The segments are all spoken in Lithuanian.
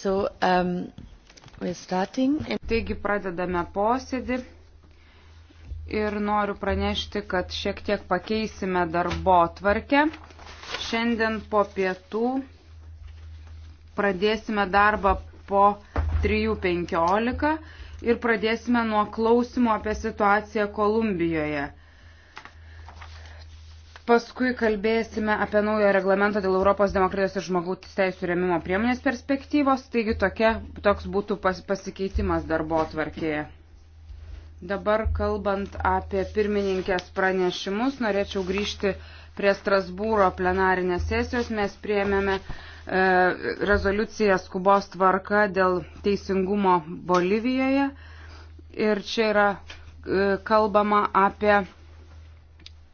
So, um, Taigi pradedame posėdį ir noriu pranešti, kad šiek tiek pakeisime darbo tvarkę. Šiandien po pietų pradėsime darbą po 3.15 ir pradėsime nuo klausimo apie situaciją Kolumbijoje. Paskui kalbėsime apie naują reglamentą dėl Europos demokratijos ir žmogaus teisų rėmimo priemonės perspektyvos. Taigi tokia, toks būtų pas, pasikeitimas darbo atvarkėje. Dabar kalbant apie pirmininkės pranešimus, norėčiau grįžti prie Strasbūro plenarinės sesijos. Mes priėmėme e, rezoliuciją skubos tvarka dėl teisingumo Bolivijoje. Ir čia yra e, kalbama apie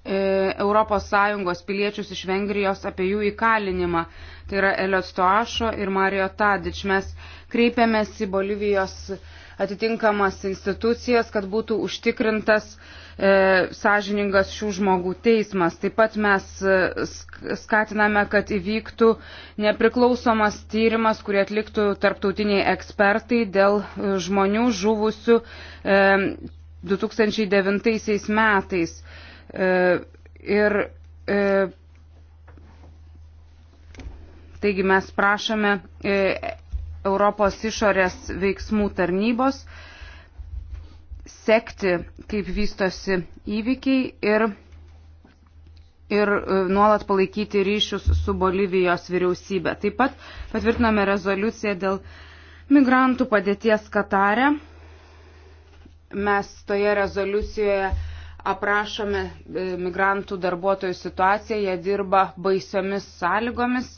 ES piliečius iš Vengrijos apie jų įkalinimą. Tai yra Eliot Stoašo ir Mario Tadič. Mes kreipėmės į Bolivijos atitinkamas institucijas, kad būtų užtikrintas e, sąžiningas šių žmogų teismas. Taip pat mes e, skatiname, kad įvyktų nepriklausomas tyrimas, kurį atliktų tarptautiniai ekspertai dėl e, žmonių žuvusių e, 2009 metais. E, ir e, taigi mes prašome e, Europos išorės veiksmų tarnybos sekti, kaip vystosi įvykiai ir, ir nuolat palaikyti ryšius su Bolivijos vyriausybė. Taip pat patvirtiname rezoliuciją dėl migrantų padėties Katare. Mes toje rezoliucijoje aprašome e, migrantų darbuotojų situaciją, jie dirba baisiomis sąlygomis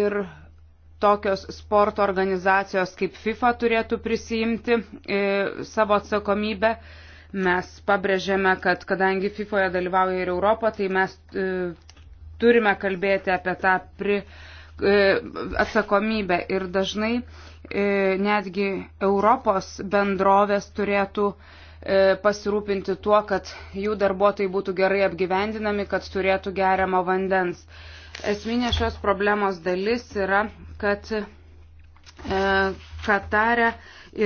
ir tokios sporto organizacijos kaip FIFA turėtų prisijimti e, savo atsakomybę. Mes pabrėžėme, kad kadangi FIFA dalyvauja ir Europą, tai mes e, turime kalbėti apie tą pri, e, atsakomybę ir dažnai e, netgi Europos bendrovės turėtų e, E, pasirūpinti tuo, kad jų darbuotojai būtų gerai apgyvendinami, kad turėtų geriamą vandens. Esminė šios problemos dalis yra, kad e, Katare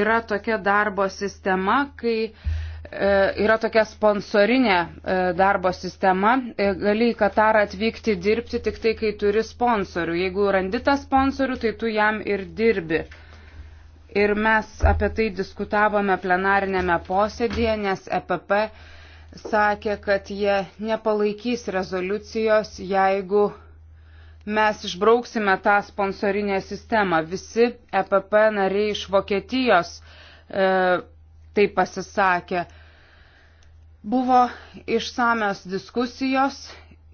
yra tokia darbo sistema, kai e, yra tokia sponsorinė e, darbo sistema. E, gali į Katarą atvykti dirbti tik tai, kai turi sponsorių. Jeigu randi tą sponsorių, tai tu jam ir dirbi. E, ir mes apie tai diskutavome plenarinėme posėdėje, nes EPP sakė, kad jie nepalaikys rezoliucijos, jeigu mes išbrauksime tą sponsorinę sistemą. Visi EPP nariai iš Vokietijos e, tai pasisakė. Buvo išsamios diskusijos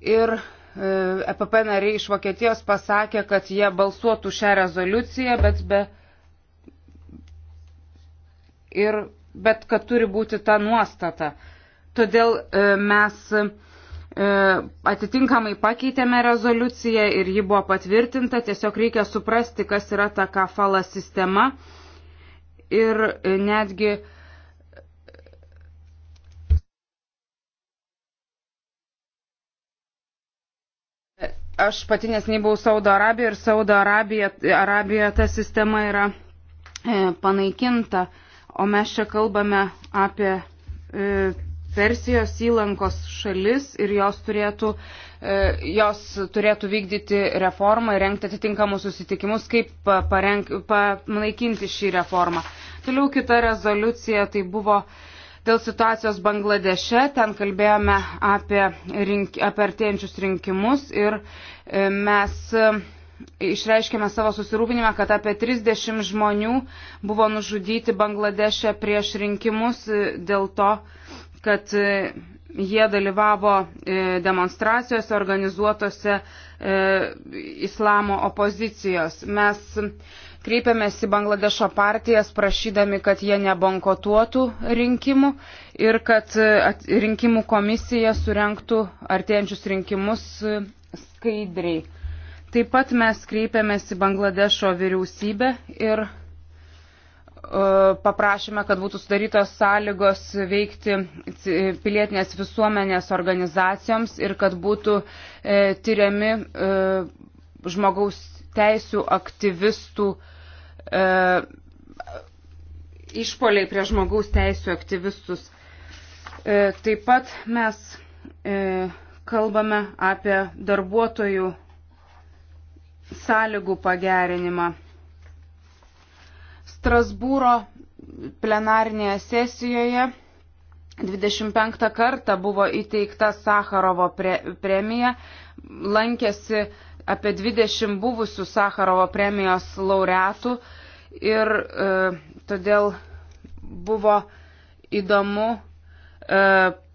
ir EPP e nariai iš Vokietijos pasakė, kad jie balsuotų šią rezoliuciją, bet be ir, bet kad turi būti ta nuostata. Todėl e, mes e, atitinkamai pakeitėme rezoliuciją ir ji buvo patvirtinta, tiesiog reikia suprasti, kas yra ta kafala sistema ir e, netgi Aš pati nesnei buvau Saudo Arabijoje ir Saudo Arabijoje ta sistema yra panaikinta. E, o mes čia kalbame apie e, Persijos įlankos šalis ir jos turėtų, e, jos turėtų vykdyti reformą ir renkti atitinkamus susitikimus, kaip parenk, panaikinti šį reformą. Toliau kita rezoliucija tai buvo dėl situacijos Bangladeše, ten kalbėjome apie, rink, apie artėjančius rinkimus ir e, mes išreiškėme savo susirūpinimą, kad apie 30 žmonių buvo nužudyti Bangladeše prieš rinkimus e, dėl to, kad e, jie dalyvavo e, demonstracijose organizuotose islamo opozicijos. Mes kreipėmės į Bangladešo partijas prašydami, kad jie nebankotuotų rinkimų ir kad rinkimų komisija surenktų artėjančius rinkimus skaidriai. Taip pat mes kreipėmės į Bangladešo vyriausybę ir e, paprašėme, kad būtų sudarytos sąlygos veikti pilietinės visuomenės organizacijoms ir kad būtų e, tyriami e, žmogaus teisų aktyvistų išpoliai prie žmogaus teisų aktyvistus. Taip pat mes kalbame apie darbuotojų sąlygų pagerinimą. Strasbūro plenarnėje sesijoje 25 kartą buvo įteikta Sakarovo pre premija, lankėsi apie 20 buvusių Sakarovo premijos laureatų ir e, todėl buvo įdomu e,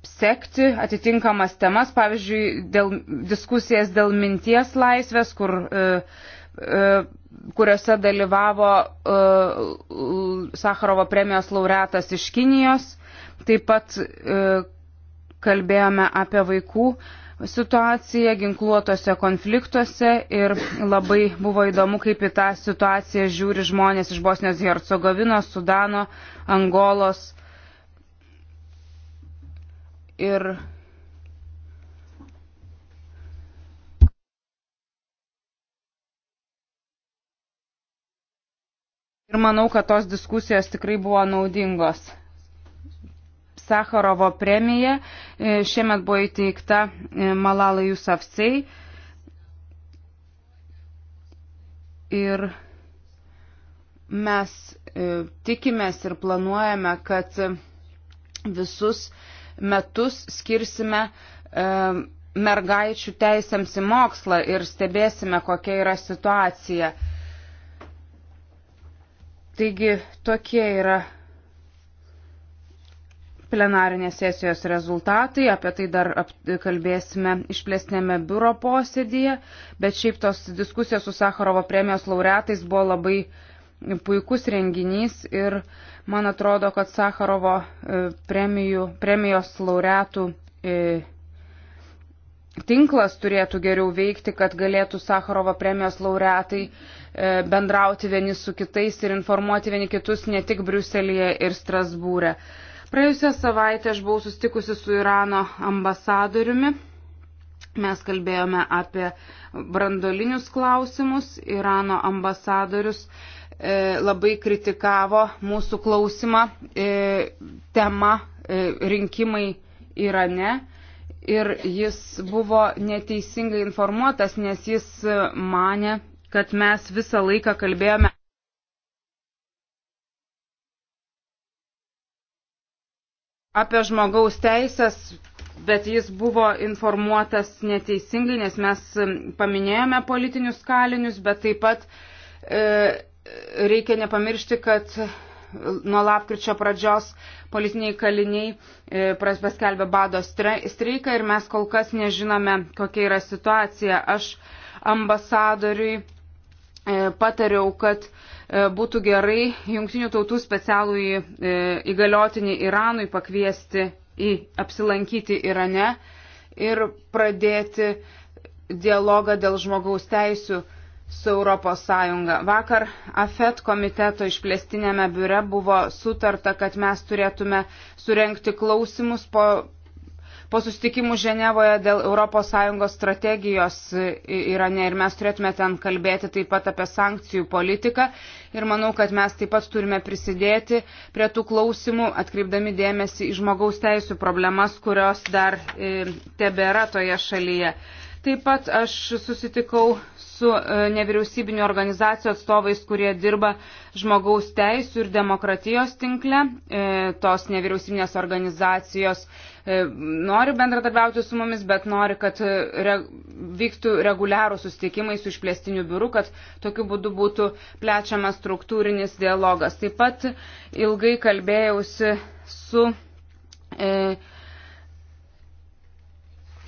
sekti atitinkamas temas, pavyzdžiui, dėl, diskusijas dėl minties laisvės, kur, e, e, kuriuose dalyvavo e, Sakarovo premijos laureatas iš Kinijos. Taip pat kalbėjome apie vaikų situaciją ginkluotose konfliktuose ir labai buvo įdomu, kaip į tą situaciją žiūri žmonės iš Bosnijos Hercegovinos, Sudano, Angolos, ir Ir manau, kad tos diskusijos tikrai buvo naudingos. Sakarovo premija e, šiemet buvo įteikta e, Malalai Jusafsei. Ir mes e, tikimės ir planuojame, kad visus metus skirsime e, mergaičių teisėms į mokslą ir stebėsime, kokia yra situacija. Taigi tokie yra plenarinės sesijos rezultatai, apie tai dar kalbėsime išplėsnėme biuro posėdėje, bet šiaip tos diskusijos su Sakarovo premijos laureatais buvo labai puikus renginys ir man atrodo, kad Sakarovo e, premijų, premijos laureatų e, tinklas turėtų geriau veikti, kad galėtų Sakarovo premijos laureatai e, bendrauti vieni su kitais ir informuoti vieni kitus ne tik Briuselėje ir Strasbūre. Praėjusią savaitę aš buvau sustikusi su Irano ambasadoriumi. Mes kalbėjome apie brandolinius klausimus. Irano ambasadorius uh, E, labai kritikavo mūsų klausimą e, tema e, rinkimai Irane. Ir jis buvo neteisingai informuotas, nes jis mane, kad mes visą laiką kalbėjome. apie žmogaus teisės, bet jis buvo informuotas neteisingai, nes mes paminėjome politinius kalinius, bet taip pat e, reikia nepamiršti, kad nuo lapkričio pradžios politiniai kaliniai e, paskelbė bado streiką ir mes kol kas nežinome, kokia yra situacija. Aš ambasadoriui e, patariau, kad e, būtų gerai jungtinių tautų specialų įgaliotinį Iranui pakviesti į apsilankyti Irane ir pradėti dialogą dėl žmogaus teisų su ES. Vakar AFET komiteto išplėstinėme biure buvo sutarta, kad mes turėtume surenkti klausimus po, po sustikimų Ženevoje dėl ES strategijos Irane ir mes turėtume ten kalbėti taip pat apie sankcijų politiką ir manau, kad mes taip pat turime prisidėti prie tų klausimų, atkreipdami dėmesį į žmogaus teisų problemas, kurios dar e, tebėra toje šalyje. E, Taip pat aš susitikau su e, nevyriausybinio organizacijų atstovais, kurie dirba žmogaus teisų ir demokratijos tinkle. E, tos nevyriausybinės organizacijos e, nori bendradarbiauti su mumis, bet nori, kad re, vyktų reguliarų susitikimai su išplėstiniu biuru, kad tokiu būdu būtų plečiamas struktūrinis dialogas. Taip pat ilgai kalbėjausi su. E,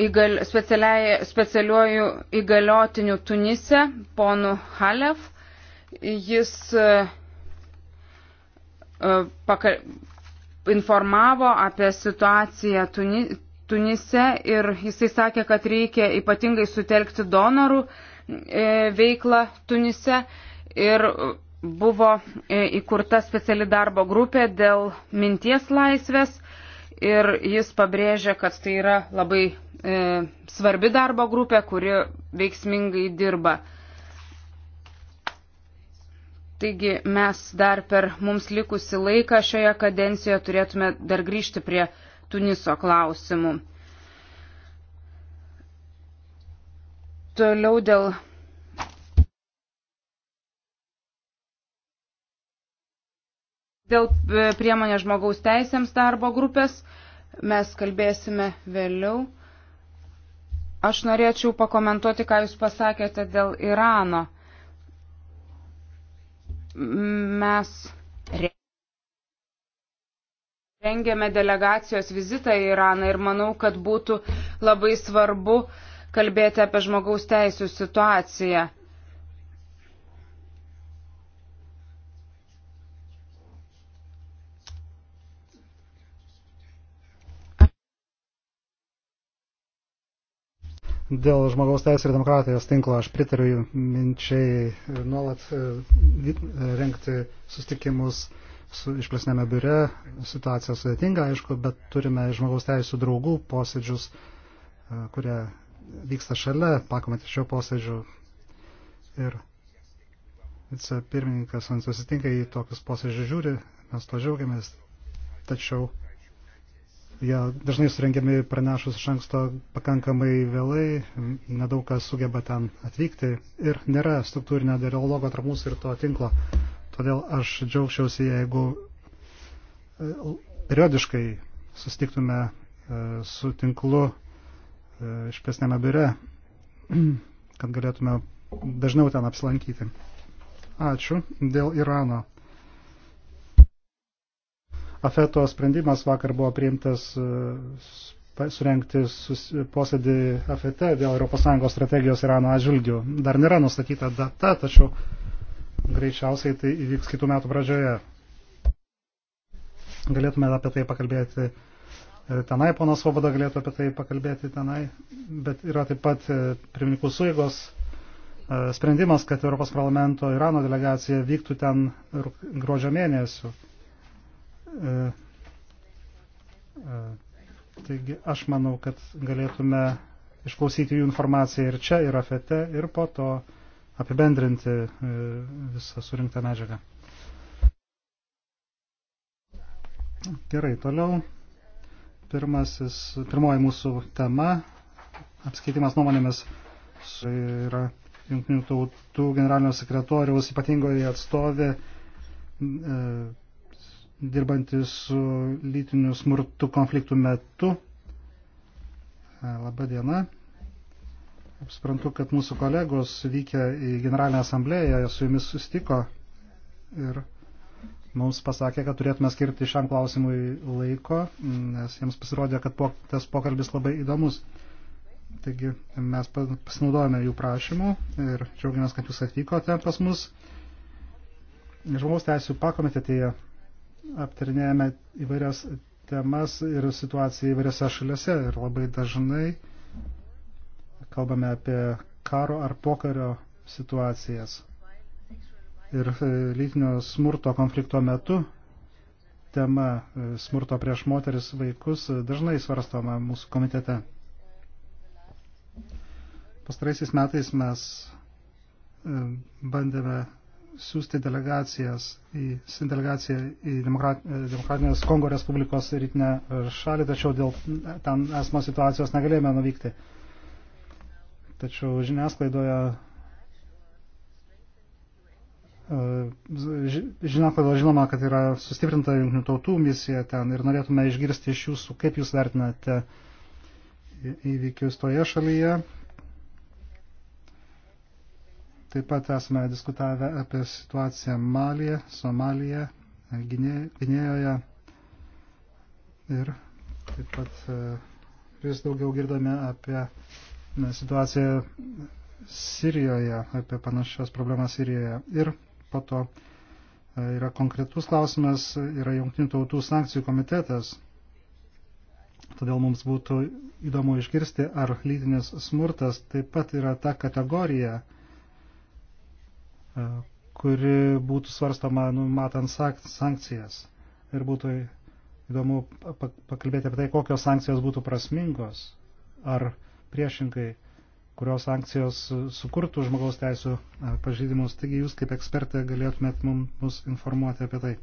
įgal, specialiuoju įgaliotiniu Tunise, ponu Halef. Jis e, e, pakal, informavo apie situaciją Tuni, Tunise ir jisai sakė, kad reikia ypatingai sutelkti donorų e, veiklą Tunise ir buvo įkurta speciali darbo grupė dėl minties laisvės ir jis pabrėžė, kad tai yra labai e, svarbi darbo grupė, kuri veiksmingai dirba. Taigi mes dar per mums likusi laiką šioje kadencijoje turėtume dar grįžti prie Tuniso klausimų. Toliau dėl. Dėl e, priemonės žmogaus teisėms darbo grupės mes kalbėsime vėliau. Aš norėčiau pakomentuoti, ką Jūs pasakėte dėl Irano. Mes rengėme delegacijos vizitą į Iraną ir manau, kad būtų labai svarbu kalbėti apie žmogaus teisų situaciją. Dėl žmogaus teisų ir demokratijos tinklo aš pritariu minčiai nuolat e, e, renkti sustikimus su išplėsnėme biure. Situacija sudėtinga, aišku, bet turime žmogaus teisų draugų posėdžius, e, kurie vyksta šalia pakomitečio posėdžių. Ir vicepirmininkas man susitinka į tokius posėdžius žiūri, mes to džiaugiamės. Tačiau Jie ja, dažnai surengiami pranešus iš anksto pakankamai vėlai, nedaug kas sugeba ten atvykti ir nėra struktūrinio dialogo tarp mūsų ir to tinklo. Todėl aš džiaugčiausi, jeigu e, periodiškai sustiktume e, su tinklu e, išplėsnėme biure, kad galėtume dažniau ten apsilankyti. Ačiū dėl Irano. Afeto sprendimas vakar buvo priimtas e, surenkti posėdį Afete dėl ES strategijos Irano atžvilgių. Dar nėra nustatyta data, tačiau greičiausiai tai įvyks kitų metų pradžioje. Galėtume apie tai pakalbėti e, tenai, ponas Svoboda galėtų apie tai pakalbėti tenai, bet yra taip pat e, pirmininkų suėgos sprendimas, kad Europos parlamento Irano delegacija vyktų ten gruodžio mėnesių. E, e, taigi aš manau, kad galėtume išklausyti jų informaciją ir čia, ir afete, ir po to apibendrinti e, visą surinktą medžiagą. Gerai, toliau. Pirmasis, pirmoji mūsų tema - apskaitimas nuomonėmis yra Junktinių tautų generalinio sekretoriaus ypatingoje atstovė dirbantis su lytiniu smurtu konfliktų metu. E, Labą dieną. Suprantu, kad mūsų kolegos vykę į Generalinę asamblėją su jumis sustiko ir mums pasakė, kad turėtume skirti šiam klausimui laiko, nes jiems pasirodė, kad po, tas pokalbis labai įdomus. Taigi mes pasinaudojame jų prašymų ir džiaugiamės, kad jūs atvykote pas mus. Žmogaus teisų pakomitetėje aptarinėjame įvairias temas ir situaciją įvairiose šalise ir labai dažnai kalbame apie karo ar pokario situacijas. Ir e, lytinio smurto konflikto metu tema e, smurto prieš moteris vaikus e, dažnai svarstoma mūsų komitete. Pastaraisiais metais mes bandėme siūsti delegacijas į, delegaciją į Demokratinės Kongo Respublikos rytinę šalį, tačiau dėl ten esamos situacijos negalėjome nuvykti. Tačiau žiniasklaidoje e, žiniasklaidoje žinoma, kad yra sustiprinta jungtinių tautų misija ten ir norėtume išgirsti iš jūsų, kaip jūs vertinate įvykius toje šalyje Taip pat esame diskutavę apie situaciją Malija, Somalija, Gynėjoje ir taip pat e, vis daugiau girdome apie situaciją Sirijoje, apie panašias problemas Sirijoje. Ir po to e, yra konkretus klausimas, yra jungtinių tautų sankcijų komitetas. Todėl mums būtų įdomu išgirsti, ar lytinis smurtas taip pat yra ta kategorija, E, kuri būtų svarstama numatant sankcijas. Ir būtų įdomu pakalbėti apie tai, kokios sankcijos būtų prasmingos, ar priešinkai, kurios sankcijos sukurtų žmogaus teisų e, pažydimus. Taigi jūs kaip ekspertė galėtumėt mums informuoti apie tai.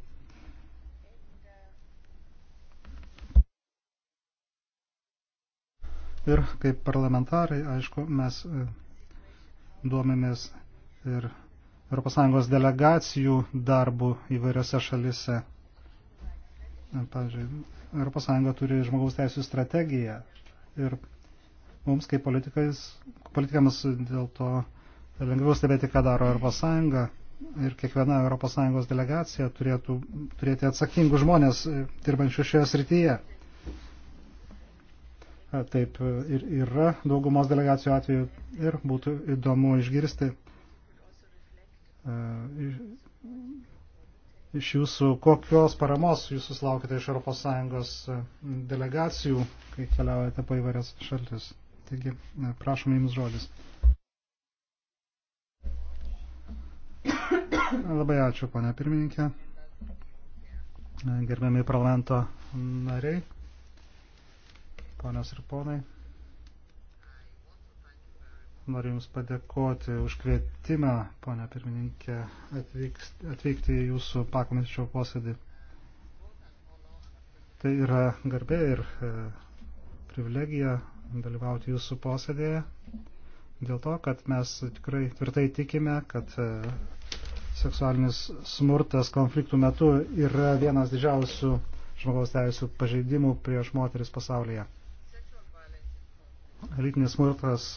Ir kaip parlamentarai, aišku, mes e, duomėmės ir ES delegacijų darbų įvairiose šalise. Pavyzdžiui, ES turi žmogaus teisų strategiją ir mums kaip politikams dėl to lengviau stebėti, ką daro ES ir kiekviena ES delegacija turėtų turėti atsakingus žmonės dirbančių šioje srityje. Taip ir yra daugumos delegacijų atveju ir būtų įdomu išgirsti iš jūsų, kokios paramos jūs susilaukite iš ES e, delegacijų, kai keliaujate po įvairias šaltis. Taigi, e, prašom jums žodis. Labai ačiū, ponia pirmininkė. E, gerbiami parlamento nariai, ponios ir ponai. Noriu Jums padėkoti už kvietimą, ponia pirmininkė, atvykti, atvykti į Jūsų pakomitečio posėdį. Tai yra garbė ir e, privilegija dalyvauti Jūsų posėdėje dėl to, kad mes tikrai tvirtai tikime, kad e, seksualinis smurtas konfliktų metu yra vienas didžiausių žmogaus teisų pažeidimų prieš moteris pasaulyje. Lytinis smurtas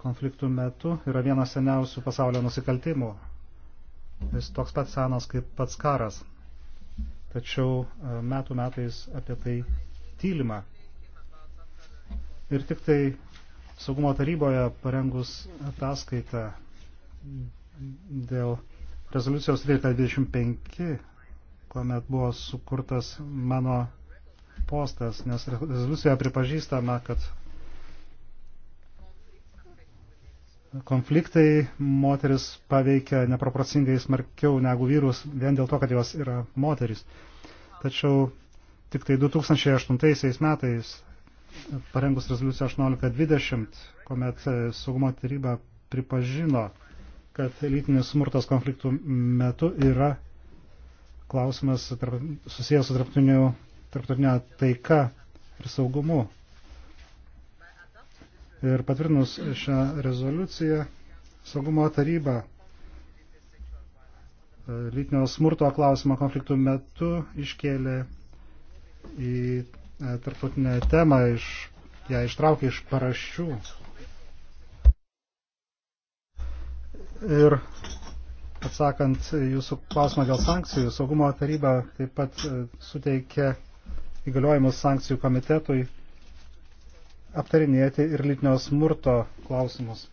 konfliktų metu yra vienas seniausių pasaulio nusikaltimų. Jis toks pat senas kaip pats karas. Tačiau e, metų metais apie tai tylima. Ir tik tai saugumo taryboje parengus ataskaitą dėl rezoliucijos 1325, kuomet buvo sukurtas mano postas, nes rezoliucijoje pripažįstama, kad konfliktai moteris paveikia neproporcingai smarkiau negu vyrus vien dėl to, kad jos yra moteris. Tačiau tik tai 2008 metais parengus rezoliuciją 1820, kuomet e, saugumo taryba pripažino, kad lytinis smurtas konfliktų metu yra klausimas tarp, susijęs su tarptautinio taika ir saugumu. Ir patvirtinus šią rezoliuciją, saugumo taryba e, lytinio smurto klausimą konfliktų metu iškėlė į e, tarptautinę temą, iš, ją ištraukė iš paraščių. Ir atsakant jūsų klausimą dėl sankcijų, saugumo taryba taip pat e, suteikė įgaliojimus sankcijų komitetui aptarinėti ir lytinio smurto klausimus.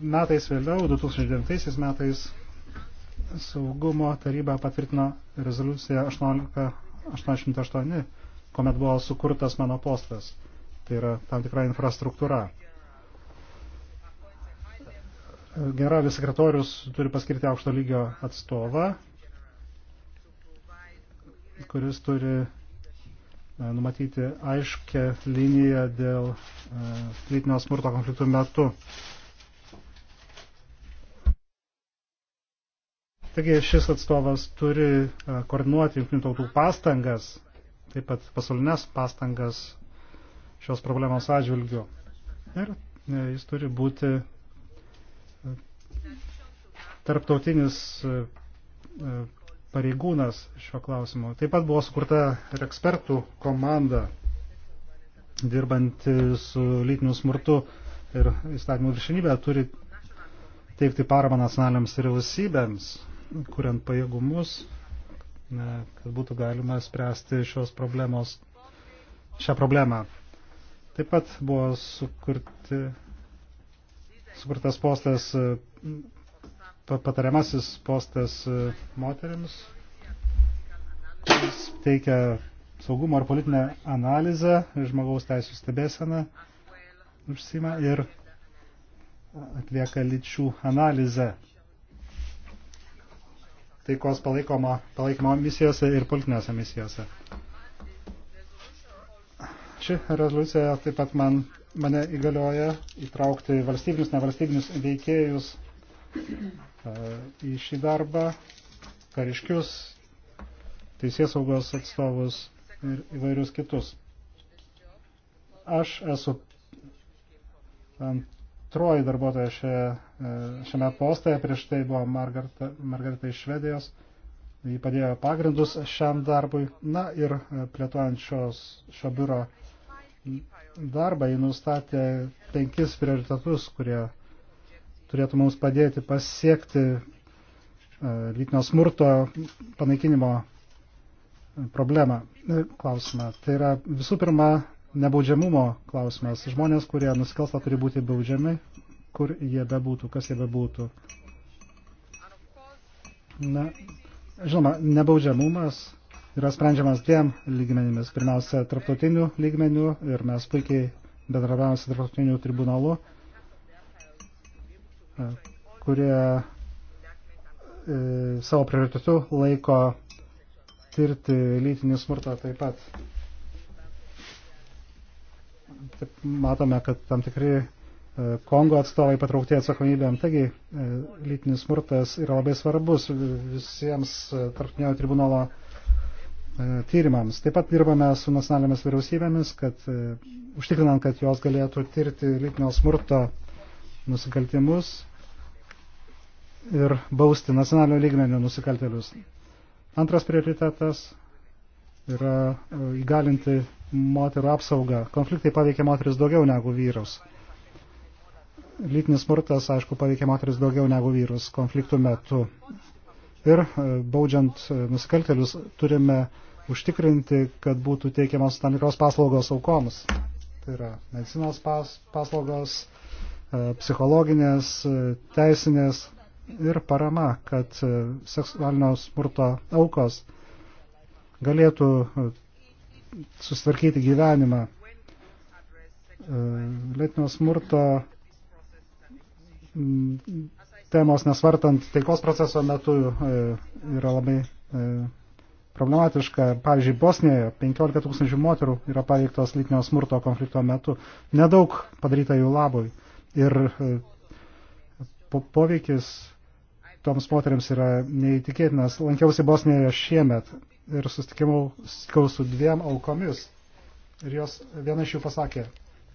Metais vėliau, 2009 metais, saugumo taryba patvirtino rezoliuciją 1888, kuomet buvo sukurtas mano postas. Tai yra tam tikra infrastruktūra. Generalinis sekretorius turi paskirti aukšto lygio atstovą, kuris turi e, numatyti aiškę liniją dėl e, lytinio smurto konfliktų metu. Taigi šis atstovas turi e, koordinuoti jungtinių tautų pastangas, taip pat pasaulinės pastangas šios problemos atžvilgiu. Ir jis turi būti tarptautinis pareigūnas šio klausimu. Taip pat buvo skurta ir ekspertų komanda, dirbanti su lytiniu smurtu ir įstatymų viršinybė, turi teikti paramą nacionaliams vyriausybėms, kuriant pajėgumus, kad būtų galima spręsti šios problemos, šią problemą. Taip pat buvo sukurti, sukurtas postas patariamasis postas e, moteriams. Jis teikia saugumo ir politinę analizę, žmogaus teisų stebėseną užsima ir atlieka lyčių analizę taikos palaikymo, palaikymo misijose ir politinėse misijose. Ši rezoliucija taip pat man, mane įgalioja įtraukti valstybinius, nevalstybinius veikėjus į šį darbą, kariškius, teisės saugos atstovus ir įvairius kitus. Aš esu antroji darbuotoja šia, e, šiame postoje, prieš tai buvo Margarita, Margarita iš Švedijos. Jį padėjo pagrindus šiam darbui. Na ir e, plėtojant šios, šio biuro darbą, jį nustatė penkis prioritetus, kurie turėtų mums padėti pasiekti e, lytinio smurto panaikinimo problemą, e, klausimą. Tai yra visų pirma nebaudžiamumo klausimas. Žmonės, kurie nusikalsta, turi būti baudžiami, kur jie bebūtų, kas jie bebūtų. Na, žinoma, nebaudžiamumas yra sprendžiamas dviem lygmenimis. Pirmiausia, tarptautiniu lygmeniu ir mes puikiai bendravavome su tarptautiniu tribunalu kurie e, savo prioritetu laiko tirti lytinį smurtą taip pat. Taip, matome, kad tam tikri e, Kongo atstovai patraukti atsakomybėm. Taigi, e, lytinis smurtas yra labai svarbus visiems tarptinio tribunolo tyrimams. Taip pat dirbame su nacionalinėmis vyriausybėmis, kad užtikrinant, kad jos galėtų tirti lytinio smurto nusikaltimus ir bausti nacionalinio lygmenio nusikaltelius. Antras prioritetas yra e, įgalinti moterų apsaugą. Konfliktai paveikia moteris daugiau negu vyrus. Lytinis smurtas, aišku, paveikia moteris daugiau negu vyrus konfliktų metu. Ir e, baudžiant e, nusikaltelius turime užtikrinti, kad būtų teikiamos tam tikros paslaugos aukoms. Tai yra medicinos pas, paslaugos, E, psichologinės, e, teisinės ir parama, kad e, seksualinio smurto aukos galėtų susitvarkyti gyvenimą. Lėtinio smurto temos nesvartant taikos proceso metu yra labai problematiška. Pavyzdžiui, Bosnijoje 15 tūkstančių moterų yra paveiktos lytinio smurto konflikto metu. Nedaug padaryta jų labui ir e, poveikis toms moteriams yra neįtikėtinas. Lankiausi Bosnijoje šiemet ir susitikau su dviem aukomis. Ir jos viena iš jų pasakė,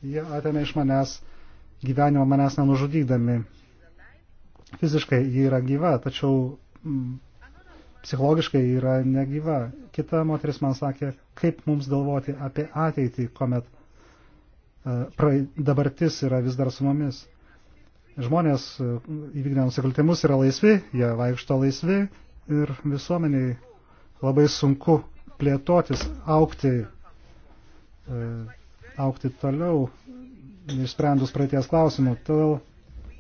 jie atėmė iš manęs gyvenimą manęs nenužudydami. Fiziškai ji yra gyva, tačiau m, psichologiškai yra negyva. Kita moteris man sakė, kaip mums galvoti apie ateitį, kuomet E, dabartis yra vis dar su mumis. Žmonės e, įvykdę nusikaltimus yra laisvi, jie vaikšto laisvi ir visuomeniai labai sunku plėtotis, aukti, e, aukti toliau, išsprendus praeities klausimų. Todėl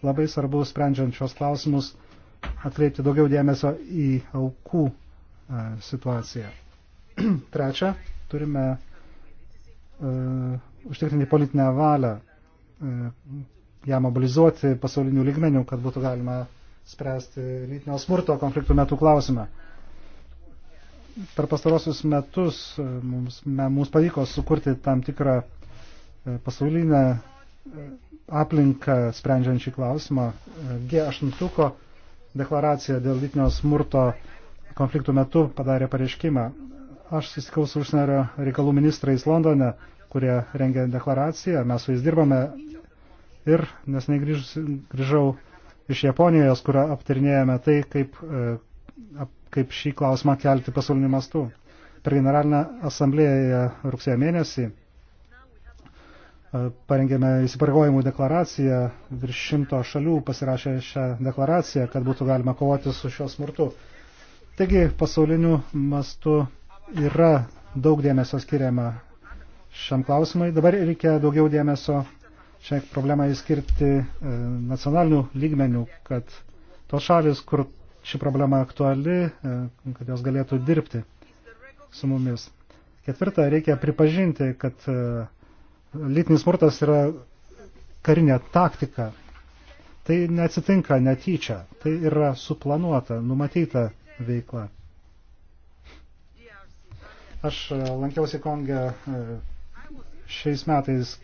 labai svarbu sprendžiant šios klausimus atkreipti daugiau dėmesio į aukų situaciją. Trečia, turime užtikrinti politinę valią, e, ją mobilizuoti pasaulinių lygmenių, kad būtų galima spręsti lytinio smurto konfliktų metų klausimą. Per pastarosius metus e, mums, mums pavyko sukurti tam tikrą e, pasaulinę aplinką sprendžiant šį klausimą. G8 deklaracija dėl lytinio smurto konfliktų metu padarė pareiškimą. Aš susitikau su užsienio reikalų ministrais Londone kurie rengia deklaraciją, mes su jais dirbame ir nesnei grįžau iš Japonijos, kur aptarinėjame tai, kaip, e, kaip šį klausimą kelti pasaulyniu mastu. Per generalinę asamblėją rugsėjo mėnesį e, parengėme įsipareigojimų deklaraciją, virš šimto šalių pasirašė šią deklaraciją, kad būtų galima kovoti su šios smurtu. Taigi pasauliniu mastu yra daug dėmesio skiriama šiam klausimui. Dabar reikia daugiau dėmesio šiai problemai skirti e, nacionalinių lygmenių, kad tos šalis, kur ši problema aktuali, e, kad jos galėtų dirbti su mumis. Ketvirta, reikia pripažinti, kad e, lytinis smurtas yra karinė taktika. Tai neatsitinka netyčia, tai yra suplanuota, numatyta veikla. Aš lankiausi Konge šiais metais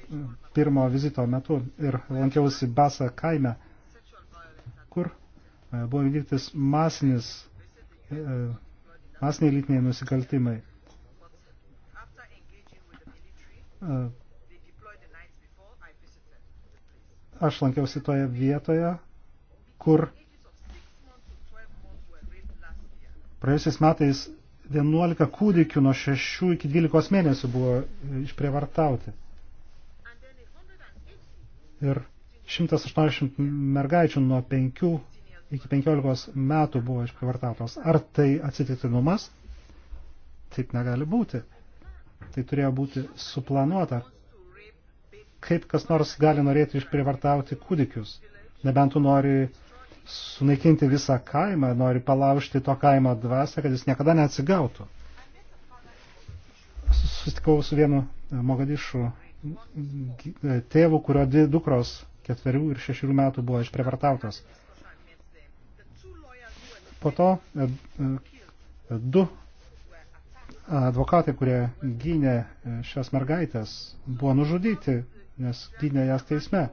pirmo vizito metu ir lankiausi Basa kaime, kur e, buvo vykdytis masinis, e, e, masiniai lytiniai nusikaltimai. Aš lankiausi toje vietoje, kur praėjusiais metais 11 kūdikių nuo 6 iki 12 mėnesių buvo e, išprievartauti. Ir 180 mergaičių nuo 5 iki 15 metų buvo išprievartautos. Ar tai atsitiktinumas? Taip negali būti. Tai turėjo būti suplanuota. Kaip kas nors gali norėti išprievartauti kūdikius? Nebent tu nori uh, sunaikinti visą kaimą, nori palaužti to kaimo dvasę, kad jis niekada neatsigautų. Susitikau su vienu e, Mogadišu e, tėvu, kurio dvi dukros ketverių ir šešių metų buvo išprievartautos. Po to e, du advokatai, kurie gynė šias mergaitės, buvo nužudyti, nes gynė jas teisme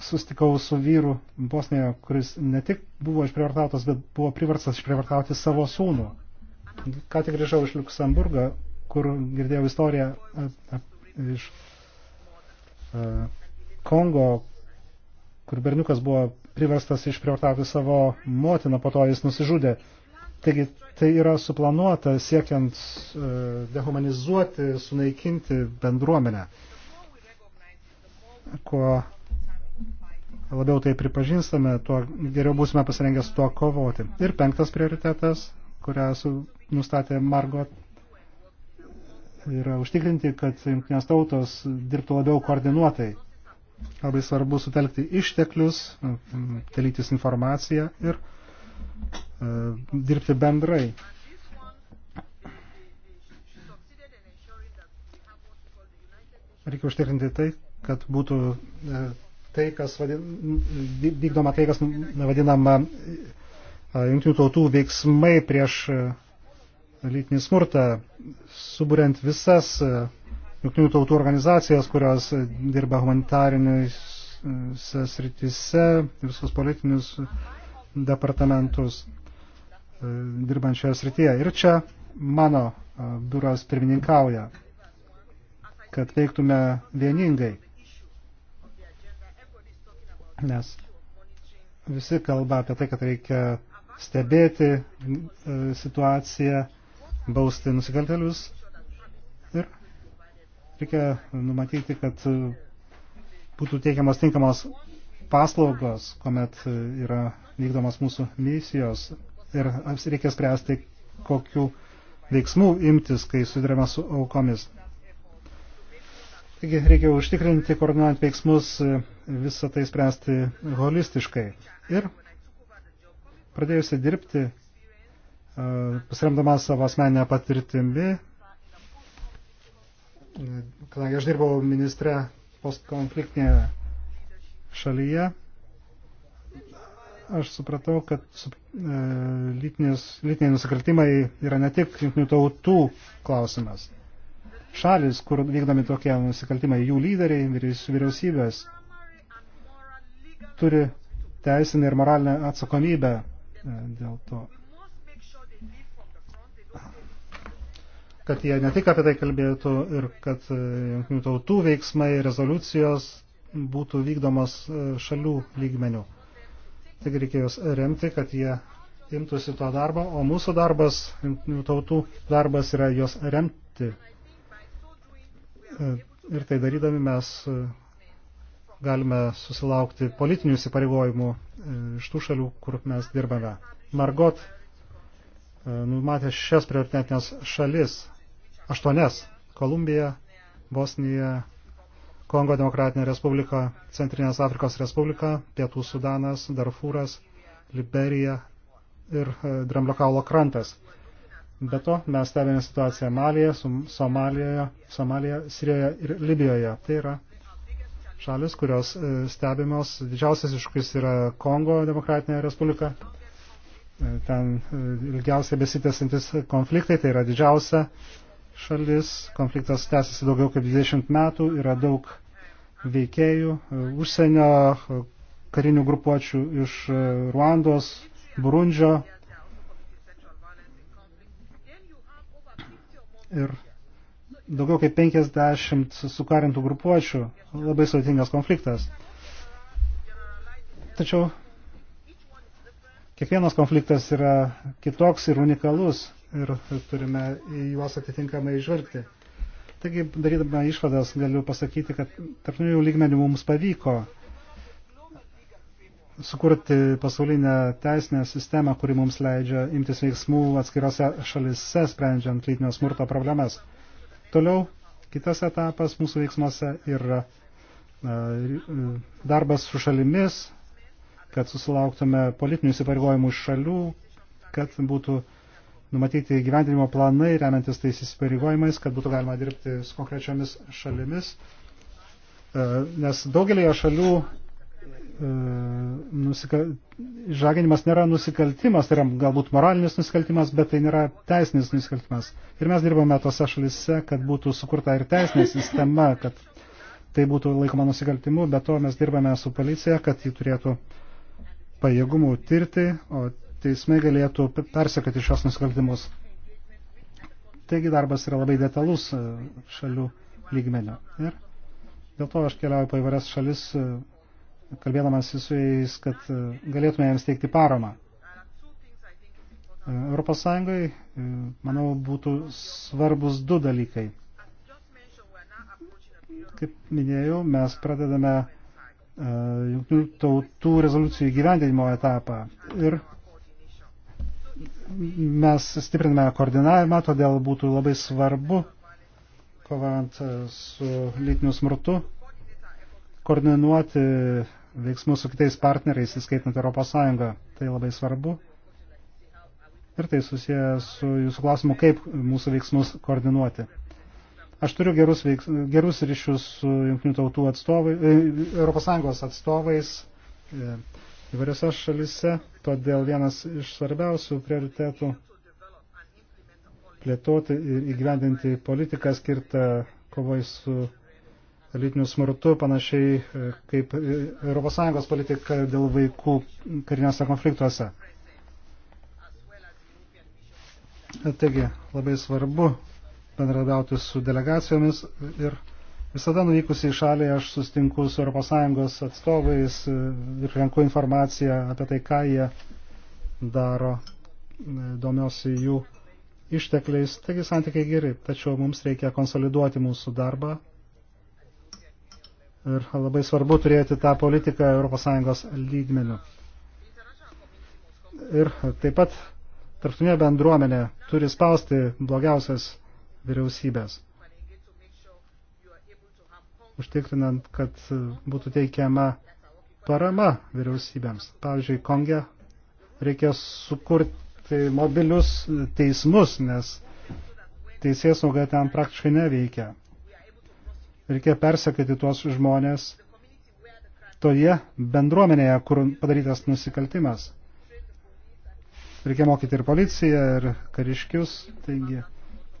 sustikau su vyru Bosnijoje, kuris ne tik buvo išprievartautas, bet buvo priverstas išprievartauti savo sūnų. Ką tik grįžau iš Luksemburgo, kur girdėjau istoriją a, a, iš a, Kongo, kur berniukas buvo priverstas išprievartauti savo motiną, po to jis nusižudė. Taigi tai yra suplanuota siekiant e, dehumanizuoti, sunaikinti bendruomenę. Kuo labiau tai pripažįstame, tuo geriau būsime pasirengę su tuo kovoti. Ir penktas prioritetas, kurią nustatė Margot, yra užtikrinti, kad jungtinės tautos dirbtų labiau koordinuotai. Labai svarbu sutelkti išteklius, dalytis informaciją ir e, dirbti bendrai. Reikia užtikrinti tai, kad būtų e, tai, kas vadin, vykdoma tai, kas vadinama e, jungtinių tautų veiksmai prieš e, lytinį smurtą, suburiant visas e, jungtinių tautų organizacijas, kurios dirba humanitariniais sritise, visus politinius departamentus dirbančioje srityje. Ir čia mano biuras pirmininkauja, kad veiktume vieningai nes visi kalba apie tai, kad reikia stebėti e, situaciją, bausti nusikaltelius ir reikia numatyti, kad būtų teikiamos tinkamos paslaugos, kuomet yra vykdomos mūsų misijos ir reikia spręsti, kokiu veiksmų imtis, kai sudarėme su aukomis. Taigi reikia užtikrinti, koordinuojant veiksmus, e, visą tai spręsti holistiškai. Ir pradėjusi dirbti, e, pasiremdama savo asmeninę patirtimį, e, kadangi aš dirbau ministre postkonfliktinėje šalyje, aš supratau, kad su, e, lytiniai nusikaltimai yra ne tik jungtinių tautų klausimas šalis, kur vykdomi tokie nusikaltimai, jų lyderiai, vyriausybės turi teisinę ir moralinę atsakomybę e, dėl to. Kad jie ne tik apie tai kalbėtų ir kad e, jungtinių tautų veiksmai, rezoliucijos būtų vykdomos e, šalių lygmenių. Tik reikėjo remti, kad jie imtųsi to darbo, o mūsų darbas, jungtinių tautų darbas yra jos remti. E, ir tai darydami mes e, galime susilaukti politinių įsipareigojimų e, iš tų šalių, kur mes dirbame. Margot numatė šias prioritetinės šalis, aštuonias – Kolumbija, Bosnija, Kongo Demokratinė Respublika, Centrinės Afrikos Respublika, Pietų Sudanas, Darfūras, Liberija ir Dramblio kaulo krantas – Be to, mes stebėme situaciją Malėje, Somalijoje, Somalijoje, Sirijoje ir Libijoje. Tai yra šalis, kurios e, stebimos. Didžiausias iššūkis yra Kongo demokratinė respublika. E, ten e, ilgiausiai besitęsantis konfliktai, tai yra didžiausia šalis. Konfliktas tęsiasi daugiau kaip 20 metų, yra daug veikėjų, užsienio karinių grupuočių iš Ruandos, Burundžio, ir daugiau kaip 50 sukarintų grupuočių. Labai sudėtingas konfliktas. Tačiau kiekvienas konfliktas yra kitoks ir unikalus ir turime į juos atitinkamai žvelgti. Taigi, darydama išvadas, galiu pasakyti, kad tarptautinių lygmenių mums pavyko sukurti pasaulinę teisinę sistemą, kuri mums leidžia imtis veiksmų atskirose šalise, sprendžiant lytinio smurto problemas. Toliau, kitas etapas mūsų veiksmuose yra e, e, darbas su šalimis, kad susilauktume politinių įsipareigojimų iš šalių, kad būtų numatyti gyvendinimo planai, remiantis tais įsipareigojimais, kad būtų galima dirbti su konkrečiomis šalimis. E, nes daugelėje šalių E, nusika... žaginimas nėra nusikaltimas, tai yra galbūt moralinis nusikaltimas, bet tai nėra teisinis nusikaltimas. Ir mes dirbame tose šalise, kad būtų sukurta ir teisinė sistema, kad tai būtų laikoma nusikaltimu, bet to mes dirbame su policija, kad ji turėtų pajėgumų tirti, o teismai galėtų persekati šios nusikaltimus. Taigi darbas yra labai detalus e, šalių lygmenio. Ir dėl to aš keliauju po įvairias šalis e, kalbėdamas su jais, kad e, galėtume jiems teikti paramą. E, Europos Sąjungai, e, manau, būtų svarbus du dalykai. Kaip minėjau, mes pradedame jungtinių tautų rezoliucijų gyvendinimo etapą ir mes stipriname koordinavimą, todėl būtų labai svarbu, kovant su lytiniu smurtu, koordinuoti veiksmus su kitais partneriais, įskaitant Europos Sąjungą. Tai labai svarbu. Ir tai susiję su jūsų klausimu, kaip mūsų veiksmus koordinuoti. Aš turiu gerus, veiks, gerus ryšius su Junktinių tautų atstovai, e, Europos Sąjungos atstovais e, įvairiose šalise, todėl vienas iš svarbiausių prioritetų plėtoti ir įgyvendinti politiką skirtą kovai su lytiniu smurtu, panašiai e, kaip ES politika dėl vaikų kariniuose konfliktuose. Taigi, labai svarbu bendradauti su delegacijomis ir visada nuvykusi į šalį aš sustinku su ES atstovais e, ir renku informaciją apie tai, ką jie daro, e, domiuosi jų ištekliais, taigi santykiai geri, tačiau mums reikia konsoliduoti mūsų darbą ir labai svarbu turėti tą politiką ES lygmenių. Ir taip pat tarptautinė bendruomenė turi spausti blogiausias vyriausybės, užtikrinant, kad būtų teikiama parama vyriausybėms. Pavyzdžiui, Konge reikės sukurti mobilius teismus, nes teisės sauga ten praktiškai neveikia. Reikia persekėti tuos žmonės toje bendruomenėje, kur padarytas nusikaltimas. Reikia mokyti ir policiją, ir kariškius, taigi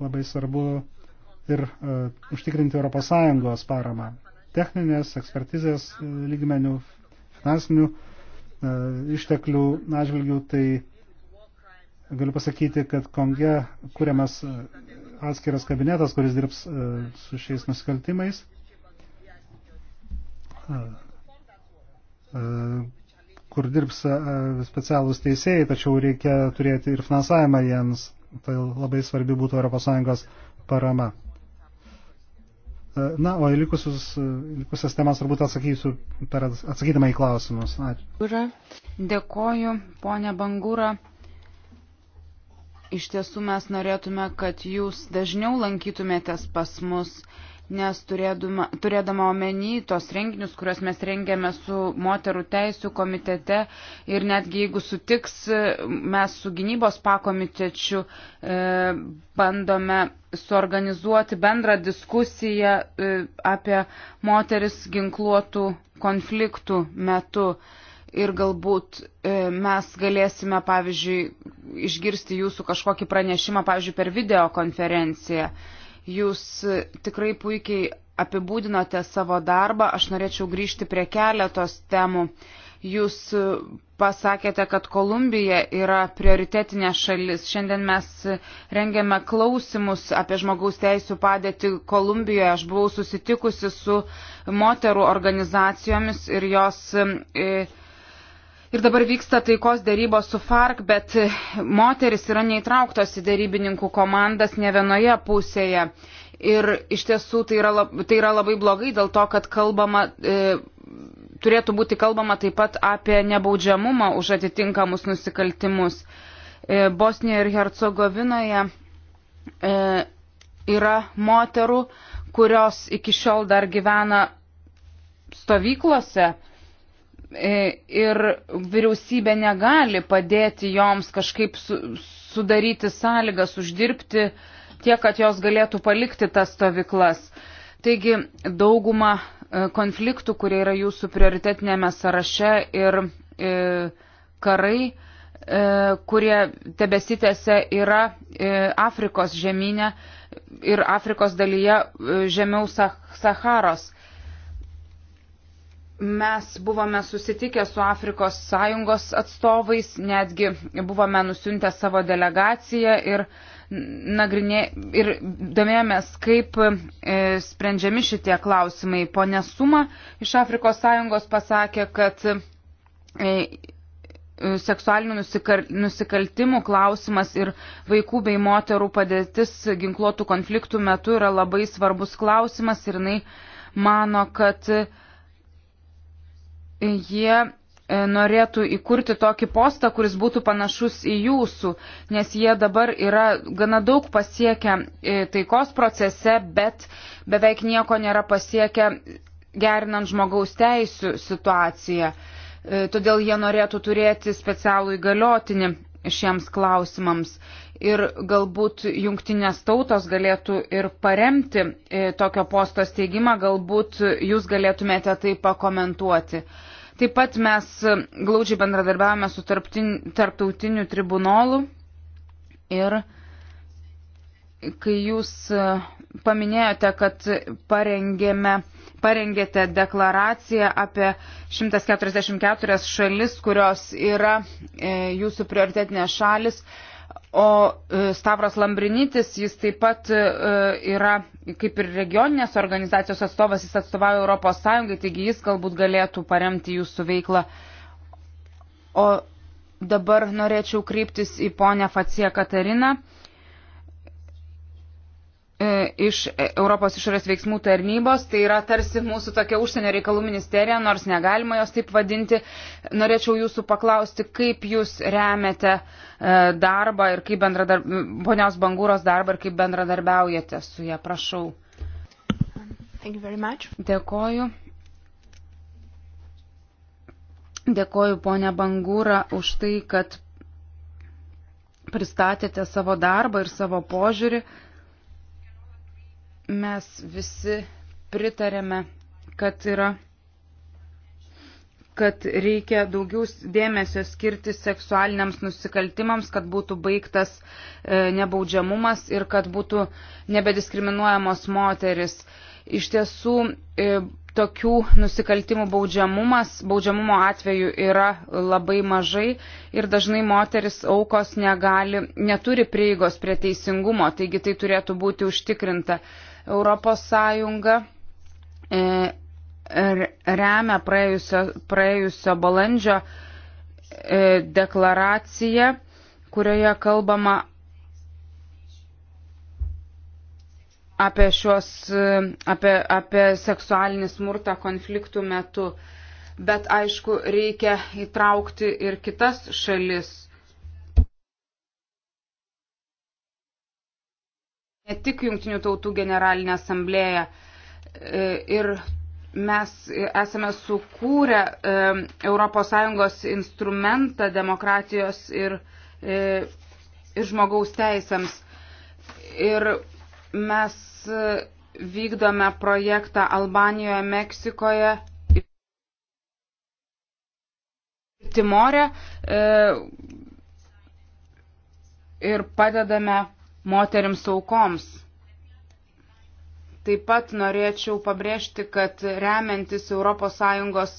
labai svarbu ir uh, užtikrinti ES paramą. Techninės, ekspertizės e, lygmenių, finansinių uh, išteklių atžvilgių, tai galiu pasakyti, kad Konge kuriamas atskiras kabinetas, kuris dirbs e, su šiais nusikaltimais. E, e, kur dirbs specialūs teisėjai, tačiau reikia turėti ir finansavimą jiems. Tai labai svarbi būtų ES parama. Na, o likusius, likusias temas turbūt atsakysiu per atsakydama į klausimus. Ačiū. Dėkoju, ponė Bangūra. Iš tiesų mes norėtume, kad jūs dažniau lankytumėtės pas mus, nes turėdama, turėdama omeny tos renginius, kuriuos mes rengėme su moterų teisų komitete ir netgi jeigu sutiks, mes su gynybos pakomitečiu e, bandome suorganizuoti bendrą diskusiją e, apie moteris ginkluotų konfliktų metu. E, ir galbūt e, mes galėsime, pavyzdžiui, išgirsti jūsų kažkokį pranešimą, pavyzdžiui, per videokonferenciją. Jūs e, tikrai puikiai apibūdinote savo darbą, aš norėčiau grįžti prie keletos temų. Jūs e, pasakėte, kad Kolumbija yra prioritetinė šalis. Šiandien mes rengiame klausimus apie žmogaus teisų padėtį Kolumbijoje. Aš buvau susitikusi su moterų organizacijomis ir jos. E, Ir dabar vyksta taikos dėrybos su FARC, bet moteris yra neįtrauktos į dėrybininkų komandas ne vienoje pusėje. Ir iš tiesų tai yra, lab, tai yra labai blogai dėl to, kad kalbama. E, Turėtų būti kalbama taip pat apie nebaudžiamumą už atitinkamus nusikaltimus. E, Bosnijoje ir Hercegovinoje e, yra moterų, kurios iki šiol dar gyvena stovyklose E, ir vyriausybė negali padėti joms kažkaip su, sudaryti sąlygas uždirbti tiek, kad jos galėtų palikti tas stovyklas. Taigi dauguma e, konfliktų, kurie yra jūsų prioritetinėme sąraše ir e, karai, e, kurie tebesitėse yra e, Afrikos žemynė ir Afrikos dalyje e, žemiau Saharos mes buvome susitikę su Afrikos sąjungos atstovais, netgi buvome nusiuntę savo delegaciją ir, nagrinė, ir domėjomės, kaip e, sprendžiami šitie klausimai. Pone Suma iš Afrikos sąjungos pasakė, kad e, seksualinių nusikal, nusikaltimų klausimas ir vaikų bei moterų padėtis ginkluotų konfliktų metu yra labai svarbus klausimas ir jinai mano, kad e, jie e, norėtų įkurti tokį postą, kuris būtų panašus į jūsų, nes jie dabar yra gana daug pasiekę e, taikos procese, bet beveik nieko nėra pasiekę gerinant žmogaus teisų situaciją. E, todėl jie norėtų turėti specialų įgaliotinį šiems klausimams. Ir galbūt jungtinės tautos galėtų ir paremti tokio posto steigimą, galbūt jūs galėtumėte tai pakomentuoti. Uh, Taip pat mes e, glaudžiai bendradarbiavame su tarptautiniu tribunolu ir kai jūs e, paminėjote, kad parengėme, parengėte deklaraciją apie 144 šalis, kurios yra e, jūsų prioritetinės šalis, o Stavros Lambrinitis, jis taip pat yra kaip ir regioninės organizacijos atstovas, jis atstovauja Europos Sąjungai, taigi jis galbūt galėtų paremti jūsų veiklą. O dabar norėčiau kryptis į ponę Faciją Katariną. E, iš e, Europos išorės veiksmų tarnybos, tai yra tarsi mūsų tokia užsienio reikalų ministerija, nors negalima jos taip vadinti. Norėčiau jūsų paklausti, kaip jūs remiate e, darbą ir kaip bendradarbiaujate, ponios Bangūros darbą ir kaip bendradarbiaujate su ją, prašau. Dėkoju. Dėkoju, ponia Bangūra, už tai, kad pristatėte savo darbą ir savo požiūrį mes visi pritarėme, kad yra kad reikia daugiau dėmesio skirti seksualiniams nusikaltimams, kad būtų baigtas e, nebaudžiamumas ir kad būtų nebediskriminuojamos moteris. Iš tiesų, e, tokių nusikaltimų baudžiamumas, baudžiamumo atveju yra labai mažai ir dažnai moteris aukos negali, neturi prieigos prie teisingumo, taigi tai turėtų būti užtikrinta. E, Europos Sąjunga e, remia praėjusio, praėjusio balandžio e, deklaraciją, kurioje kalbama apie, šios, apie, apie seksualinį smurtą konfliktų metu. Bet aišku, reikia įtraukti ir kitas šalis ne tik Junktinių tautų generalinė asamblėja. E, ir mes esame sukūrę ES instrumentą demokratijos ir, e, ir žmogaus teisėms. Ir mes e, vykdome projektą Albanijoje, Meksikoje, Timorė ir padedame moteriams aukoms. Taip pat norėčiau pabrėžti, kad remiantis ES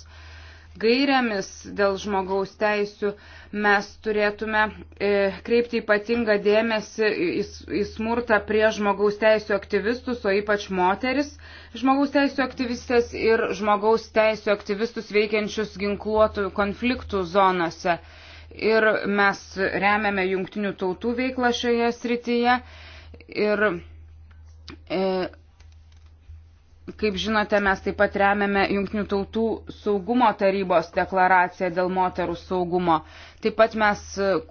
gairiamis dėl žmogaus teisių mes turėtume e, kreipti ypatingą dėmesį į smurtą prie žmogaus teisų aktyvistus, o ypač moteris žmogaus teisų aktyvistės ir žmogaus teisų aktyvistus veikiančius ginkluotų konfliktų zonose ir mes remiame jungtinių tautų veiklą šioje srityje. Ir e, kaip žinote, mes taip pat remiame jungtinių tautų saugumo tarybos deklaraciją dėl moterų saugumo. Taip pat mes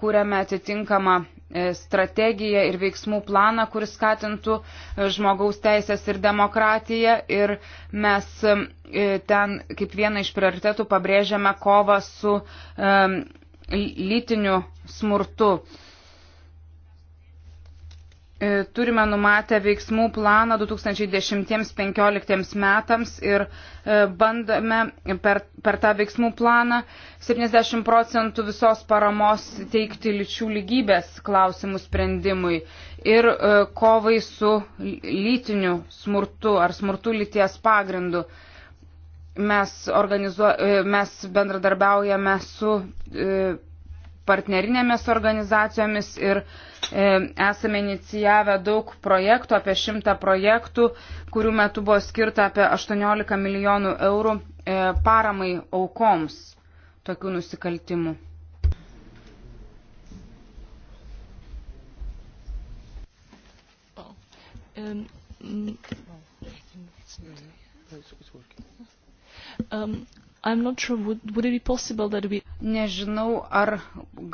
kūrėme atitinkamą e, strategiją ir veiksmų planą, kuris skatintų e, žmogaus teisės ir demokratiją. Ir mes e, ten kaip vieną iš prioritetų pabrėžiame kovą su. E, lytiniu smurtu. E, turime numatę veiksmų planą 2010-2015 metams ir e, bandome per, per tą veiksmų planą 70 procentų visos paramos teikti lyčių lygybės klausimų sprendimui ir e, kovai su lytiniu smurtu ar smurtu lyties pagrindu. Mes, e, mes bendradarbiaujame su e, partnerinėmis organizacijomis ir e, esame inicijavę daug projektų, apie šimtą projektų, kurių metu buvo skirta apie 18 milijonų eurų paramai aukoms tokių nusikaltimų. Oh, um, mm, no, it's, it's working. Um, sure, would, would we... Nežinau, ar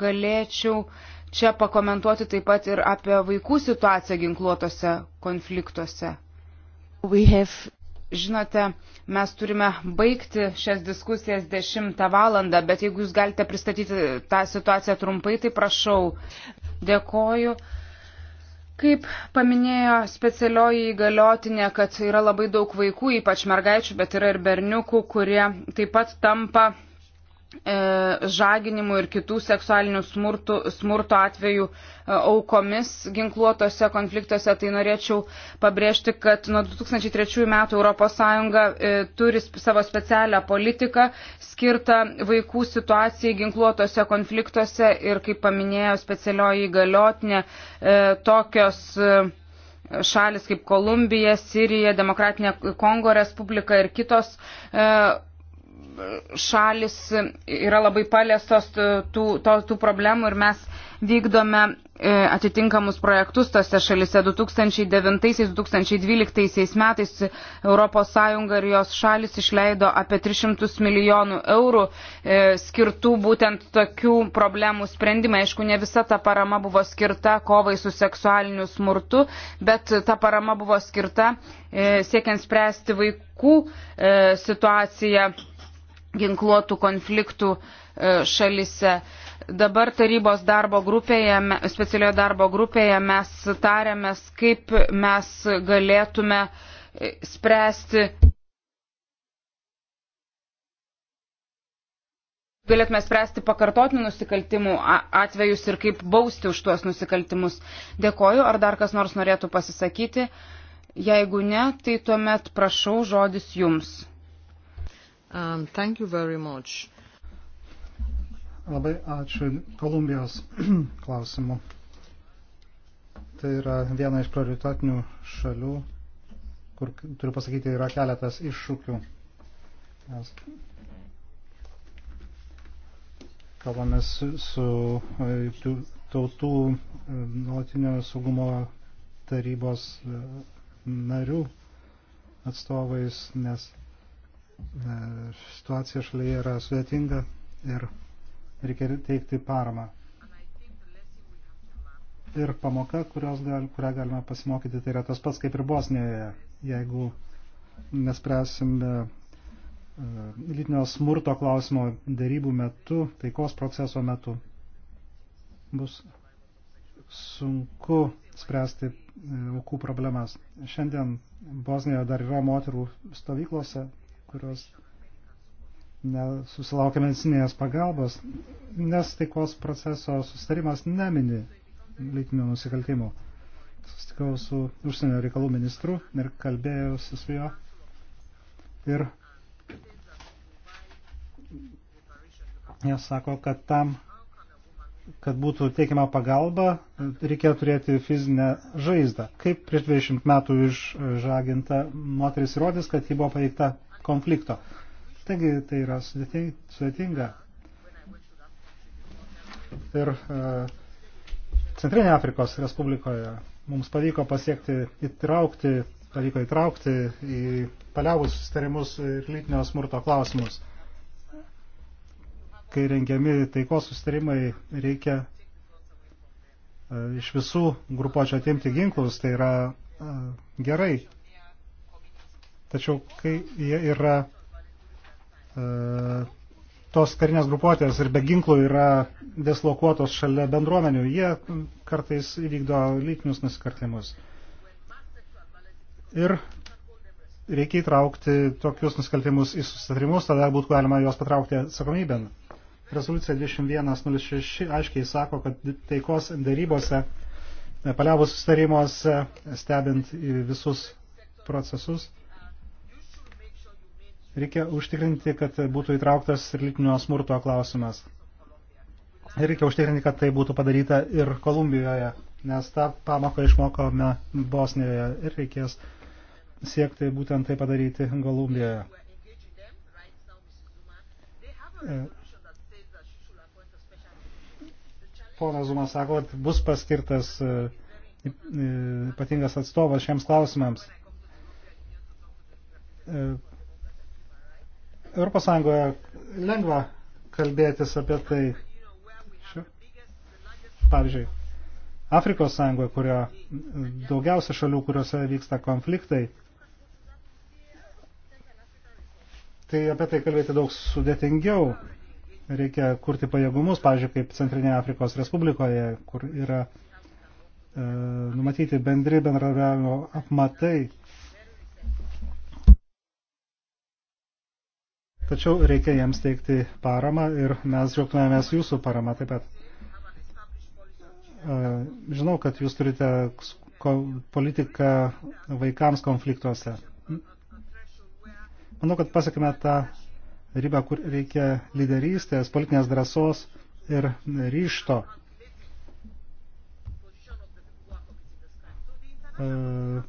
galėčiau čia pakomentuoti taip pat ir apie vaikų situaciją ginkluotose konfliktuose. Have... Žinote, mes turime baigti šias diskusijas 10 valandą, bet jeigu jūs galite pristatyti tą situaciją trumpai, tai prašau. Dėkoju. Kaip paminėjo specialioji įgaliotinė, kad yra labai daug vaikų, ypač mergaičių, bet yra ir berniukų, kurie taip pat tampa E, žaginimų ir kitų seksualinių smurtų, smurto atvejų e, aukomis ginkluotose konfliktuose, tai norėčiau pabrėžti, kad nuo 2003 metų ES e, turi savo specialią politiką skirtą vaikų situacijai ginkluotose konfliktuose ir, kaip paminėjo specialioji galiotinė, tokios šalis kaip Kolumbija, Sirija, Demokratinė Kongo Respublika ir kitos šalis yra labai paliestos tų, to, tų problemų ir mes vykdome e, atitinkamus projektus tose šalise 2009-2012 metais ES ir jos šalis išleido apie 300 milijonų eurų e, skirtų būtent tokių problemų sprendimai. Aišku, ne visa ta parama buvo skirta kovai su seksualiniu smurtu, bet ta parama buvo skirta e, siekiant spręsti vaikų situaciją ginkluotų konfliktų e, šalise. Dabar tarybos darbo grupėje, specialioje darbo grupėje mes tarėmės, kaip mes galėtume e, spręsti. Galėtume spręsti pakartotinių nusikaltimų atvejus ir kaip bausti už tuos nusikaltimus. Dėkoju, ar dar kas nors norėtų pasisakyti. Jeigu ne, tai tuomet prašau žodis jums. Um, thank you very much. Labai ačiū Kolumbijos klausimu. Tai yra viena iš prioritetinių šalių, kur, turiu pasakyti, yra keletas iššūkių. Mes kalbame su, su e, tautų e, nuolatinio saugumo tarybos e, narių atstovais, nes situacija šalyje yra sudėtinga ir reikia teikti paramą. Ir pamoka, gal, kurią galime pasimokyti, tai yra tas pats kaip ir Bosnijoje. Jeigu nespręsim e, lytinio smurto klausimo dėrybų metu, taikos proceso metu, bus sunku spręsti e, aukų problemas. Šiandien Bosnijoje dar yra moterų stovyklose, kurios susilaukia medicinės pagalbos, nes taikos proceso sustarimas nemini lytinių nusikaltimų. Sustikau su užsienio reikalų ministru ir kalbėjausi su juo. Ir jie sako, kad tam, kad būtų teikiama pagalba, reikia turėti fizinę žaizdą. Kaip prieš 20 metų išžaginta moteris įrodys, kad ji buvo paveikta konflikto. Taigi tai yra sudėtinga. Ir e, Centrinė Afrikos Respublikoje mums pavyko pasiekti įtraukti, pavyko įtraukti į paliavus sustarimus ir lytinio smurto klausimus. Kai rengiami taikos sustarimai, reikia e, iš visų grupuočio atimti ginklus, tai yra e, gerai. Tačiau kai jie yra e, tos karinės grupuotės ir be ginklų yra deslokuotos šalia bendruomenių, jie kartais įvykdo lytinius nusikartimus. Ir reikia įtraukti tokius nusikaltimus į susitarimus, tada būtų galima juos patraukti atsakomybėn. Resoliucija 2106 aiškiai sako, kad taikos darybose, e, paliavus susitarimuose, stebint visus procesus, Reikia užtikrinti, kad būtų įtrauktas ir lytinio smurto klausimas. Reikia užtikrinti, kad tai būtų padaryta ir Kolumbijoje, nes tą pamoką išmokome Bosnijoje ir reikės siekti būtent tai padaryti Kolumbijoje. E, ponas Zumas sako, kad bus paskirtas e, e, ypatingas atstovas šiems klausimams Europos Sąjungoje lengva kalbėtis apie tai. Pavyzdžiui, Afrikos Sąjungoje, kurio daugiausia šalių, kuriuose vyksta konfliktai, tai apie tai kalbėti daug sudėtingiau. Reikia kurti pajėgumus, pavyzdžiui, kaip Centrinėje Afrikos Respublikoje, kur yra e, numatyti bendri bendravimo apmatai tačiau reikia jiems teikti paramą ir mes džiaugtumėmės jūsų paramą taip pat. E, žinau, kad jūs turite politiką vaikams konfliktuose. Manau, kad pasakime tą ribą, kur reikia lyderystės, politinės drąsos ir ryšto E,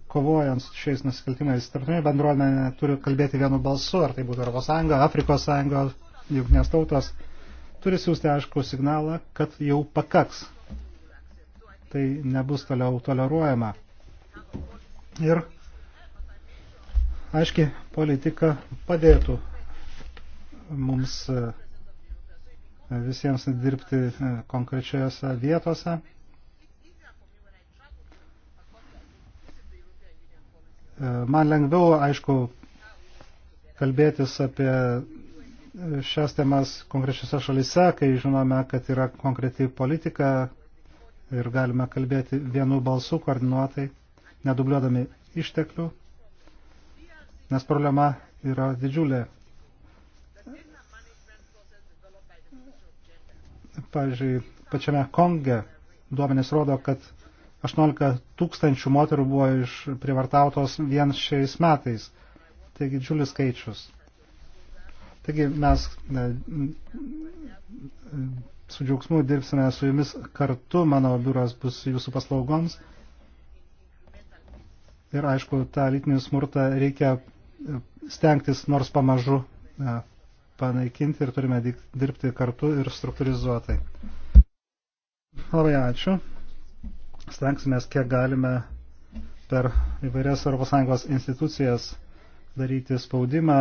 kovojant šiais nusikaltimais. Tarptautinė bendruomenė turi kalbėti vienu balsu, ar tai būtų ES, Afrikos sąjunga, jungtinės tautos, turi siūsti aišku signalą, kad jau pakaks. Tai nebus toliau toleruojama. Ir aiški politika padėtų mums e, visiems dirbti e, konkrečiose vietose Man lengviau, aišku, kalbėtis apie šias temas konkrečiose šalise, kai žinome, kad yra konkreti politika ir galime kalbėti vienu balsu koordinuotai, nedubliuodami išteklių, nes problema yra didžiulė. Pavyzdžiui, pačiame Konge duomenys rodo, kad 18 tūkstančių moterų buvo išprivartautos vien šiais metais. Taigi džiulis skaičius. Taigi mes e, su džiaugsmu dirbsime su jumis kartu, mano biuras bus jūsų paslaugoms. Ir aišku, tą lytinį smurtą reikia e, stengtis nors pamažu e, panaikinti ir turime dirbti kartu ir struktūrizuotai. Labai ačiū stengsimės, kiek galime per įvairias ES institucijas daryti spaudimą,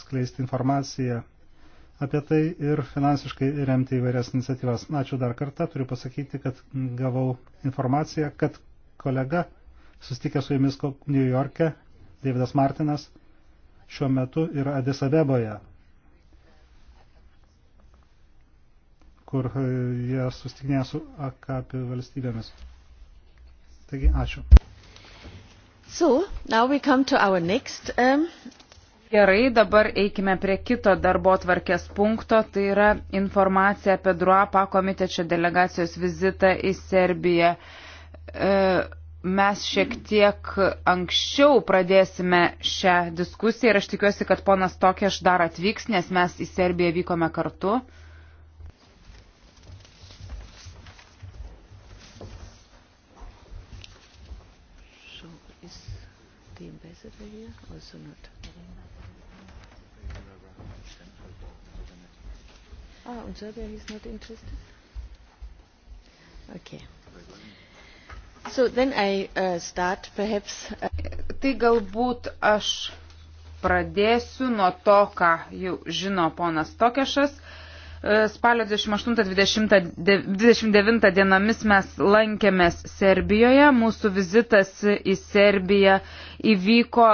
skleisti informaciją apie tai ir finansiškai remti įvairias iniciatyvas. Ačiū dar kartą, turiu pasakyti, kad gavau informaciją, kad kolega sustikė su jumis New York'e, Davidas Martinas, šiuo metu yra Adis Abeboje, kur e, jie sustiknė su AKP valstybėmis. Taigi, ačiū. So, now we come to our next. Um... Gerai, dabar eikime prie kito darbo tvarkės punkto, tai yra informacija apie Druapa komitečio delegacijos vizitą į Serbiją. E, mes šiek tiek anksčiau pradėsime šią diskusiją ir aš tikiuosi, kad ponas Tokieš dar atvyks, nes mes į Serbiją vykome kartu. here? Also not. Ah, and Serbia is not interested? Okay. So then I uh, start perhaps. Uh, tai galbūt aš pradėsiu nuo to, ką jau žino ponas Tokešas. Uh, Spalio 28-29 dienomis mes lankėmės Serbijoje. Mūsų vizitas į Serbiją įvyko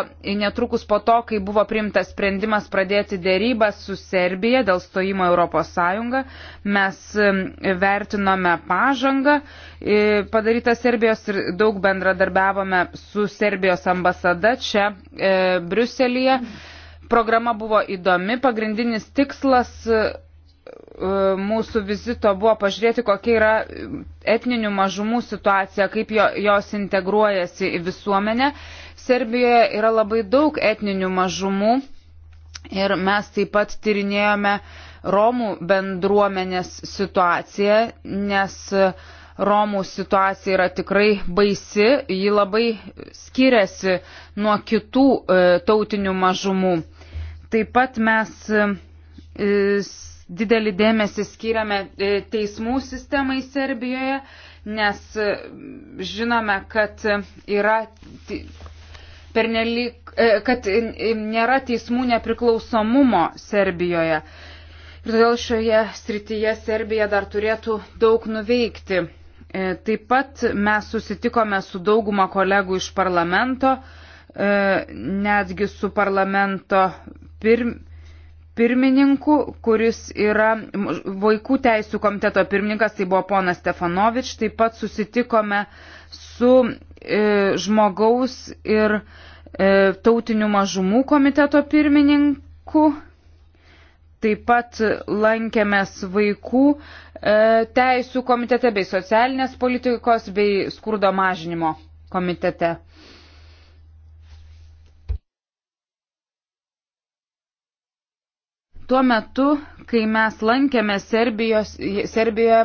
netrukus po to, kai buvo priimtas sprendimas pradėti dėrybą su Serbija dėl stojimo Europos Sąjungą. Mes um, vertinome pažangą e, padarytą Serbijos ir daug bendradarbiavome su Serbijos ambasada čia e, Briuselėje. Programa buvo įdomi, pagrindinis tikslas E, mūsų vizito buvo pažiūrėti, kokia yra etninių mažumų situacija, kaip jos integruojasi į visuomenę. Serbijoje yra labai daug etninių mažumų ir mes taip pat tyrinėjome Romų bendruomenės situaciją, nes Romų situacija yra tikrai baisi, ji labai skiriasi nuo kitų e, tautinių mažumų. Taip pat mes e, didelį dėmesį skiriame e, teismų sistemai Serbijoje, nes e, žinome, kad yra pernelyg, e, kad nėra teismų nepriklausomumo Serbijoje. Ir todėl šioje srityje Serbija dar turėtų daug nuveikti. Taip pat mes susitikome su dauguma kolegų iš parlamento, netgi su parlamento pirm, pirmininku, kuris yra vaikų teisų komiteto pirmininkas, tai buvo ponas Stefanovič, taip pat susitikome su e, žmogaus ir e, tautinių mažumų komiteto pirmininku, taip pat lankėmės vaikų e, teisų komitete bei socialinės politikos bei skurdo mažinimo komitete. E, Tuo metu, kai mes lankėme Serbijos, Serbijoje,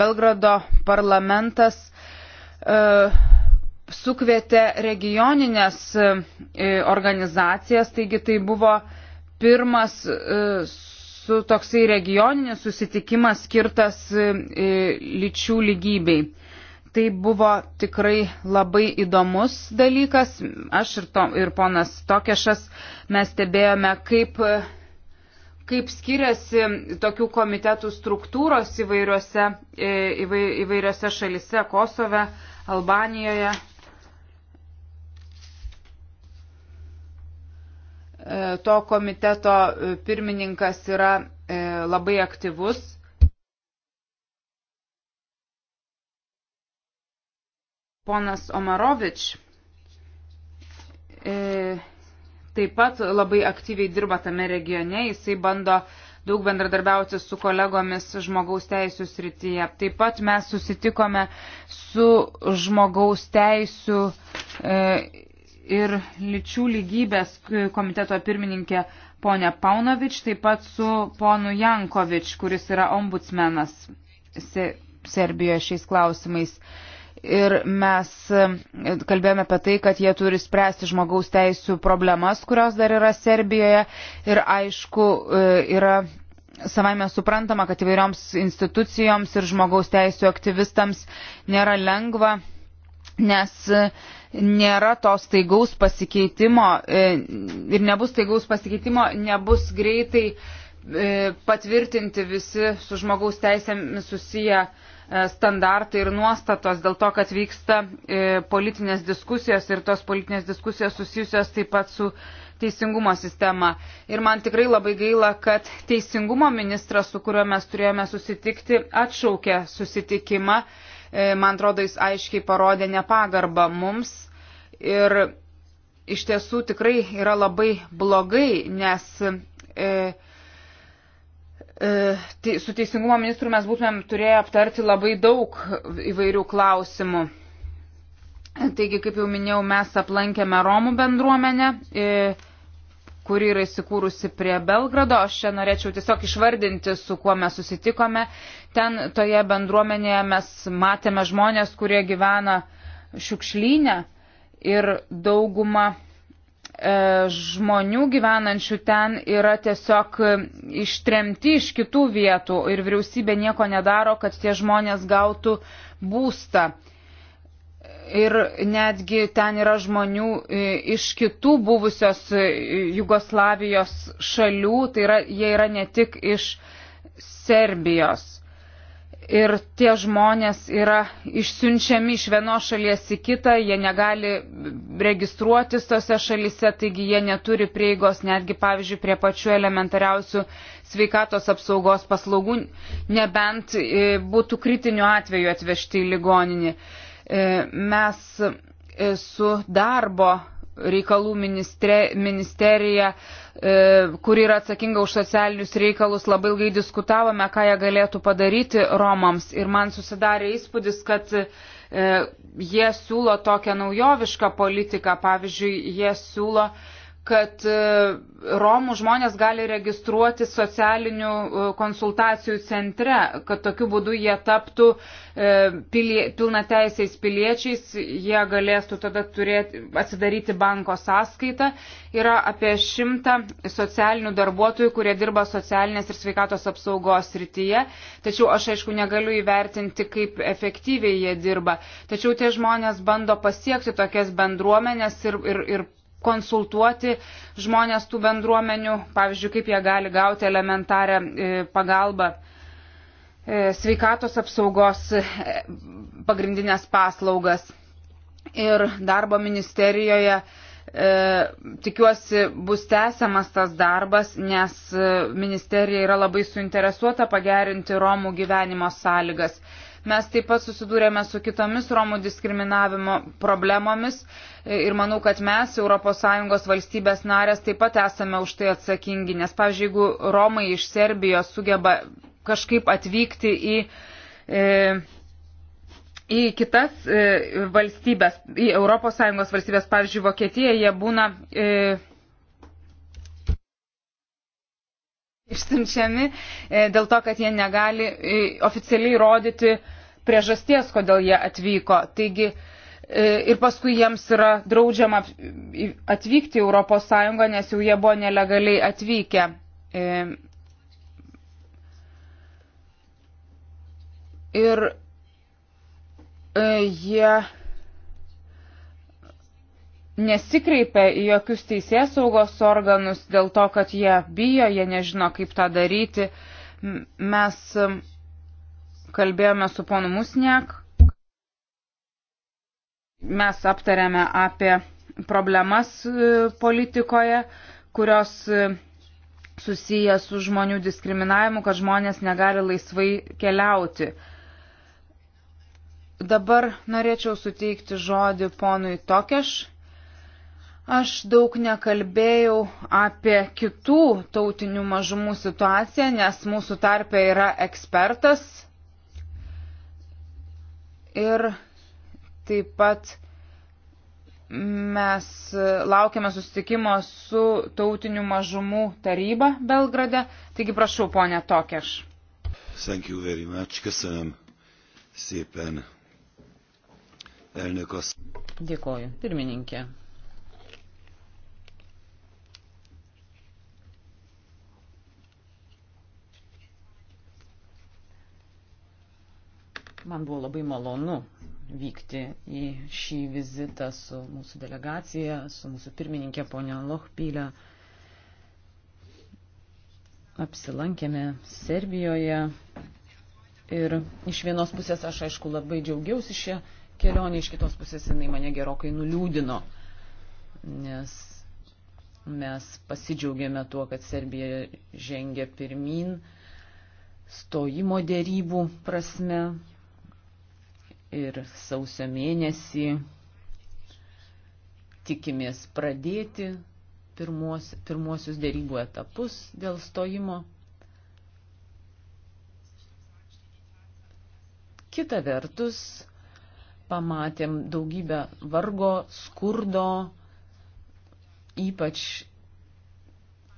Belgrado parlamentas e, sukvietė regioninės e, organizacijas, taigi tai buvo pirmas e, su toksai regioninis susitikimas skirtas e, e lyčių lygybei. Tai buvo tikrai labai įdomus dalykas. Aš ir, to, ir ponas Tokešas mes stebėjome, kaip kaip skiriasi tokių komitetų struktūros įvairiose, e, įvairiose šalise - Kosove, Albanijoje. E, to komiteto e, pirmininkas yra labai aktyvus. Ponas Omarovič. E, taip pat labai aktyviai dirba tame regione, jisai bando daug bendradarbiauti su kolegomis žmogaus teisų srityje. Taip pat mes susitikome su žmogaus teisų e, ir lyčių lygybės komiteto pirmininkė ponė Paunovič, taip pat su ponu Jankovič, kuris yra ombudsmenas Serbijoje šiais klausimais ir mes e, kalbėjome apie tai, kad jie turi spręsti žmogaus teisų problemas, kurios dar yra Serbijoje ir aišku e, yra. Savaime suprantama, kad įvairioms institucijoms ir žmogaus teisų aktyvistams nėra lengva, nes e, nėra to staigaus pasikeitimo ir nebus staigaus pasikeitimo, nebus greitai patvirtinti visi su žmogaus teisėmis susiję uh, E, standartai ir nuostatos dėl to, kad vyksta e, politinės diskusijos ir tos politinės diskusijos susijusios taip pat su teisingumo sistema. Ir man tikrai labai gaila, kad teisingumo ministras, su kuriuo mes turėjome susitikti, atšaukė susitikimą. E, man atrodo, jis aiškiai parodė nepagarbą mums. Ir iš tiesų tikrai yra labai blogai, nes e, E, su teisingumo ministru mes būtumėm turėję aptarti labai daug įvairių klausimų. Taigi, kaip jau minėjau, mes aplankėme Romų bendruomenę, e, kuri yra įsikūrusi prie Belgrado. Aš čia norėčiau tiesiog išvardinti, su kuo mes susitikome. Ten toje bendruomenėje mes matėme žmonės, kurie gyvena šiukšlyne ir dauguma E, žmonių gyvenančių ten yra tiesiog ištremti iš kitų vietų ir vyriausybė nieko nedaro, kad tie žmonės gautų būstą. Ir netgi ten yra žmonių e, iš kitų buvusios e, Jugoslavijos šalių, tai yra, jie yra ne tik iš Serbijos ir tie žmonės yra išsiunčiami iš vienos šalies į kitą, jie negali registruotis tose šalise, taigi jie neturi prieigos netgi, pavyzdžiui, prie pačių elementariausių sveikatos apsaugos paslaugų, nebent e, būtų kritiniu atveju atvežti į ligoninį. E, mes e, su darbo reikalų ministre, ministerija, e, kuri yra atsakinga už socialinius reikalus, labai ilgai diskutavome, ką jie galėtų padaryti Romams. Ir man susidarė įspūdis, kad e, jie siūlo tokią naujovišką politiką. Pavyzdžiui, jie siūlo e, kad e, Romų žmonės gali registruoti socialinių e, konsultacijų centre, kad tokiu būdu jie taptų e, pilie, pilnateisiais piliečiais, jie galėtų tada turėti, atsidaryti banko sąskaitą. Yra apie šimtą socialinių darbuotojų, kurie dirba socialinės ir sveikatos apsaugos srityje, tačiau aš aišku negaliu įvertinti, kaip efektyviai jie dirba. Tačiau tie žmonės bando pasiekti tokias bendruomenės ir, ir, ir konsultuoti žmonės tų bendruomenių, pavyzdžiui, kaip jie gali gauti elementarią e, pagalbą e, sveikatos apsaugos e, pagrindinės paslaugas. Ir darbo ministerijoje e, tikiuosi bus tęsiamas tas darbas, nes ministerija yra labai suinteresuota pagerinti Romų gyvenimo sąlygas. Mes taip pat susidūrėme su kitomis Romų diskriminavimo problemomis ir manau, kad mes, ES valstybės narės, taip pat esame už tai atsakingi, nes, pavyzdžiui, jeigu Romai iš Serbijos sugeba kažkaip atvykti į. E, į kitas e, valstybės, į ES valstybės, pavyzdžiui, Vokietiją, jie būna e, išsimčiami e, dėl to, kad jie negali e, oficialiai rodyti e, priežasties, kodėl jie atvyko. Taigi, e, Ir paskui jiems yra draudžiama atvykti į ES, nes jau jie buvo nelegaliai atvykę. E, ir e, jie nesikreipia į jokius teisės saugos organus dėl to, kad jie bijo, jie nežino, kaip tą daryti. Mes kalbėjome su ponu Musniek. Mes aptarėme apie problemas e, politikoje, kurios e, susiję su žmonių diskriminavimu, kad žmonės negali laisvai keliauti. Dabar norėčiau suteikti žodį ponui Tokeš. Aš daug nekalbėjau apie kitų tautinių mažumų situaciją, nes mūsų tarpe yra ekspertas ir taip pat mes laukiame susitikimo su tautinių mažumų taryba Belgrade. Taigi prašau, ponė Tokeš. Thank you very much. Köszönöm szépen. Elnök asszony. Dėkoju, pirmininkė. Man buvo labai malonu vykti į šį vizitą su mūsų delegacija, su mūsų pirmininkė ponia Lochpylė. Apsilankėme Serbijoje ir iš vienos pusės aš aišku labai džiaugiausi šią kelionę, iš kitos pusės jinai mane gerokai nuliūdino, nes mes pasidžiaugėme tuo, kad Serbija žengia pirmin stojimo dėrybų prasme, ir sausio mėnesį tikimės pradėti pirmuos, pirmuosius dėrybų etapus dėl stojimo. Kita vertus, pamatėm daugybę vargo, skurdo, ypač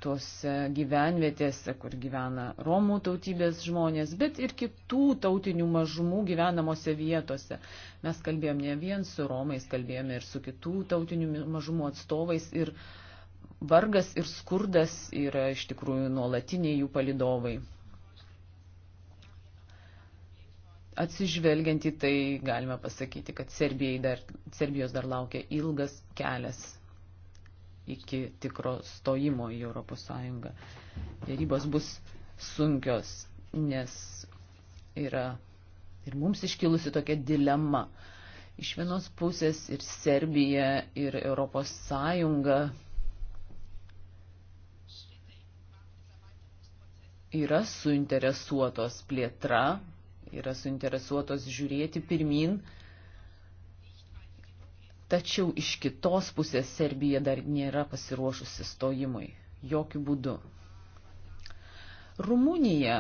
tose gyvenvietėse, kur gyvena Romų tautybės žmonės, bet ir kitų tautinių mažumų gyvenamose vietose. Mes kalbėjom ne vien su Romais, kalbėjome ir su kitų tautinių mažumų atstovais ir vargas ir skurdas yra iš tikrųjų nuolatiniai jų palidovai. Atsižvelgiant į tai, galime pasakyti, kad Serbijai dar, Serbijos dar laukia ilgas kelias iki tikro stojimo į Europos Sąjungą. Dėrybos bus sunkios, nes yra ir mums iškilusi tokia dilema. Iš vienos pusės ir Serbija, ir Europos Sąjunga yra suinteresuotos plėtra, yra suinteresuotos žiūrėti pirmin, Tačiau iš kitos pusės Serbija dar nėra pasiruošusi stojimui. Jokių būdų. Rumunija,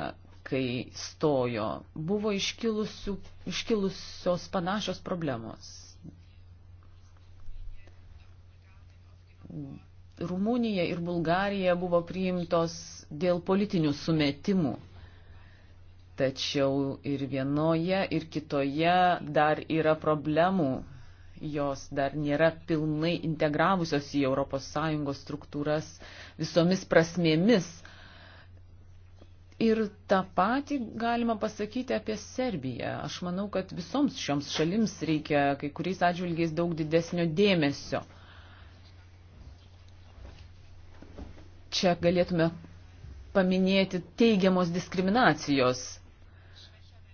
kai stojo, buvo iškilusios panašios problemos. Rumunija ir Bulgarija buvo priimtos dėl politinių sumetimų. Tačiau ir vienoje, ir kitoje dar yra problemų jos dar nėra pilnai integravusios į ES struktūras visomis prasmėmis. Ir tą patį galima pasakyti apie Serbiją. Aš manau, kad visoms šioms šalims reikia kai kuriais atžvilgiais daug didesnio dėmesio. Čia galėtume paminėti teigiamos diskriminacijos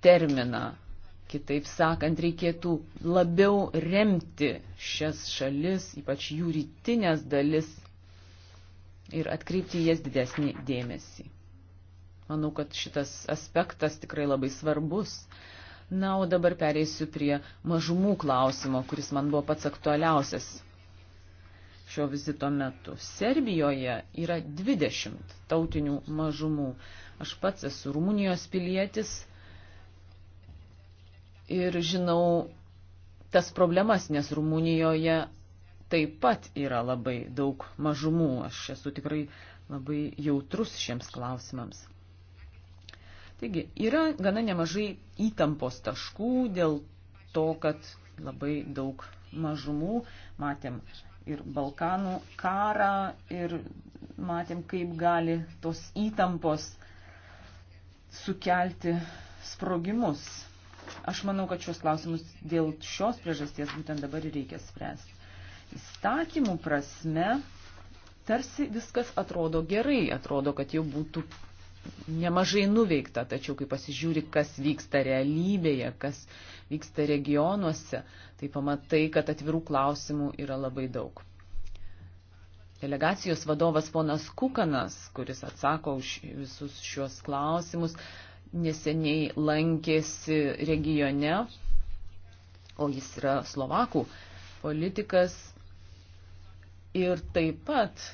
terminą Kitaip sakant, reikėtų labiau remti šias šalis, ypač jų rytinės dalis ir atkreipti jas didesnį dėmesį. Manau, kad šitas aspektas tikrai labai svarbus. Na, o dabar pereisiu prie mažumų klausimo, kuris man buvo pats aktualiausias šio vizito metu. Serbijoje yra 20 tautinių mažumų. Aš pats esu Rumunijos pilietis ir žinau tas problemas, nes Rumunijoje taip pat yra labai daug mažumų. Aš esu tikrai labai jautrus šiems klausimams. Taigi, yra gana nemažai įtampos taškų dėl to, kad labai daug mažumų. Matėm ir Balkanų karą ir matėm, kaip gali tos įtampos sukelti sprogimus Aš manau, kad šios klausimus dėl šios priežasties būtent dabar ir reikia spręsti. Įstatymų prasme tarsi viskas atrodo gerai, atrodo, kad jau būtų nemažai nuveikta, tačiau kai pasižiūri, kas vyksta realybėje, kas vyksta regionuose, tai pamatai, kad atvirų klausimų yra labai daug. Delegacijos vadovas ponas Kukanas, kuris atsako už visus šios klausimus, neseniai lankėsi regione, o jis yra Slovakų politikas ir taip pat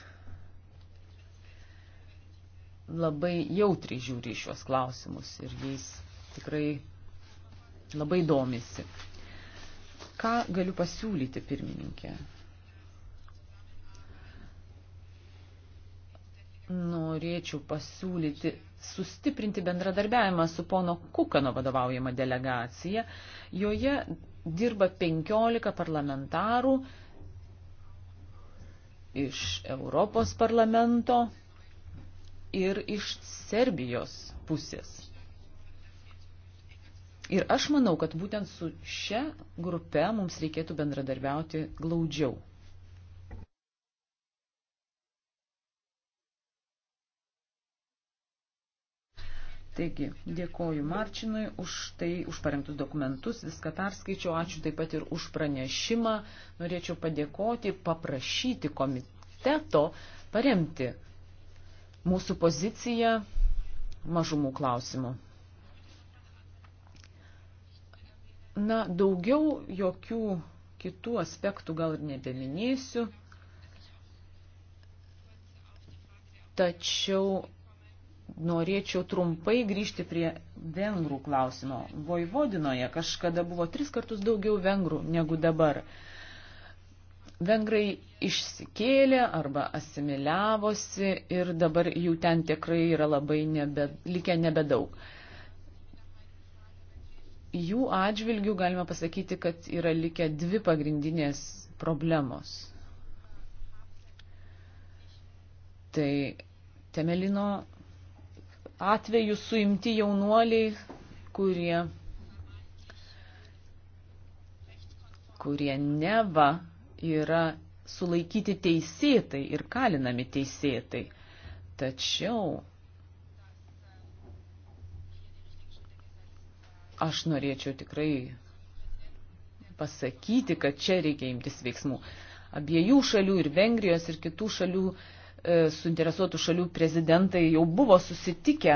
labai jautriai žiūri šios klausimus ir jais tikrai labai domisi. Ką galiu pasiūlyti pirmininkė? norėčiau pasiūlyti sustiprinti bendradarbiavimą su pono Kukano vadovaujama delegacija. Joje dirba 15 parlamentarų iš Europos parlamento ir iš Serbijos pusės. Ir aš manau, kad būtent su šia grupe mums reikėtų bendradarbiauti glaudžiau. Taigi, dėkoju Marčinui už tai, už parengtus dokumentus, viską perskaičiau, ačiū taip pat ir už pranešimą. Norėčiau padėkoti, paprašyti komiteto paremti mūsų poziciją mažumų klausimų. Na, daugiau jokių kitų aspektų gal ir nebeminėsiu, tačiau norėčiau trumpai grįžti prie vengrų klausimo. Vojvodinoje kažkada buvo tris kartus daugiau vengrų negu dabar. Vengrai išsikėlė arba asimiliavosi ir dabar jų ten tikrai yra labai nebe, likę nebedaug. Jų atžvilgių galima pasakyti, kad yra likę dvi pagrindinės problemos. Tai Temelino atveju suimti jaunuoliai, kurie, kurie neva yra sulaikyti teisėtai ir kalinami teisėtai. Tačiau aš norėčiau tikrai pasakyti, kad čia reikia imtis veiksmų. Abiejų šalių ir Vengrijos ir kitų šalių uh, E, suinteresuotų šalių prezidentai jau buvo susitikę,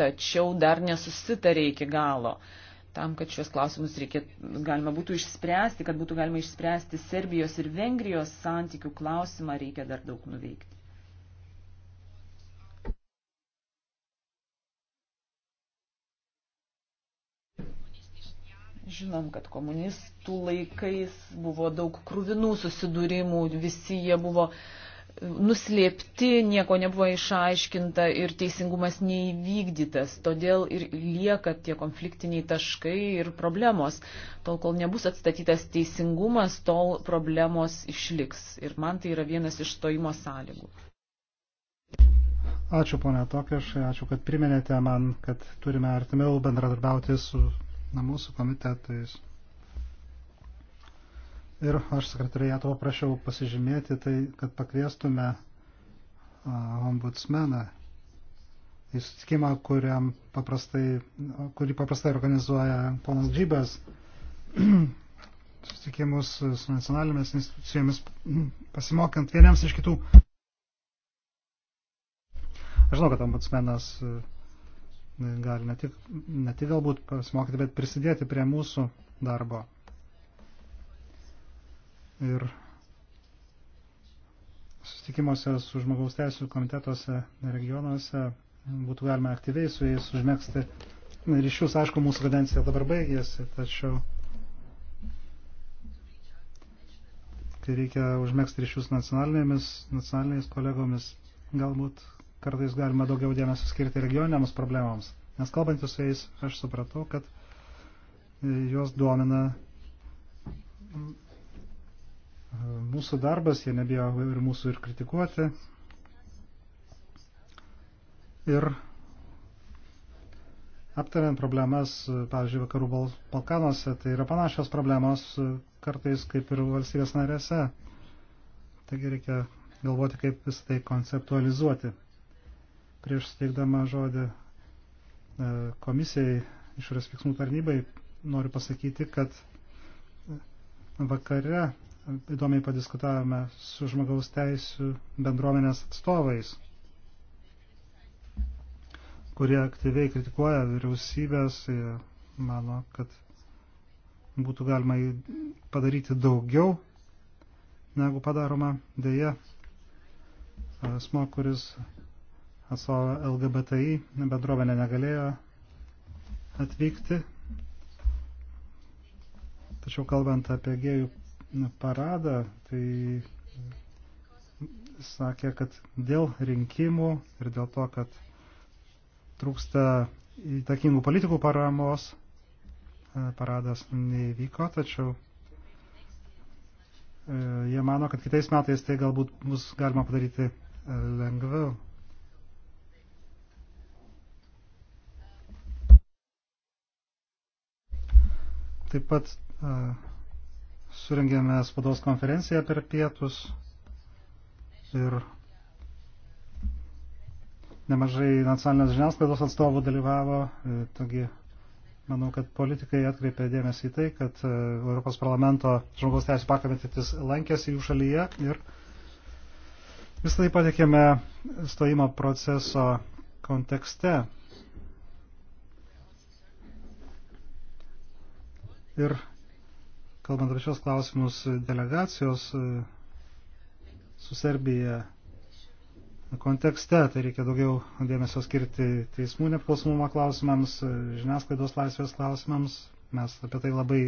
tačiau dar nesusitarė iki galo. Tam, kad šios klausimus reikėt, galima būtų išspręsti, kad būtų galima išspręsti Serbijos ir Vengrijos santykių klausimą, reikia dar daug nuveikti. Žinom, kad komunistų laikais buvo daug krūvinų susidūrimų, visi jie buvo uh, nuslėpti, nieko nebuvo išaiškinta ir teisingumas neįvykdytas. Todėl ir lieka tie konfliktiniai taškai ir problemos. Tol, kol nebus atstatytas teisingumas, tol problemos išliks. Ir man tai yra vienas iš stojimo sąlygų. Ačiū, ponia Tokiašai, ačiū, kad priminėte man, kad turime artimiau bendradarbiauti su na, mūsų komitetais. Ir aš sekretariato paprašiau pasižymėti, tai kad pakviestume ombudsmeną į sutikimą, paprastai, kurį paprastai organizuoja ponas Džybės, susitikimus su nacionalinėmis institucijomis, pasimokant vieniems iš kitų. Aš žinau, kad ombudsmenas e, gali ne tik, ne tik galbūt pasimokyti, bet prisidėti prie mūsų darbo ir susitikimuose su žmogaus teisų komitetuose regionuose būtų galima aktyviai su jais užmėgsti ryšius. Aišku, mūsų kadencija dabar baigėsi, tačiau kai reikia užmėgsti ryšius nacionaliniais kolegomis, galbūt kartais galima daugiau dėmesio skirti regioniniams problemams. Nes kalbantys su jais, aš supratau, kad juos duomina mūsų darbas, jie nebijo ir mūsų ir kritikuoti. Ir aptariant problemas, pavyzdžiui, vakarų Balkanuose, tai yra panašios problemos kartais kaip ir valstybės narėse. Taigi reikia galvoti, kaip visą tai konceptualizuoti. Prieš steigdama žodį e, komisijai išorės veiksmų tarnybai noriu pasakyti, kad vakare įdomiai padiskutavome su žmogaus teisų bendruomenės atstovais, kurie aktyviai kritikuoja vyriausybės. Mano, kad būtų galima padaryti daugiau negu padaroma dėja. Asmo, kuris atstovą LGBTI bendruomenė negalėjo atvykti. Tačiau kalbant apie gėjų paradą, tai sakė, kad dėl rinkimų ir dėl to, kad trūksta įtakingų politikų paramos, e, paradas nevyko, tačiau e, jie mano, kad kitais metais tai galbūt bus galima padaryti e, lengviau. Taip pat surengėme spados konferenciją per pietus ir nemažai nacionalinės žiniasklaidos atstovų dalyvavo. E, taigi, manau, kad politikai atkreipė dėmesį į tai, kad e, Europos parlamento žmogaus teisų pakomitetis lankėsi jų šalyje ir visą tai patikėme stojimo proceso kontekste. Ir Kalbant apie šios klausimus delegacijos e, su Serbija kontekste, tai reikia daugiau dėmesio skirti teismų nepriklausomumo klausimams, e, žiniasklaidos laisvės klausimams. Mes apie tai labai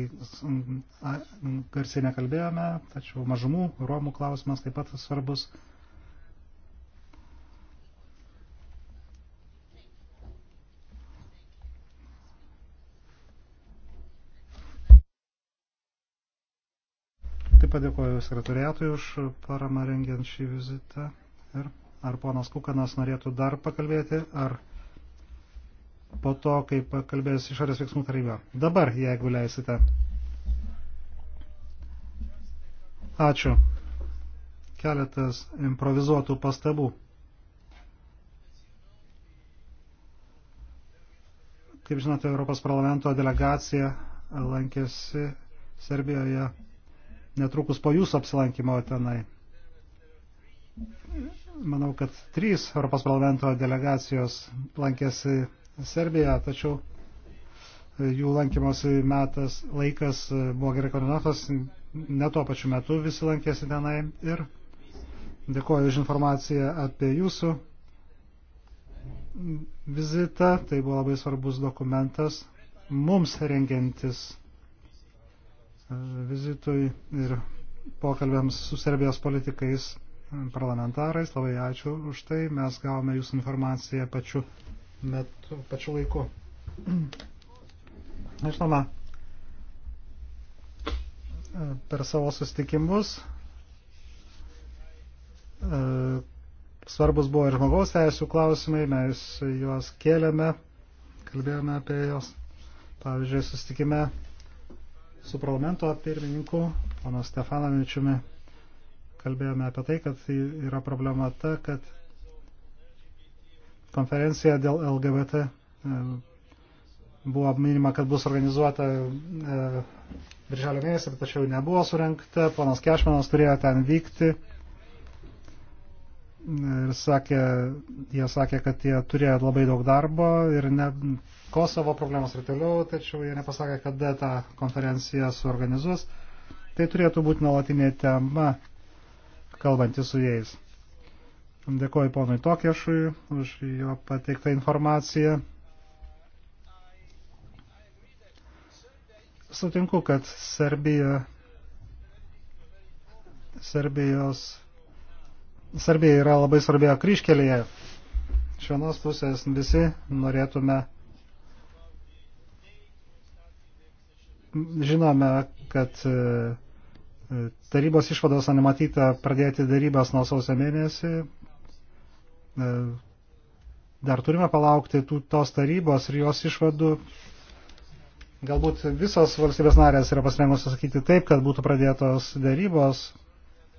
garsiai nekalbėjome, tačiau mažumų, romų klausimas taip pat svarbus. Padėkoju sekretoriatui už paramą rengiant šį vizitą. Ir ar ponas Kukanas norėtų dar pakalbėti, ar po to, kai pakalbės išorės veiksmų taryba. Dabar, jeigu leisite. Ačiū. Keletas improvizuotų pastabų. Kaip žinote, Europos parlamento delegacija lankėsi Serbijoje netrukus po jūsų apsilankimo tenai. Manau, kad trys Europos parlamento delegacijos lankėsi Serbiją, tačiau jų lankymosi metas, laikas buvo gerai koordinuotas, ne tuo pačiu metu visi lankėsi tenai ir dėkoju už informaciją apie jūsų vizitą, tai buvo labai svarbus dokumentas mums rengiantis vizitui ir pokalbėms su Serbijos politikais parlamentarais. Labai ačiū už tai. Mes gavome jūsų informaciją pačiu, metu, pačiu laiku. Žinoma, per savo sustikimus e, svarbus buvo ir žmogaus teisų klausimai, mes juos kėlėme, kalbėjome apie juos. Pavyzdžiui, sustikime su parlamento pirmininku, pano Stefanovičiumi, kalbėjome apie tai, kad tai yra problema ta, kad konferencija dėl LGBT e, buvo minima, kad bus organizuota e, birželio mėnesį, tačiau nebuvo surinkta. Ponas Kešmanas turėjo ten vykti ir sakė, jie sakė, kad jie turėjo labai daug darbo ir ne, Kosovo problemos ir toliau, tačiau jie nepasakė, kada tą konferenciją suorganizuos. Tai turėtų būti nuolatinė tema, kalbantį su jais. Dėkoju ponui Tokiešui už jo pateiktą informaciją. Sutinku, kad Serbija, Serbijos, Serbija yra labai svarbėjo kryškelėje. Iš vienos pusės visi norėtume žinome, kad e, e, tarybos išvados numatyta pradėti darybas nuo sausio mėnesį. E, dar turime palaukti tų, tos tarybos ir jos išvadų. Galbūt visos valstybės narės yra pasirengusios sakyti taip, kad būtų pradėtos darybos.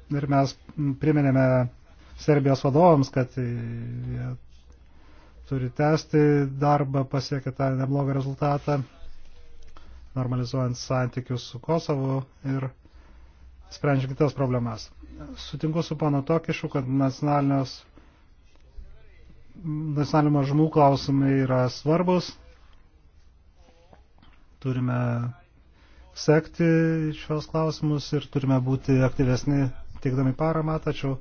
Ir mes priminėme Serbijos vadovams, kad jie turi tęsti darbą, pasiekia tą neblogą rezultatą normalizuojant santykius su Kosovu ir sprendžiant kitas problemas. Sutinku su pano Tokišu, kad nacionalinės nacionalinių mažumų klausimai yra svarbus. Turime sekti šios klausimus ir turime būti aktyvesni teikdami paramą, tačiau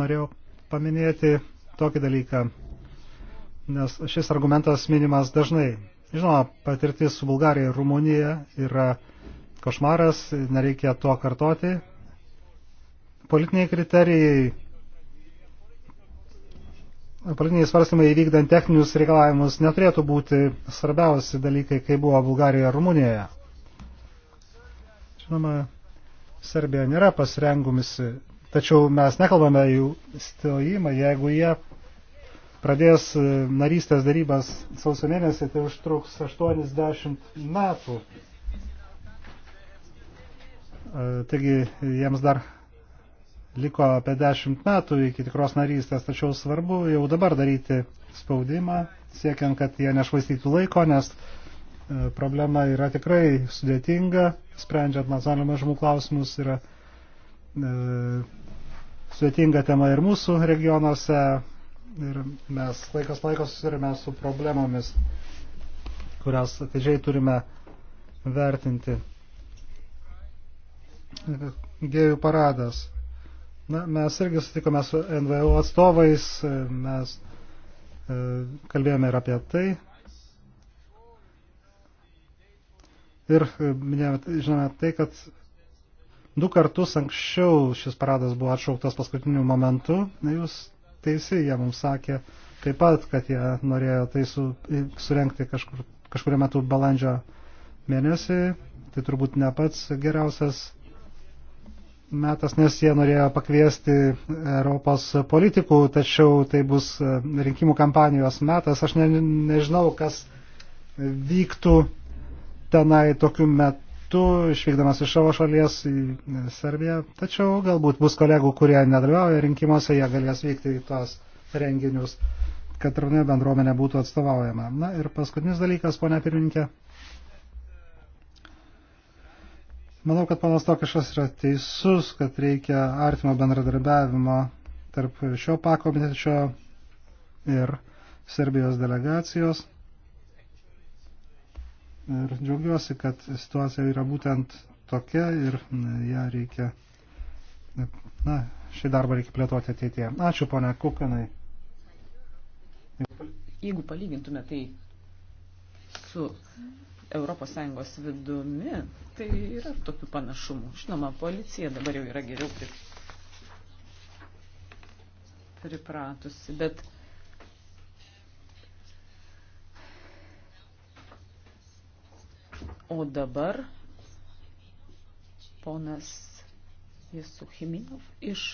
norėjau paminėti tokį dalyką, nes šis argumentas minimas dažnai. Žinoma, patirtis su Bulgarija ir Rumunija yra košmaras, nereikia to kartoti. Politiniai kriterijai, politiniai svarstymai įvykdant techninius reikalavimus neturėtų būti svarbiausi dalykai, kai buvo Bulgarijoje ir Rumunijoje. Žinoma, Serbija nėra pasirengumisi, tačiau mes nekalbame jų stojimą, jeigu jie pradės e, narystės darybas sausio mėnesį, tai užtruks 80 metų. E, taigi jiems dar liko apie 10 metų iki tikros narystės, tačiau svarbu jau dabar daryti spaudimą, siekiant, kad jie nešvaistytų laiko, nes e, problema yra tikrai sudėtinga, sprendžiant nacionalinių mažumų klausimus yra e, sudėtinga tema ir mūsų regionuose, ir mes laikas laikos susidurime su problemomis, kurias atidžiai turime vertinti. Gėjų paradas. Na, mes irgi sutikome su NVO atstovais, mes e, kalbėjome ir apie tai. Ir e, minėjome, žinome tai, kad du kartus anksčiau šis paradas buvo atšauktas paskutiniu momentu. Na, jūs teisi, jie mums sakė taip pat, kad jie norėjo tai su, surenkti kažkur, kažkurio metu balandžio mėnesį, tai turbūt ne pats geriausias metas, nes jie norėjo pakviesti Europos politikų, tačiau tai bus rinkimų kampanijos metas. Aš ne, nežinau, kas vyktų tenai tokiu metu metu, išvykdamas iš savo šalies į Serbiją. Tačiau galbūt bus kolegų, kurie nedalyvauja rinkimuose, jie galės vykti į tos renginius, kad tarptautinė bendruomenė būtų atstovaujama. Na ir paskutinis dalykas, ponia pirmininkė. Manau, kad panas Tokišas yra teisus, kad reikia artimo bendradarbiavimo tarp šio pakomitečio ir Serbijos delegacijos. Ir džiaugiuosi, kad situacija yra būtent tokia ir ją reikia, na, šį darbą reikia plėtoti ateityje. Ačiū, ponia Kukanai. Jeigu palygintume tai su ES vidumi, tai yra tokių panašumų. Žinoma, policija dabar jau yra geriau pripratusi, bet O dabar ponas Jesuchiminov iš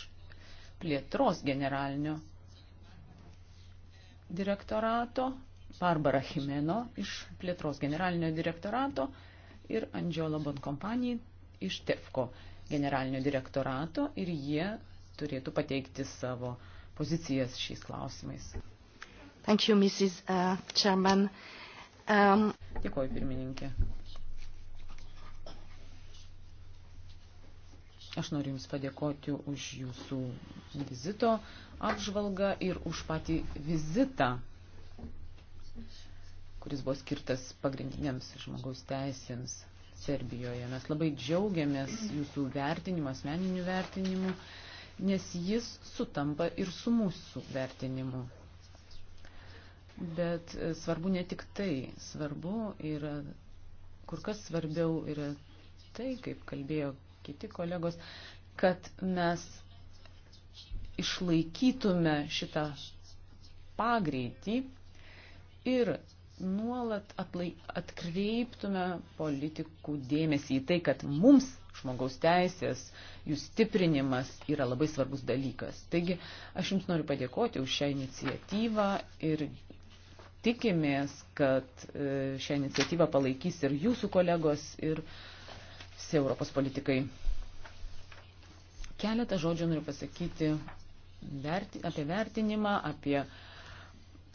plėtros generalinio direktorato, Barbara Chimeno iš plėtros generalinio direktorato ir Andžiola Bonkompanija iš TEFCO generalinio direktorato ir jie turėtų pateikti savo pozicijas šiais klausimais. Thank you, Mrs. Uh, chairman. Um... Dėkuoju, pirmininkė. Aš noriu Jums padėkoti už Jūsų vizito apžvalgą ir už patį vizitą, kuris buvo skirtas pagrindiniams žmogaus teisėms Serbijoje. Mes labai džiaugiamės Jūsų vertinimu, asmeniniu vertinimu, nes jis sutampa ir su mūsų vertinimu. Bet e, svarbu ne tik tai, svarbu yra, kur kas svarbiau yra tai, kaip kalbėjo kiti kolegos, kad mes išlaikytume šitą pagreitį ir nuolat atlai, atkreiptume politikų dėmesį į tai, kad mums žmogaus teisės, jų stiprinimas yra labai svarbus dalykas. Taigi aš Jums noriu padėkoti už šią iniciatyvą ir tikimės, kad e, šią iniciatyvą palaikys ir Jūsų kolegos ir uh, visi Europos politikai. Keletą žodžių noriu pasakyti verti, apie vertinimą, apie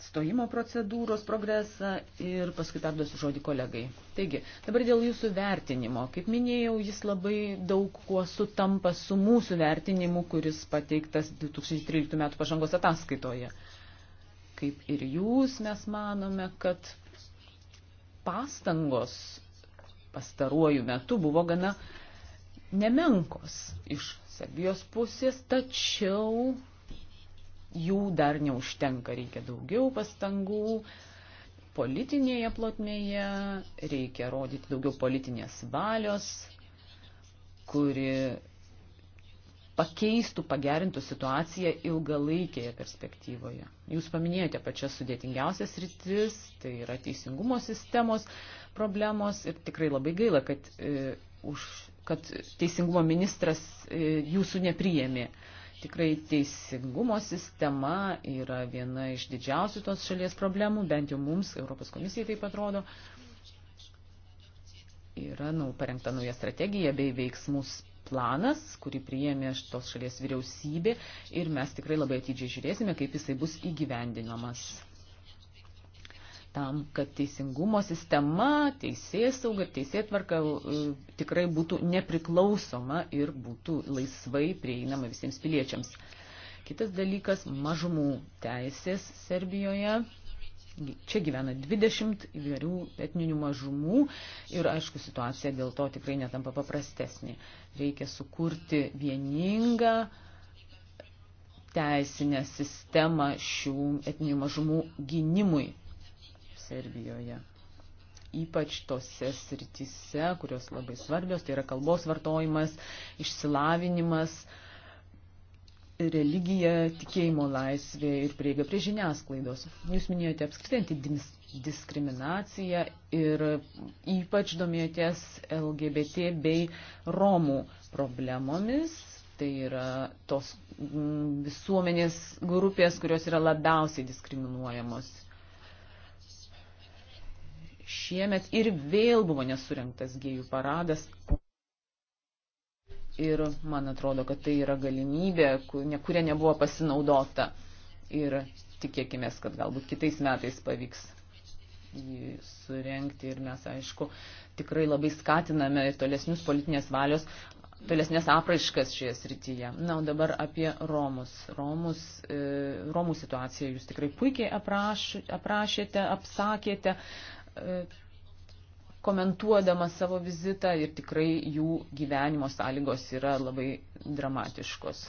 stojimo procedūros progresą ir paskui perduosiu žodį kolegai. Taigi, dabar dėl jūsų vertinimo. Kaip minėjau, jis labai daug kuo sutampa su mūsų vertinimu, kuris pateiktas 2013 m. pažangos ataskaitoje. Kaip ir jūs, mes manome, kad pastangos pastaruoju metu buvo gana nemenkos iš Serbijos pusės, tačiau jų dar neužtenka, reikia daugiau pastangų politinėje plotmėje, reikia rodyti daugiau politinės valios, kuri pakeistų, pagerintų situaciją ilgalaikėje perspektyvoje. Jūs paminėjote pačias sudėtingiausias rytis, tai yra teisingumo sistemos problemos ir tikrai labai gaila, kad, e, už, kad teisingumo ministras e, jūsų nepriėmė. Tikrai teisingumo sistema yra viena iš didžiausių tos šalies problemų, bent jau mums, Europos komisijai taip atrodo. Yra nu, parengta nauja strategija bei veiksmus planas, kurį priėmė šitos šalies vyriausybė ir mes tikrai labai atidžiai žiūrėsime, kaip jisai bus įgyvendinamas. Tam, kad teisingumo sistema, teisės sauga ir teisėtvarka e, tikrai būtų nepriklausoma ir būtų laisvai prieinama visiems piliečiams. Kitas dalykas - mažumų teisės Serbijoje Čia gyvena 20 įvairių etninių mažumų ir, aišku, situacija dėl to tikrai netampa paprastesnė. Reikia sukurti vieningą teisinę sistemą šių etninių mažumų gynimui Serbijoje. Ypač tose sritise, kurios labai svarbios, tai yra kalbos vartojimas, išsilavinimas, uh, religija, tikėjimo laisvė ir prieiga prie žiniasklaidos. Jūs minėjote apskritai antidiskriminaciją ir ypač domėjotės LGBT bei Romų problemomis. Tai yra tos mm, visuomenės grupės, kurios yra labiausiai diskriminuojamos. Šiemet ir vėl buvo nesurinktas gėjų paradas. Ir man atrodo, kad tai yra galimybė, kuria nebuvo pasinaudota. Ir tikėkime, kad galbūt kitais metais pavyks jį surenkti. Ir mes, aišku, tikrai labai skatiname ir tolesnius politinės valios, tolesnės apraiškas šioje srityje. Na, o dabar apie Romus. Romus e, Romų situaciją jūs tikrai puikiai apraš, aprašėte, apsakėte. E, komentuodamas savo vizitą ir tikrai jų gyvenimo sąlygos yra labai dramatiškos.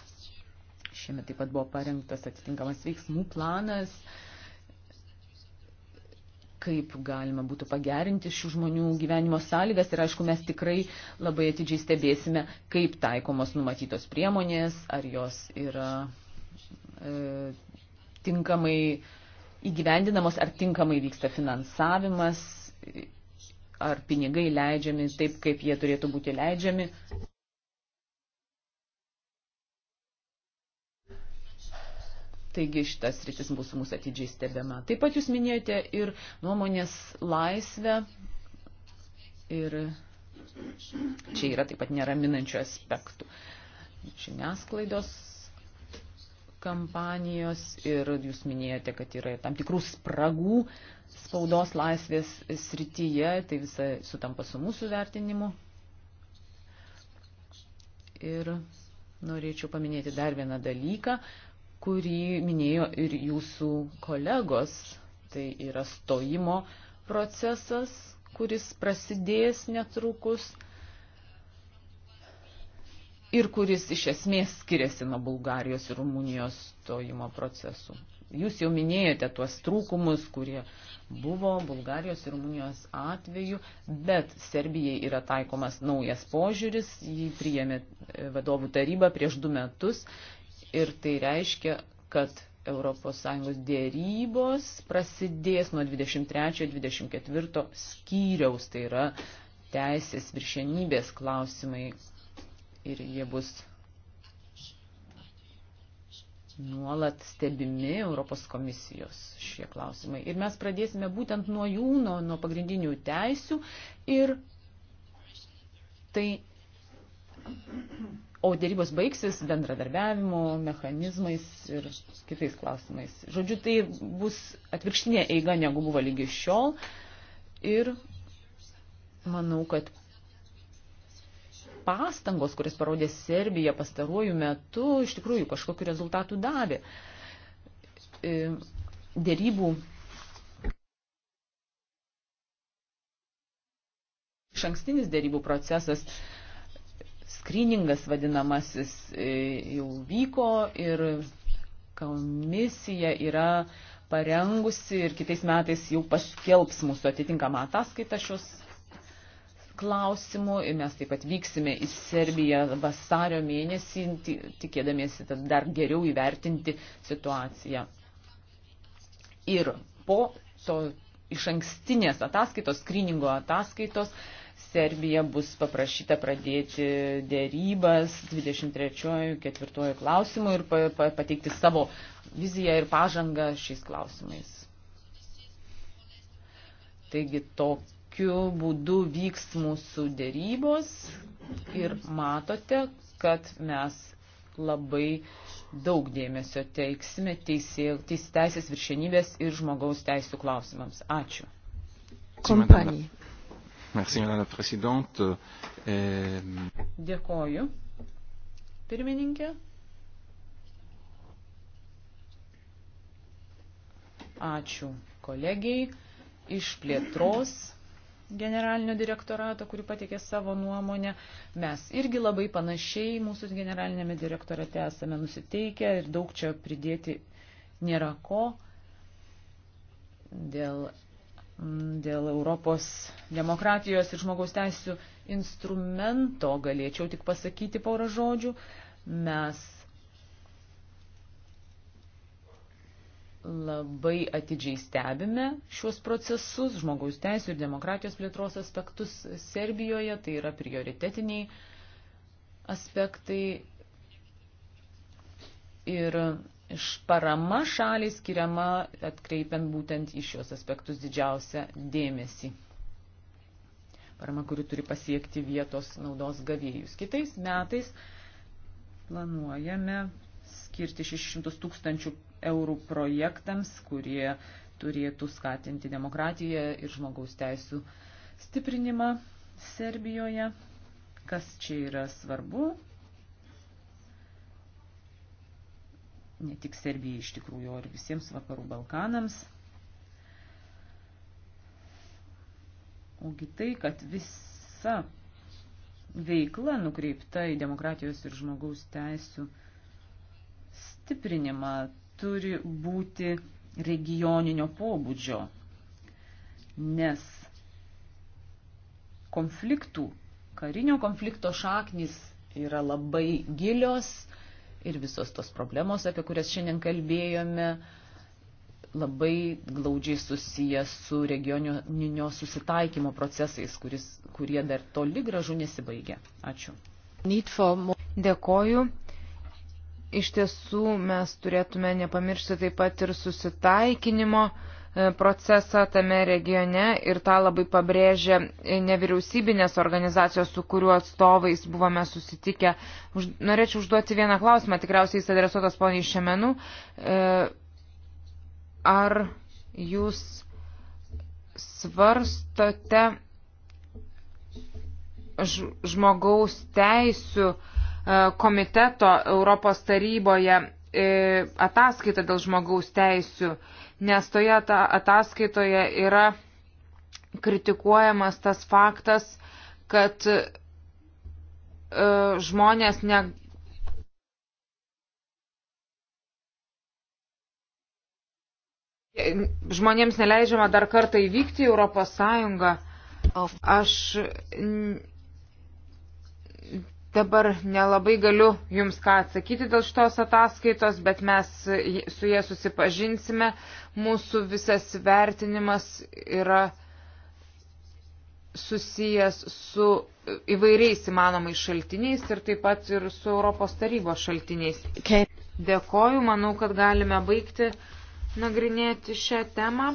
Šiemet taip pat buvo parengtas atitinkamas veiksmų planas, kaip galima būtų pagerinti šių žmonių gyvenimo sąlygas ir aišku, mes tikrai labai atidžiai stebėsime, kaip taikomos numatytos priemonės, ar jos yra e, tinkamai įgyvendinamos, ar tinkamai vyksta finansavimas ar pinigai leidžiami taip, kaip jie turėtų būti leidžiami. Taigi šitas rytis mūsų mūsų atidžiai stebima. Taip pat jūs minėjote ir nuomonės laisvę. Ir čia yra taip pat neraminančių aspektų. Žiniasklaidos kampanijos ir jūs minėjote, kad yra tam tikrų spragų spaudos laisvės srityje, tai visa sutampa su mūsų vertinimu. Ir norėčiau paminėti dar vieną dalyką, kurį minėjo ir jūsų kolegos. Tai yra stojimo procesas, kuris prasidės netrukus ir kuris iš esmės skiriasi nuo Bulgarijos ir Rumunijos stojimo procesų. Jūs jau minėjote tuos trūkumus, kurie buvo Bulgarijos ir Rumunijos atveju, bet Serbijai yra taikomas naujas požiūris, jį priėmė e, vadovų taryba prieš du metus ir tai reiškia, kad ES dėrybos prasidės nuo 23-24 skyriaus, tai yra teisės viršenybės klausimai ir jie bus nuolat stebimi Europos komisijos šie klausimai. Ir mes pradėsime būtent nuo jų, nuo, nuo pagrindinių teisių. Ir tai, o dėrybos baigsis bendradarbiavimo mechanizmais ir kitais klausimais. Žodžiu, tai bus atvirkštinė eiga, negu buvo lygi šiol. Ir manau, kad pastangos, kuris parodė Serbija pastaruoju metu, iš tikrųjų kažkokiu rezultatų davė. E, dėrybų šankstinis dėrybų procesas, skryningas vadinamasis, e, jau vyko ir komisija yra parengusi ir kitais metais jau paskelbs mūsų atitinkamą ataskaitą šios klausimų. Mes taip pat vyksime į Serbiją vasario mėnesį, tikėdamiesi dar geriau įvertinti situaciją. Ir po to iš ankstinės ataskaitos, skriningo ataskaitos, Serbija bus paprašyta pradėti dėrybas 23-4 klausimų ir pateikti savo viziją ir pažangą šiais klausimais. Taigi toks kokiu būdu vyks mūsų dėrybos ir matote, kad mes labai daug dėmesio teiksime teisė, teis, teisės viršenybės ir žmogaus teisų klausimams. Ačiū. Kompanija. Merci, madame la présidente. Euh, Dėkoju. Pirmininkė. Ačiū kolegijai iš plėtros generalinio direktorato, kuri patikė savo nuomonę. Mes irgi labai panašiai mūsų generalinėme direktorate esame nusiteikę ir daug čia pridėti nėra ko dėl, mm, dėl Europos demokratijos ir žmogaus teisų instrumento galėčiau tik pasakyti porą žodžių. Mes labai atidžiai stebime šiuos procesus, žmogaus teisų ir demokratijos plėtros aspektus Serbijoje, tai yra prioritetiniai aspektai. Ir parama šaliai skiriama atkreipiant būtent į šios aspektus didžiausią dėmesį. Parama, kuri turi pasiekti vietos naudos gavėjus. Kitais metais planuojame skirti 600 tūkstančių eurų projektams, kurie turėtų skatinti demokratiją ir žmogaus teisų stiprinimą Serbijoje. Kas čia yra svarbu? Ne tik Serbijai iš tikrųjų, o ir visiems vakarų Balkanams. Ogi tai, kad visa veikla nukreipta į demokratijos ir žmogaus teisų stiprinimą turi būti regioninio pobūdžio, nes konfliktų, karinio konflikto šaknis yra labai gilios ir visos tos problemos, apie kurias šiandien kalbėjome, labai glaudžiai susiję su regioninio susitaikymo procesais, kuris, kurie dar toli gražu nesibaigia. Ačiū. Dėkoju iš tiesų mes turėtume nepamiršti taip pat ir susitaikinimo e, procesą tame regione ir tą labai pabrėžė e, nevyriausybinės organizacijos, su kuriuo atstovais buvome susitikę. Už, norėčiau užduoti vieną klausimą, tikriausiai jis adresuotas poniai Šemenu. E, ar jūs svarstote žmogaus teisų komiteto Europos taryboje e, ataskaitą dėl žmogaus teisių, nes toje ataskaitoje yra kritikuojamas tas faktas, kad e, žmonės ne, žmonėms neleidžiama dar kartą įvykti į Europos Sąjungą. Aš Dabar nelabai galiu Jums ką atsakyti dėl šitos ataskaitos, bet mes su jie susipažinsime. Mūsų visas vertinimas yra susijęs su įvairiais įmanomais šaltiniais ir taip pat ir su Europos tarybos šaltiniais. Okay. Dėkoju, manau, kad galime baigti nagrinėti šią temą.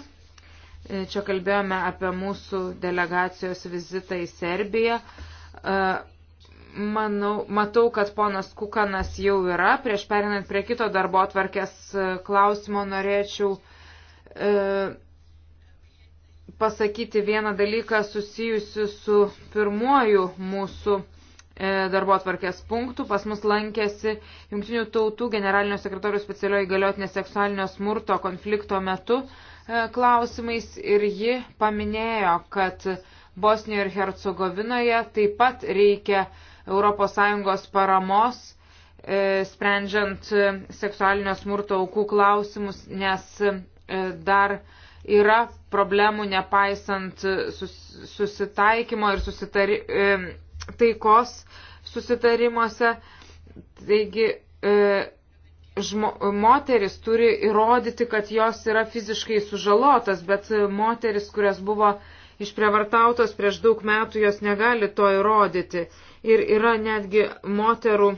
Čia kalbėjome apie mūsų delegacijos vizitą į Serbiją. Manau, matau, kad ponas Kukanas jau yra. Prieš perinant prie kito darbo atvarkės e, klausimo norėčiau e, pasakyti vieną dalyką susijusiu su pirmuoju mūsų e, darbo atvarkės punktų. Pas mus lankėsi Junktinių tautų generalinio sekretorių specialioji galiotinė seksualinio smurto konflikto metu e, klausimais ir ji paminėjo, kad Bosnijoje ir Hercegovinoje taip pat reikia uh, ES paramos, e, sprendžiant seksualinio smurto aukų klausimus, nes e, dar yra problemų nepaisant susitaikymo ir susitari, e, taikos susitarimuose. Taigi, žmo, moteris turi įrodyti, kad jos yra fiziškai sužalotas, bet moteris, kurios buvo išprievartautos prieš daug metų, jos negali to įrodyti ir yra netgi moterų,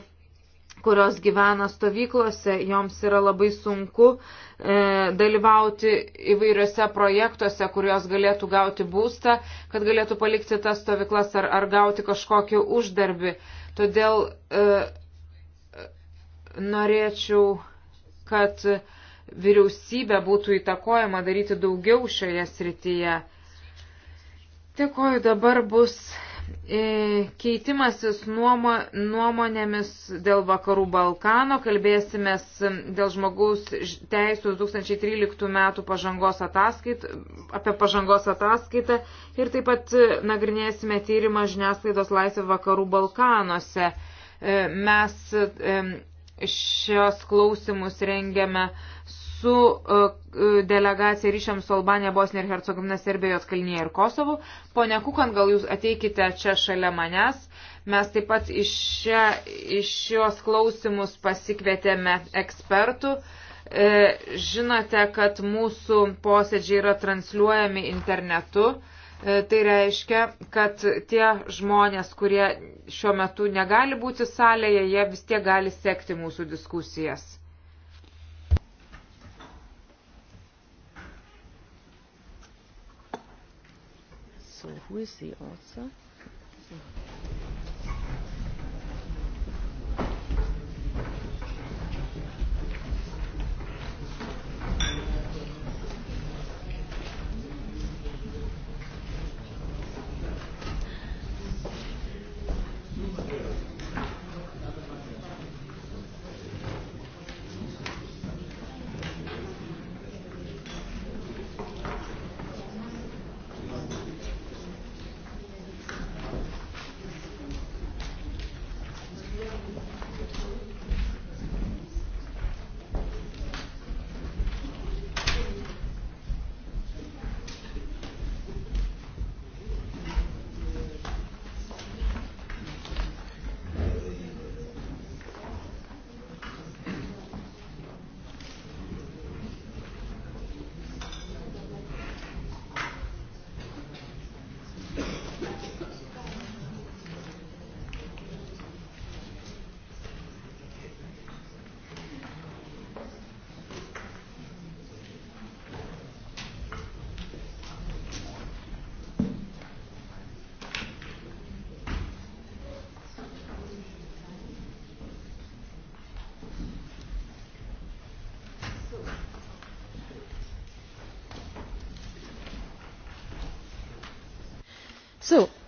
kurios gyvena stovyklose, joms yra labai sunku e, dalyvauti įvairiose projektuose, kurios galėtų gauti būstą, kad galėtų palikti tas stovyklas ar, ar gauti kažkokį uždarbį. Todėl e, norėčiau, kad vyriausybė būtų įtakojama daryti daugiau šioje srityje. Dėkoju, dabar bus E, keitimasis nuomo, nuomonėmis dėl Vakarų Balkano, kalbėsime dėl žmogaus teisų 2013 metų pažangos ataskait, apie pažangos ataskaitą ir taip pat e, nagrinėsime tyrimą žiniasklaidos laisvę Vakarų Balkanuose. E, mes šios klausimus rengiame su e, e, delegacija ryšiams su Albanija, Bosnija ir Hercegovina, Serbijos kalnyje ir Kosovu. Pone Kukan, gal jūs ateikite čia šalia manęs. Mes taip pat iš, šia, iš šios klausimus pasikvietėme ekspertų. E, žinote, kad mūsų posėdžiai yra transliuojami internetu. Tai reiškia, kad tie žmonės, kurie šiuo metu negali būti salėje, jie vis tiek gali sekti mūsų diskusijas. So, who is the author?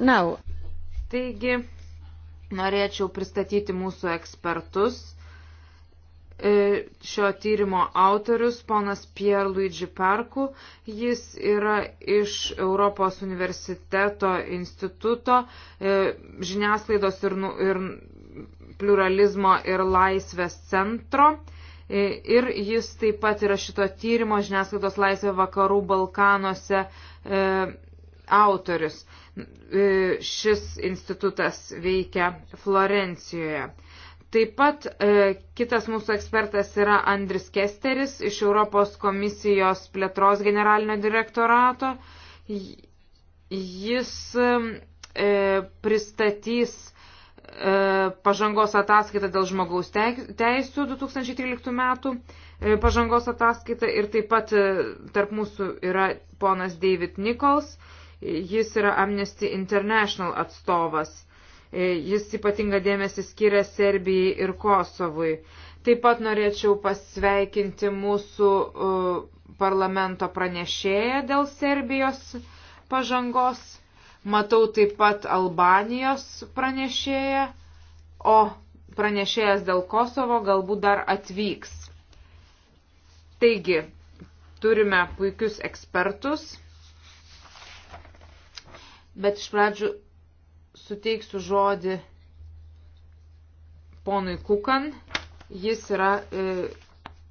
Now. Taigi, norėčiau pristatyti mūsų ekspertus. E, šio tyrimo autorius, ponas Pierre Luigi Parku, jis yra iš Europos universiteto instituto e, žiniasklaidos ir, nu, ir pluralizmo ir laisvės centro. E, ir jis taip pat yra šito tyrimo žiniasklaidos laisvė vakarų Balkanuose autorius. E, šis institutas veikia Florencijoje. Taip pat e, kitas mūsų ekspertas yra Andris Kesteris iš Europos komisijos plėtros generalinio direktorato. Jis e, pristatys e, pažangos ataskaitą dėl žmogaus teisų 2013 metų e, pažangos ataskaitą ir taip pat e, tarp mūsų yra ponas David Nichols. E, Jis yra Amnesty International atstovas. E, jis ypatinga dėmesį skiria Serbijai ir Kosovui. Taip pat norėčiau pasveikinti mūsų e, parlamento pranešėją dėl Serbijos pažangos. Matau taip pat Albanijos pranešėją, o pranešėjas dėl Kosovo galbūt dar atvyks. Taigi, turime puikius ekspertus bet iš pradžių suteiksiu žodį ponui Kukan. Jis yra e,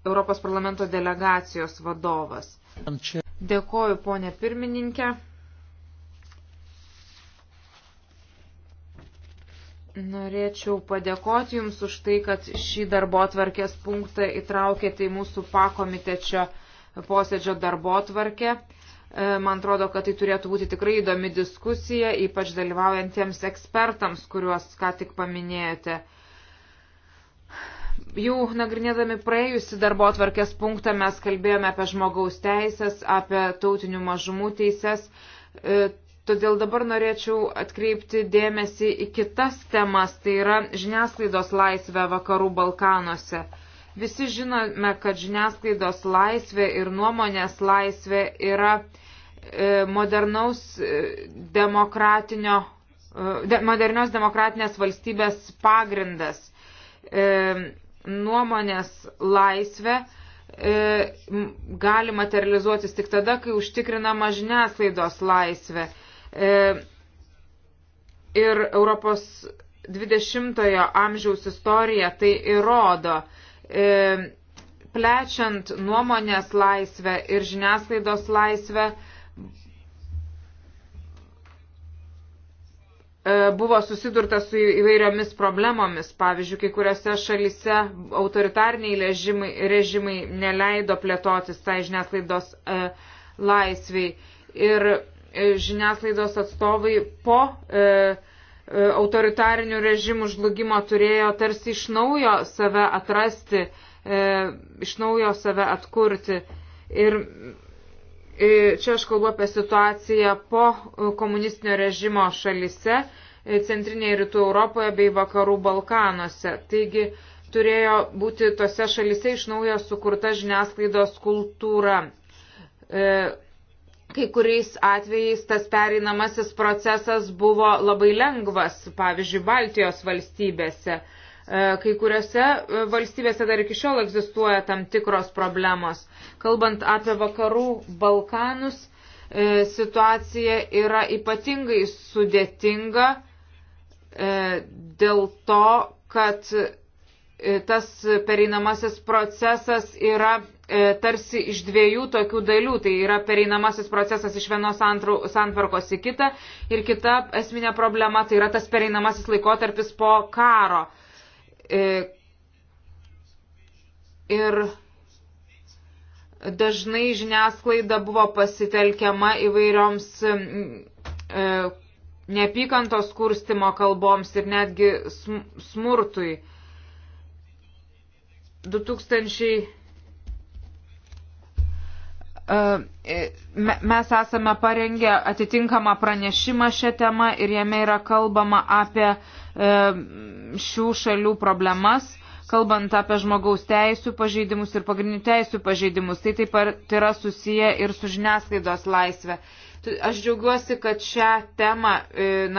Europos parlamento delegacijos vadovas. Dėkoju, ponė pirmininkė. Norėčiau padėkoti Jums už tai, kad šį darbo atvarkės punktą įtraukėte į mūsų pakomitečio posėdžio darbo atvarkę. E, man atrodo, kad tai turėtų būti tikrai įdomi diskusija, ypač dalyvaujantiems ekspertams, kuriuos ką tik paminėjote. Jau nagrinėdami praėjusi darbo atvarkės punktą mes kalbėjome apie žmogaus teisės, apie tautinių mažumų teises. E, todėl dabar norėčiau atkreipti dėmesį į kitas temas, tai yra žiniasklaidos laisvę vakarų Balkanuose. Visi žinome, kad žiniasklaidos laisvė ir nuomonės laisvė yra e, modernaus e, demokratinio, e, modernios demokratinės valstybės pagrindas. Nuomonės laisvė gali materializuotis tik tada, kai užtikrinama žiniasklaidos laisvė. Ir Europos 20-ojo amžiaus istorija tai įrodo. E, plečiant nuomonės laisvę ir žiniasklaidos laisvę e, buvo susidurta su įvairiomis problemomis. Pavyzdžiui, kai kuriuose šalise autoritariniai režimai, režimai neleido plėtotis tai žiniasklaidos e, laisviai. Ir e, žiniasklaidos atstovai po e, E, autoritarinių režimų žlugimo turėjo tarsi iš naujo save atrasti, e, iš naujo save atkurti. Ir e, čia aš kalbu apie situaciją po komunistinio režimo šalise, centrinėje rytų Europoje bei vakarų Balkanuose. Taigi turėjo būti tose šalise iš naujo sukurta žiniasklaidos kultūra kai kuriais atvejais tas pereinamasis procesas buvo labai lengvas, pavyzdžiui, Baltijos valstybėse. E, kai kuriuose e, valstybėse dar iki šiol egzistuoja tam tikros problemos. Kalbant apie vakarų Balkanus, e, situacija yra ypatingai sudėtinga dėl to, kad tas pereinamasis procesas yra E, tarsi iš dviejų tokių dalių. Tai yra pereinamasis procesas iš vienos santvarkos į kitą ir kita esminė problema tai yra tas pereinamasis laikotarpis po karo. E, ir dažnai žiniasklaida buvo pasitelkiama įvairioms e, neapykantos kurstimo kalboms ir netgi smurtui. 2000 E, e, mes esame parengę atitinkamą pranešimą šią temą ir jame yra kalbama apie e, šių šalių problemas, kalbant apie žmogaus teisų pažeidimus ir pagrindinių teisų pažeidimus. Tai taip pat tai yra susiję ir su žiniasklaidos laisvė. Aš džiaugiuosi, kad šią temą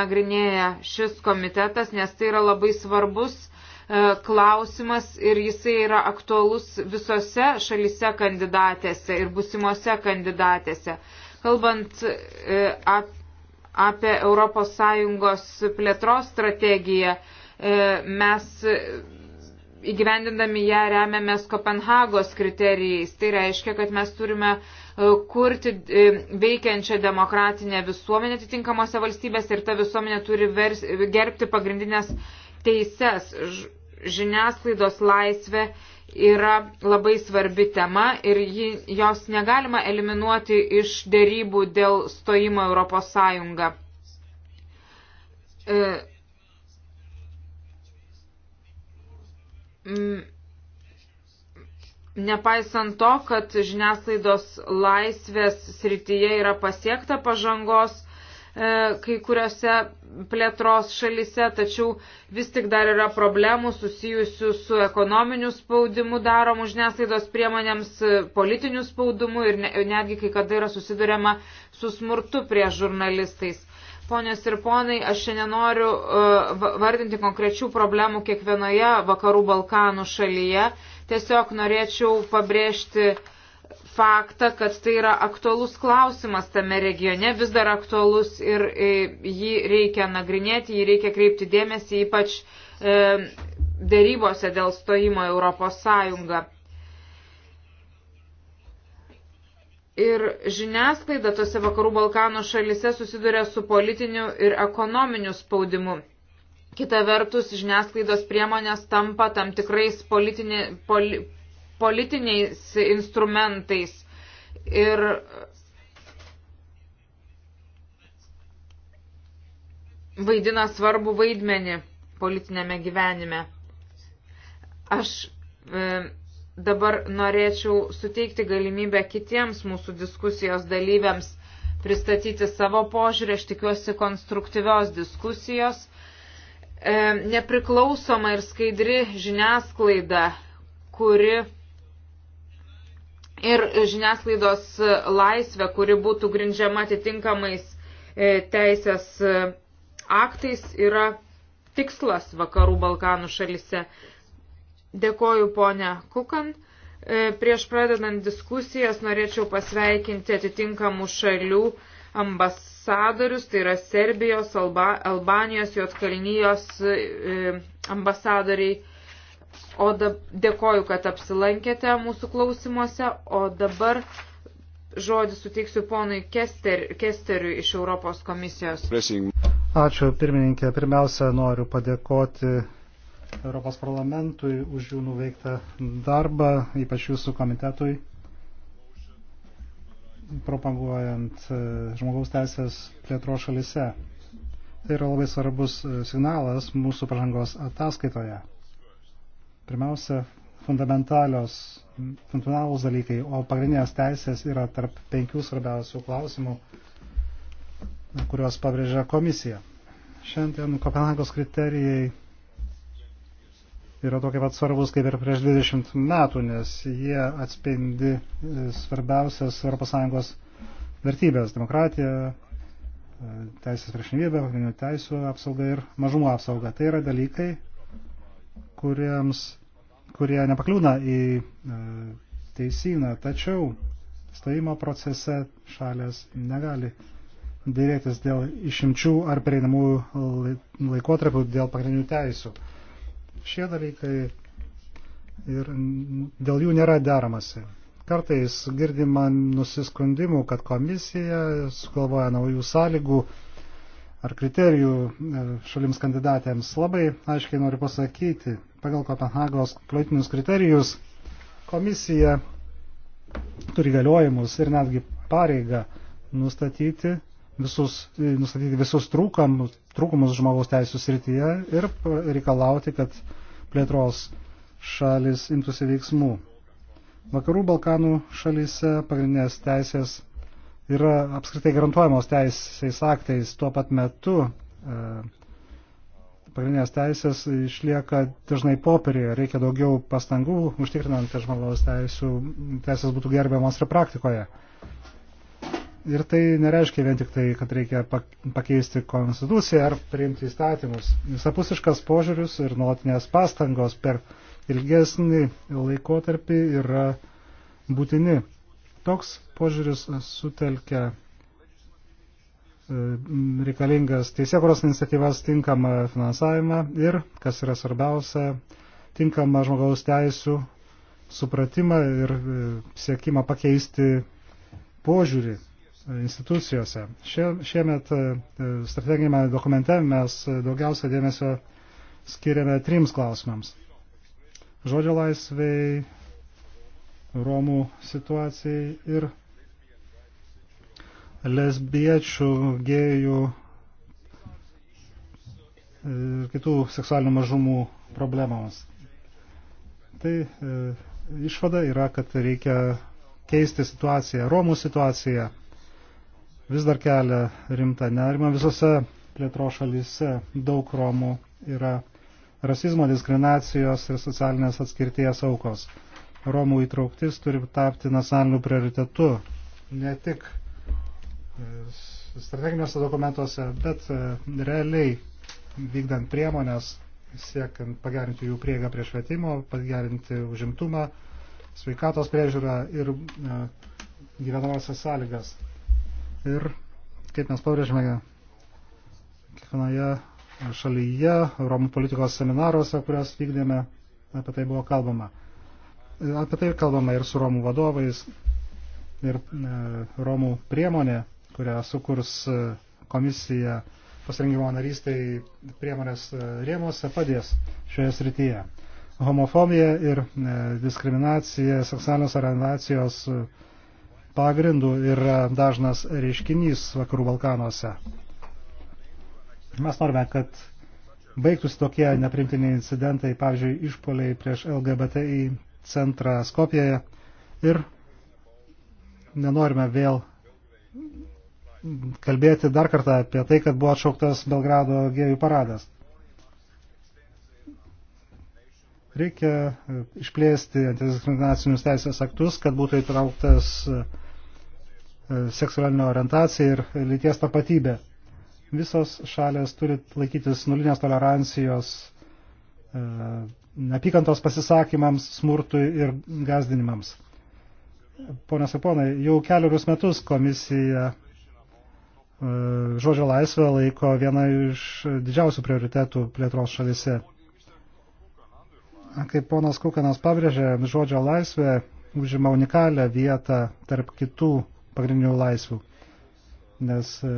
nagrinėja šis komitetas, nes tai yra labai svarbus E, klausimas ir jisai yra aktualus visose šalise kandidatėse ir busimose kandidatėse. Kalbant e, apie ES plėtros strategiją, e, mes įgyvendindami ją remiamės Kopenhagos kriterijais. Tai reiškia, kad mes turime kurti veikiančią demokratinę visuomenę atitinkamose valstybėse ir ta visuomenė turi vers, gerbti pagrindinės teises. Ž, žiniasklaidos laisvė yra labai svarbi tema ir ji, jos negalima eliminuoti iš dėrybų dėl stojimo Europos Sąjungą. E, m, nepaisant to, kad žiniasklaidos laisvės srityje yra pasiekta pažangos, E, kai kuriuose plėtros šalise, tačiau vis tik dar yra problemų susijusių su ekonominiu spaudimu daromu žiniasklaidos priemonėms, e, politiniu spaudimu ir netgi kai kada yra susidurima su smurtu prie žurnalistais. Ponios ir ponai, aš šiandien noriu e, vardinti konkrečių problemų kiekvienoje vakarų Balkanų šalyje. Tiesiog norėčiau pabrėžti faktą, kad tai yra aktualus klausimas tame regione, vis dar aktualus ir e, jį reikia nagrinėti, jį reikia kreipti dėmesį, ypač e, dėrybose dėl stojimo Europos Sąjungą. Ir žiniasklaida tose vakarų Balkanų šalise susiduria su politiniu ir ekonominiu spaudimu. Kita vertus, žiniasklaidos priemonės tampa tam tikrais politinė, poli, politiniais instrumentais. Ir vaidina svarbu vaidmenį politinėme gyvenime. Aš e, dabar norėčiau suteikti galimybę kitiems mūsų diskusijos dalyviams pristatyti savo požiūrį. Aš tikiuosi konstruktyvios diskusijos. E, nepriklausoma ir skaidri žiniasklaida, kuri ir žiniasklaidos laisvę, kuri būtų grindžiama atitinkamais e, teisės e, aktais, yra tikslas vakarų Balkanų šalise. Dėkoju ponia Kukan. E, prieš pradedant diskusijas norėčiau pasveikinti atitinkamų šalių ambasadorius, tai yra Serbijos, Alba, Albanijos, Jotkalnyjos ambasadoriai O dab, dėkoju, kad apsilankėte mūsų klausimuose, o dabar žodį suteiksiu ponui Kester, Kesteriui iš Europos komisijos. Ačiū, pirmininkė. Pirmiausia, noriu padėkoti Europos parlamentui už jų nuveiktą darbą, ypač jūsų komitetui, propaguojant e, žmogaus teisės plėtro šalise. Tai yra labai svarbus e, signalas mūsų pažangos ataskaitoje. Pirmiausia, fundamentalios, fundamentalūs dalykai, o pagrindinės teisės yra tarp penkių svarbiausių klausimų, kuriuos pabrėžia komisija. Šiandien Kopenhagos kriterijai yra tokie pat svarbus kaip ir prieš 20 metų, nes jie atspindi e, svarbiausias ES vertybės - demokratija, e, teisės priešinybė, pagrindinių teisų apsauga ir mažumų apsauga. Tai yra dalykai, kuriems, kurie nepakliūna į e, teisyną, tačiau stojimo procese šalės negali dėrėtis dėl išimčių ar prieinamų laikotarpių dėl pagrindinių teisų. Šie dalykai ir dėl jų nėra deramasi. Kartais girdima nusiskundimų, kad komisija sugalvoja naujų sąlygų ar kriterijų e, šalims kandidatėms. Labai aiškiai noriu pasakyti, pagal Kopenhagos politinius kriterijus komisija turi galiojimus ir netgi pareigą nustatyti visus, e, nustatyti visus trūkamus, trūkumus žmogaus teisų srityje ir reikalauti, kad plėtros šalis imtųsi veiksmų. Vakarų Balkanų šalyse pagrindinės teisės yra apskritai garantuojamos teisės aktais tuo pat metu. E, pagrindinės teisės išlieka dažnai popierėje, reikia daugiau pastangų užtikrinant, kad žmogaus teisų, teisės būtų gerbiamos ir praktikoje. Ir tai nereiškia vien tik tai, kad reikia pakeisti konstituciją ar priimti įstatymus. Visapusiškas požiūris ir nuotinės pastangos per ilgesnį laikotarpį yra būtini. Toks požiūris sutelkia e, reikalingas teisėkuros iniciatyvas tinkamą finansavimą ir, kas yra svarbiausia, tinkamą žmogaus teisų supratimą ir e, siekimą pakeisti požiūrį institucijose. Šie, šiemet e, strateginėme dokumente mes daugiausia dėmesio skiriame trims klausimams. Žodžio laisvai, Romų situacijai ir lesbiečių, gėjų ir kitų seksualinių mažumų problemams. Tai e, išvada yra, kad reikia keisti situaciją. Romų situacija vis dar kelia rimtą nerimą. Visose plėtro šalyse daug Romų yra rasizmo, diskriminacijos ir socialinės atskirties aukos. Romų įtrauktis turi tapti nacionaliniu prioritetu. Ne tik e, strateginiuose dokumentuose, bet e, realiai vykdant priemonės, siekiant pagerinti jų prieigą prie švietimo, pagerinti užimtumą, sveikatos priežiūrą ir e, gyvenamasias sąlygas. Ir kaip mes pabrėžime, kiekvienoje šalyje, Romų politikos seminaruose, kurias vykdėme, apie tai buvo kalbama. Apie tai kalbama ir su Romų vadovais. Ir e, Romų priemonė, kurią sukurs e, komisija pasirinkimo narystai priemonės e, rėmose, padės šioje srityje. Homofobija ir diskriminacija seksualinės orientacijos pagrindų yra dažnas reiškinys Vakarų Balkanuose. Mes norime, kad baigtųsi tokie neprimtini incidentai, pavyzdžiui, išpoliai prieš LGBTI centrą Skopijoje ir nenorime vėl kalbėti dar kartą apie tai, kad buvo atšauktas Belgrado gėjų paradas. Reikia e, išplėsti antidiskriminacinius teisės aktus, kad būtų įtrauktas e, seksualinė orientacija ir lyties tapatybė. Visos šalės turi laikytis nulinės tolerancijos e, apykantos pasisakymams, smurtui ir gazdinimams. Pone Saponai, jau keliarius metus komisija e, žodžio laisvę laiko viena iš didžiausių prioritetų plėtros šalise. Kaip ponas Kukanas pabrėžė, žodžio laisvė užima unikalią vietą tarp kitų pagrindinių laisvių, nes e,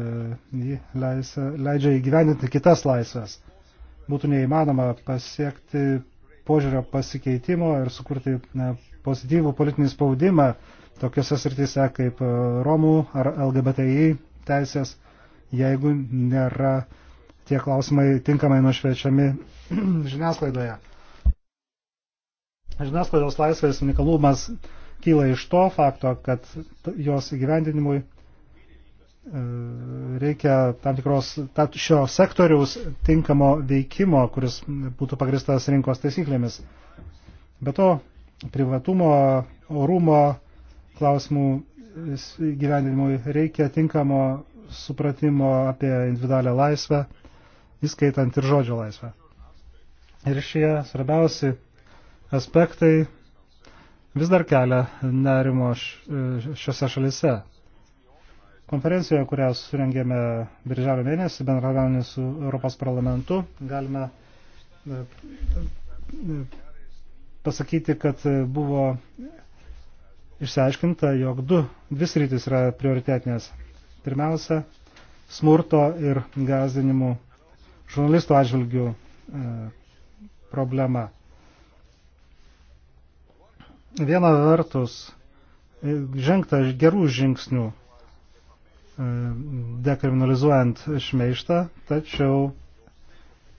ji leis, leidžia įgyveninti kitas laisvės. Būtų neįmanoma pasiekti požiūrio pasikeitimo ir sukurti pozityvų politinį spaudimą tokiuose srityse kaip e, Romų ar LGBTI teisės, jeigu nėra tie klausimai tinkamai nušvečiami žiniasklaidoje. Žiniasklaidos laisvės unikalumas kyla iš to fakto, kad jos įgyvendinimui reikia tam tikros šio sektoriaus tinkamo veikimo, kuris būtų pagristas rinkos taisyklėmis. Be to, privatumo, orumo klausimų gyvenimui reikia tinkamo supratimo apie individualią laisvę, įskaitant ir žodžio laisvę. Ir šie svarbiausi aspektai vis dar kelia nerimo šiuose šalise. Konferencijoje, kurią surengėme birželio mėnesį, bendravėme su Europos parlamentu, galime e, pasakyti, kad buvo išsiaiškinta, jog du, dvi sritis yra prioritetinės. Pirmiausia, smurto ir gazdinimų žurnalistų atžvilgių e, problema. Viena vertus, e, žengta gerų žingsnių dekriminalizuojant šmeištą, tačiau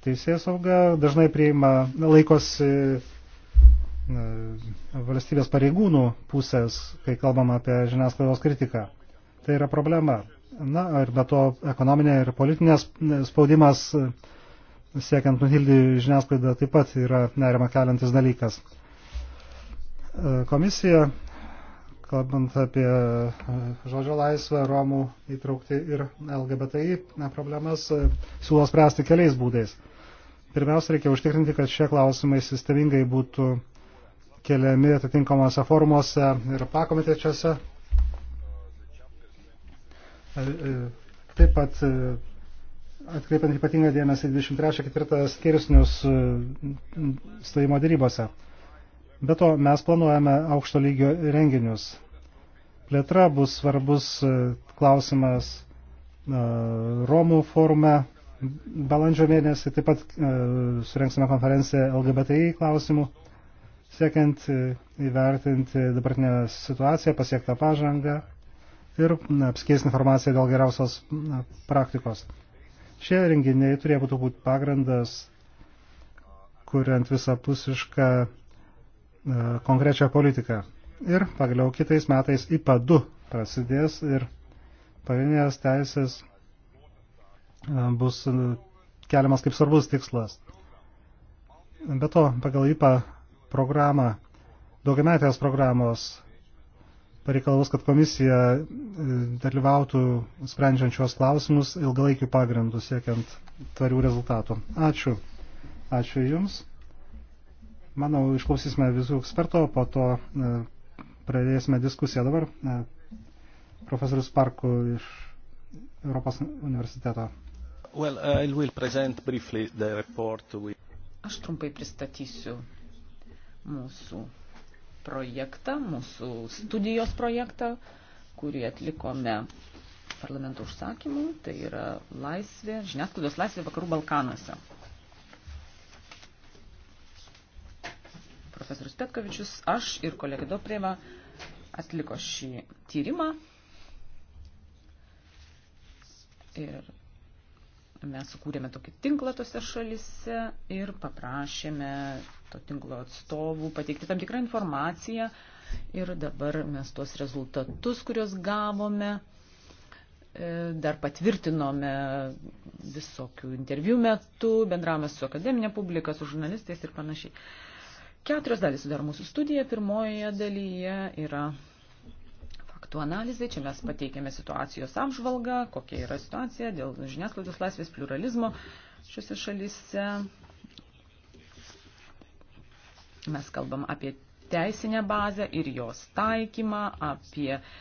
teisės sauga dažnai priima, laikosi e, valstybės pareigūnų pusės, kai kalbam apie žiniasklaidos kritiką. Tai yra problema. Na, ir be to ekonominė ir politinės e, spaudimas e, siekiant nutildi žiniasklaidą taip pat yra nerima keliantis dalykas. Komisija kalbant apie e, žodžio laisvę, Romų įtraukti ir LGBTI problemas, e, siūlo spręsti keliais būdais. Pirmiausia, reikia užtikrinti, kad šie klausimai sistemingai būtų keliami atitinkamuose formuose ir pakomitečiuose. E, taip pat atkreipiant ypatingą dėmesį 23-4 skirsnius stojimo dėrybose. Be to, mes planuojame aukšto lygio renginius. Plėtra bus svarbus e, klausimas e, Romų forume. Balandžio mėnesį taip pat e, surenksime konferenciją LGBTI klausimų, siekiant įvertinti dabartinę situaciją, pasiektą pažangą ir apskeis informaciją dėl geriausios praktikos. Šie renginiai turėtų būti pagrindas, kuriant visapusišką E, konkrečią politiką. Ir pagaliau kitais metais IPA 2 prasidės ir pagrindinės teisės e, bus e, keliamas kaip svarbus tikslas. Be to, pagal IPA programą, daugiametės programos pareikalavus, kad komisija dalyvautų sprendžiančios klausimus ilgalaikių pagrindų siekiant tvarių rezultatų. Ačiū. Ačiū Jums. Manau, išklausysime visų ekspertų, po to e, pradėsime diskusiją dabar. E, profesorius Parku iš Europos universiteto. Well, uh, I will present briefly the report. With... Aš trumpai pristatysiu mūsų projektą, mūsų studijos projektą, kurį atlikome parlamento užsakymu, tai yra laisvė, žiniasklaidos laisvė Vakarų Balkanuose. profesorius Petkovičius, aš ir kolegė Doprėva atliko šį tyrimą. Ir mes sukūrėme tokį tinklą tose šalise ir paprašėme to tinklo atstovų pateikti tam tikrą informaciją. Ir dabar mes tuos rezultatus, kuriuos gavome, e, dar patvirtinome visokių interviu metu, bendravome su akademinė publika, su žurnalistais ir panašiai. Keturios dalys sudaro mūsų studija. Pirmojoje dalyje yra faktų analizė. Čia mes pateikėme situacijos apžvalgą, kokia yra situacija dėl žiniasklaidos laisvės pluralizmo šiuose šalise. Mes kalbam apie teisinę bazę ir jos taikymą, apie uh,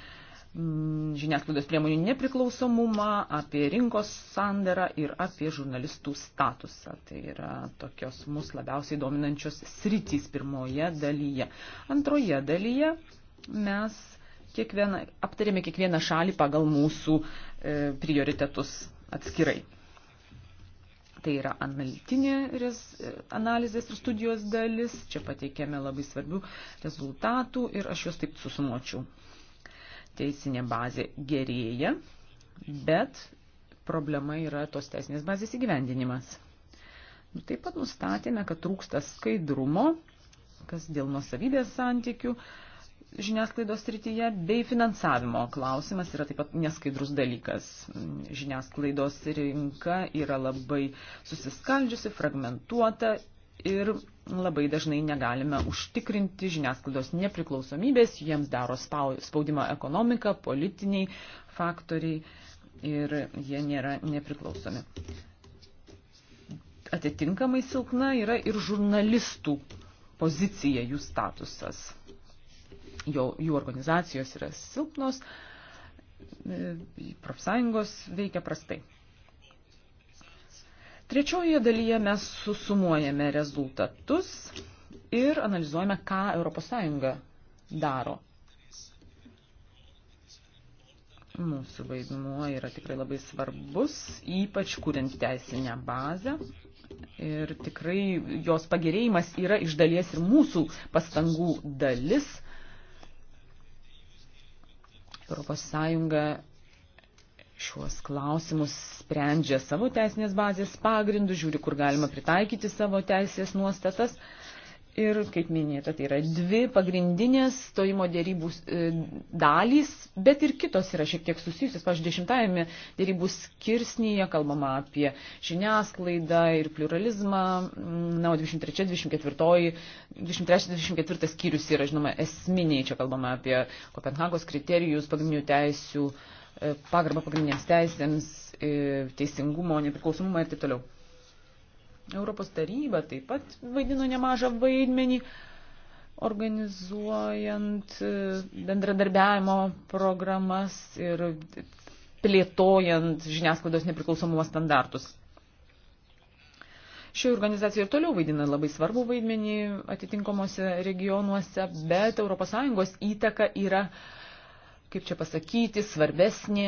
Mm, žiniasklaidos priemonių nepriklausomumą, apie rinkos sandarą ir apie žurnalistų statusą. Tai yra tokios mus labiausiai dominančios sritys pirmoje dalyje. Antroje dalyje mes kiekvieną, aptarėme kiekvieną šalį pagal mūsų e, prioritetus atskirai. Tai yra analitinė res, e, analizės ir studijos dalis. Čia pateikėme labai svarbių rezultatų ir aš juos taip susumuočiau teisinė bazė gerėja, bet problema yra tos teisinės bazės įgyvendinimas. Nu, taip pat nustatėme, kad trūksta skaidrumo, kas dėl nusavybės santykių žiniasklaidos srityje, bei finansavimo klausimas yra taip pat neskaidrus dalykas. Žiniasklaidos rinka yra labai susiskaldžiusi, fragmentuota ir labai dažnai negalime užtikrinti žiniasklaidos nepriklausomybės, jiems daro spaudimą ekonomika, politiniai faktoriai ir jie nėra nepriklausomi. Atitinkamai silpna yra ir žurnalistų pozicija, jų statusas. Jo, jų organizacijos yra silpnos, profsąjungos veikia prastai. Trečiojoje dalyje mes susumuojame rezultatus ir analizuojame, ką ES daro. Mūsų vaidmuo yra tikrai labai svarbus, ypač kuriant teisinę bazę. Ir tikrai jos pagerėjimas yra iš dalies ir mūsų pastangų dalis. ES šiuos klausimus sprendžia savo teisinės bazės pagrindų, žiūri, kur galima pritaikyti savo teisės nuostatas. Ir, kaip minėta, tai yra dvi pagrindinės stojimo dėrybų e, dalys, bet ir kitos yra šiek tiek susijusios. Pavyzdžiui, dešimtajame dėrybų skirsnyje kalbama apie žiniasklaidą ir pluralizmą. Na, o 23-24 skyrius yra, žinoma, esminiai. Čia kalbama apie Kopenhagos kriterijus, pagrindinių teisių E, pagarbą pagrindiniams teisėms, e, teisingumo, nepriklausomumą ir taip toliau. Europos taryba taip pat vaidino nemažą vaidmenį, organizuojant e, bendradarbiavimo programas ir plėtojant žiniasklaidos nepriklausomumo standartus. Ši organizacija ir toliau vaidina labai svarbų vaidmenį atitinkamuose regionuose, bet ES įtaka yra uh, kaip čia pasakyti, svarbesnė,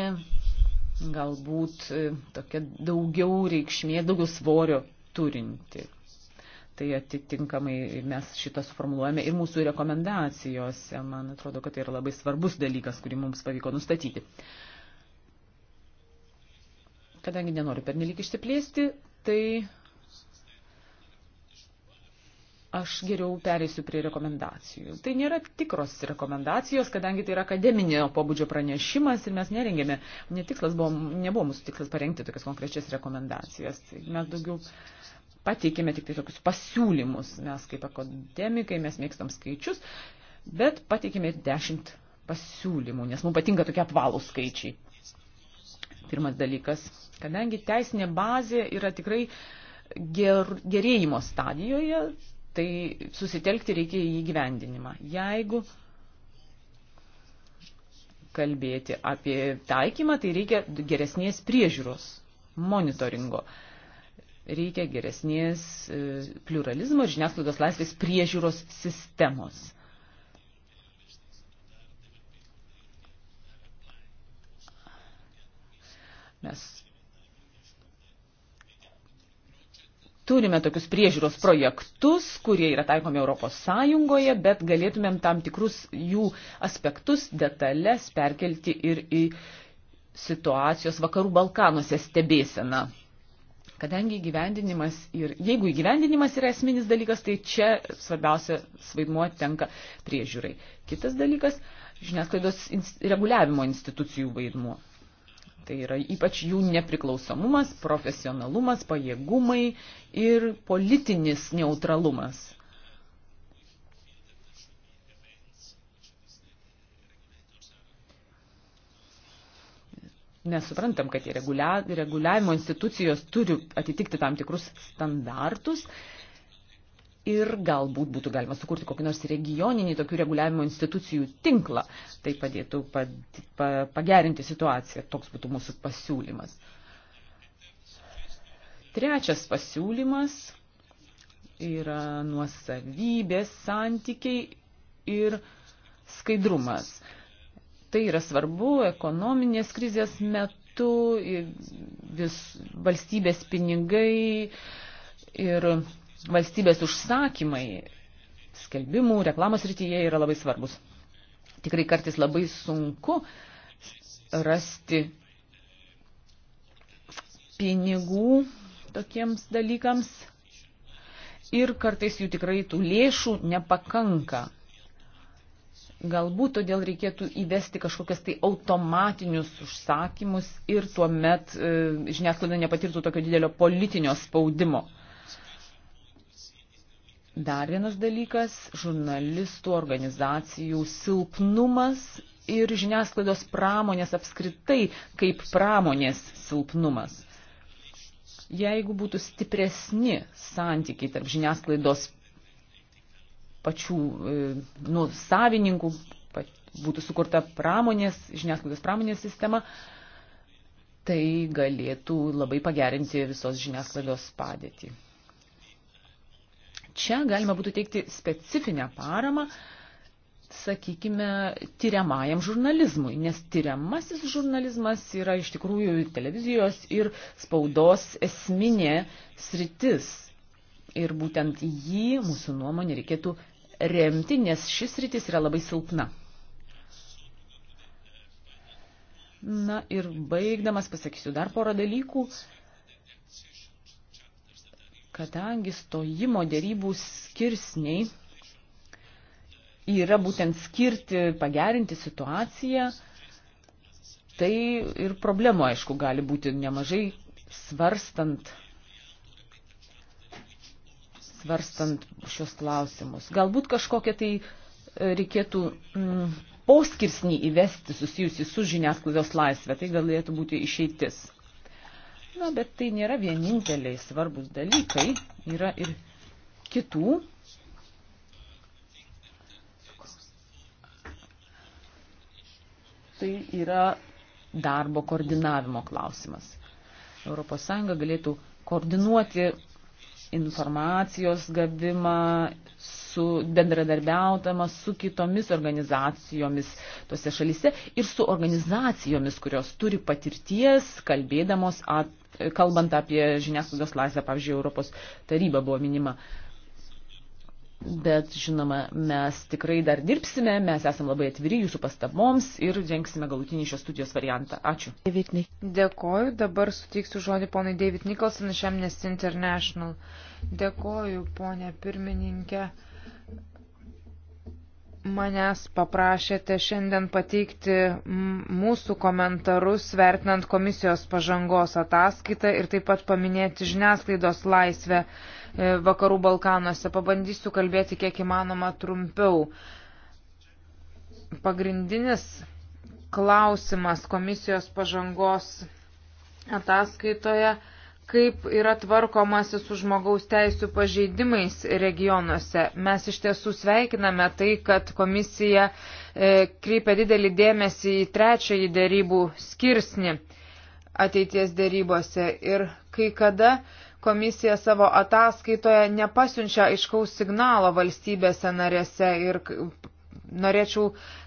galbūt e, tokia daugiau reikšmė, daugiau svorio turinti. Tai atitinkamai mes šitą suformuluojame ir mūsų rekomendacijose. Man atrodo, kad tai yra labai svarbus dalykas, kurį mums pavyko nustatyti. Kadangi nenoriu pernelik išsiplėsti, tai aš geriau pereisiu prie rekomendacijų. Tai nėra tikros rekomendacijos, kadangi tai yra akademinio pobūdžio pranešimas ir mes nerengėme, netikslas buvo, nebuvo mūsų tikslas parengti tokias konkrečias rekomendacijas. Tai mes daugiau pateikėme tik tai tokius pasiūlymus, mes kaip akademikai, mes mėgstam skaičius, bet pateikėme ir dešimt pasiūlymų, nes mums patinka tokie apvalūs skaičiai. Pirmas dalykas, kadangi teisinė bazė yra tikrai ger, gerėjimo stadijoje, tai susitelkti reikia į įgyvendinimą. Jeigu kalbėti apie taikymą, tai reikia geresnės priežiūros, monitoringo. Reikia geresnės e, pluralizmo ir žiniasklaidos laisvės priežiūros sistemos. Mes turime tokius priežiūros projektus, kurie yra taikomi Europos Sąjungoje, bet galėtumėm tam tikrus jų aspektus, detalės perkelti ir į situacijos vakarų Balkanuose stebėseną. Kadangi įgyvendinimas ir jeigu įgyvendinimas yra esminis dalykas, tai čia svarbiausia svaidmuo tenka priežiūrai. Kitas dalykas - žiniasklaidos reguliavimo institucijų vaidmuo. Tai yra ypač jų nepriklausomumas, profesionalumas, pajėgumai ir politinis neutralumas. nesuprantam, kad regulia, reguliavimo institucijos turi atitikti tam tikrus standartus, ir galbūt būtų galima sukurti kokį nors regioninį tokių reguliavimo institucijų tinklą. Tai padėtų pad, pa, pagerinti situaciją. Toks būtų mūsų pasiūlymas. Trečias pasiūlymas yra nuosavybės santykiai ir skaidrumas. Tai yra svarbu ekonominės krizės metu, vis valstybės pinigai ir valstybės užsakymai skelbimų, reklamos rytyje yra labai svarbus. Tikrai kartais labai sunku rasti pinigų tokiems dalykams ir kartais jų tikrai tų lėšų nepakanka. Galbūt todėl reikėtų įvesti kažkokias tai automatinius užsakymus ir tuomet e, žiniasklaida nepatirtų tokio didelio politinio spaudimo. Dar vienas dalykas - žurnalistų organizacijų silpnumas ir žiniasklaidos pramonės apskritai kaip pramonės silpnumas. Jeigu būtų stipresni santykiai tarp žiniasklaidos pačių e, nu, savininkų, būtų sukurta pramonės, žiniasklaidos pramonės sistema, tai galėtų labai pagerinti visos žiniasklaidos padėtį čia galima būtų teikti specifinę paramą, sakykime, tyriamajam žurnalizmui, nes tyriamasis žurnalizmas yra iš tikrųjų televizijos ir spaudos esminė sritis. Ir būtent jį, mūsų nuomonė, reikėtų remti, nes šis rytis yra labai silpna. Na ir baigdamas pasakysiu dar porą dalykų. Uh, kadangi stojimo dėrybų skirsniai yra būtent skirti, pagerinti situaciją, tai ir problemų, aišku, gali būti nemažai svarstant, svarstant šios klausimus. Galbūt kažkokią tai e, reikėtų mm, poskirsnį įvesti susijusi su žiniasklaidos laisvė, tai galėtų būti išeitis. Na, bet tai nėra vieninteliai svarbus dalykai, yra ir kitų. Tai yra darbo koordinavimo klausimas. ES galėtų koordinuoti informacijos gavimą, su bendradarbiautama su kitomis organizacijomis tose šalise ir su organizacijomis, kurios turi patirties, kalbėdamos, at, kalbant apie žiniasklaidos laisvę, pavyzdžiui, Europos taryba buvo minima. Uh, Bet, žinoma, mes tikrai dar dirbsime, mes esame labai atviri jūsų pastaboms ir rengsime galutinį šios studijos variantą. Ačiū. Dėkoju, dabar sutiksiu žodį ponai David Nicholson iš Amnesty International. Dėkoju, ponė pirmininkė. Manęs paprašėte šiandien pateikti mūsų komentarus, vertinant komisijos pažangos ataskaitą ir taip pat paminėti žiniasklaidos laisvę. E, vakarų Balkanuose. Pabandysiu kalbėti kiek įmanoma trumpiau. Pagrindinis klausimas komisijos pažangos ataskaitoje, kaip yra tvarkomasi su žmogaus teisų pažeidimais regionuose. Mes iš tiesų sveikiname tai, kad komisija e, kreipia didelį dėmesį į trečiąjį dėrybų skirsnį ateities dėrybose ir kai kada e, komisija savo ataskaitoje nepasiunčia aiškaus signalo valstybėse narėse ir norėčiau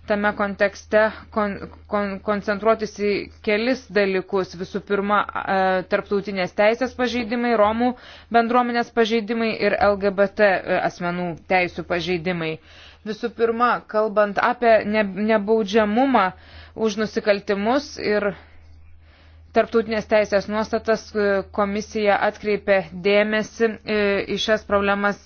tame kontekste kon, kon, koncentruotis į kelis dalykus. Visų pirma, e, tarptautinės teisės pažeidimai, Romų bendruomenės pažeidimai ir LGBT e, asmenų teisų pažeidimai. Visų pirma, kalbant apie nebaudžiamumą už nusikaltimus ir tarptautinės teisės nuostatas e, komisija atkreipė dėmesį e, į šias problemas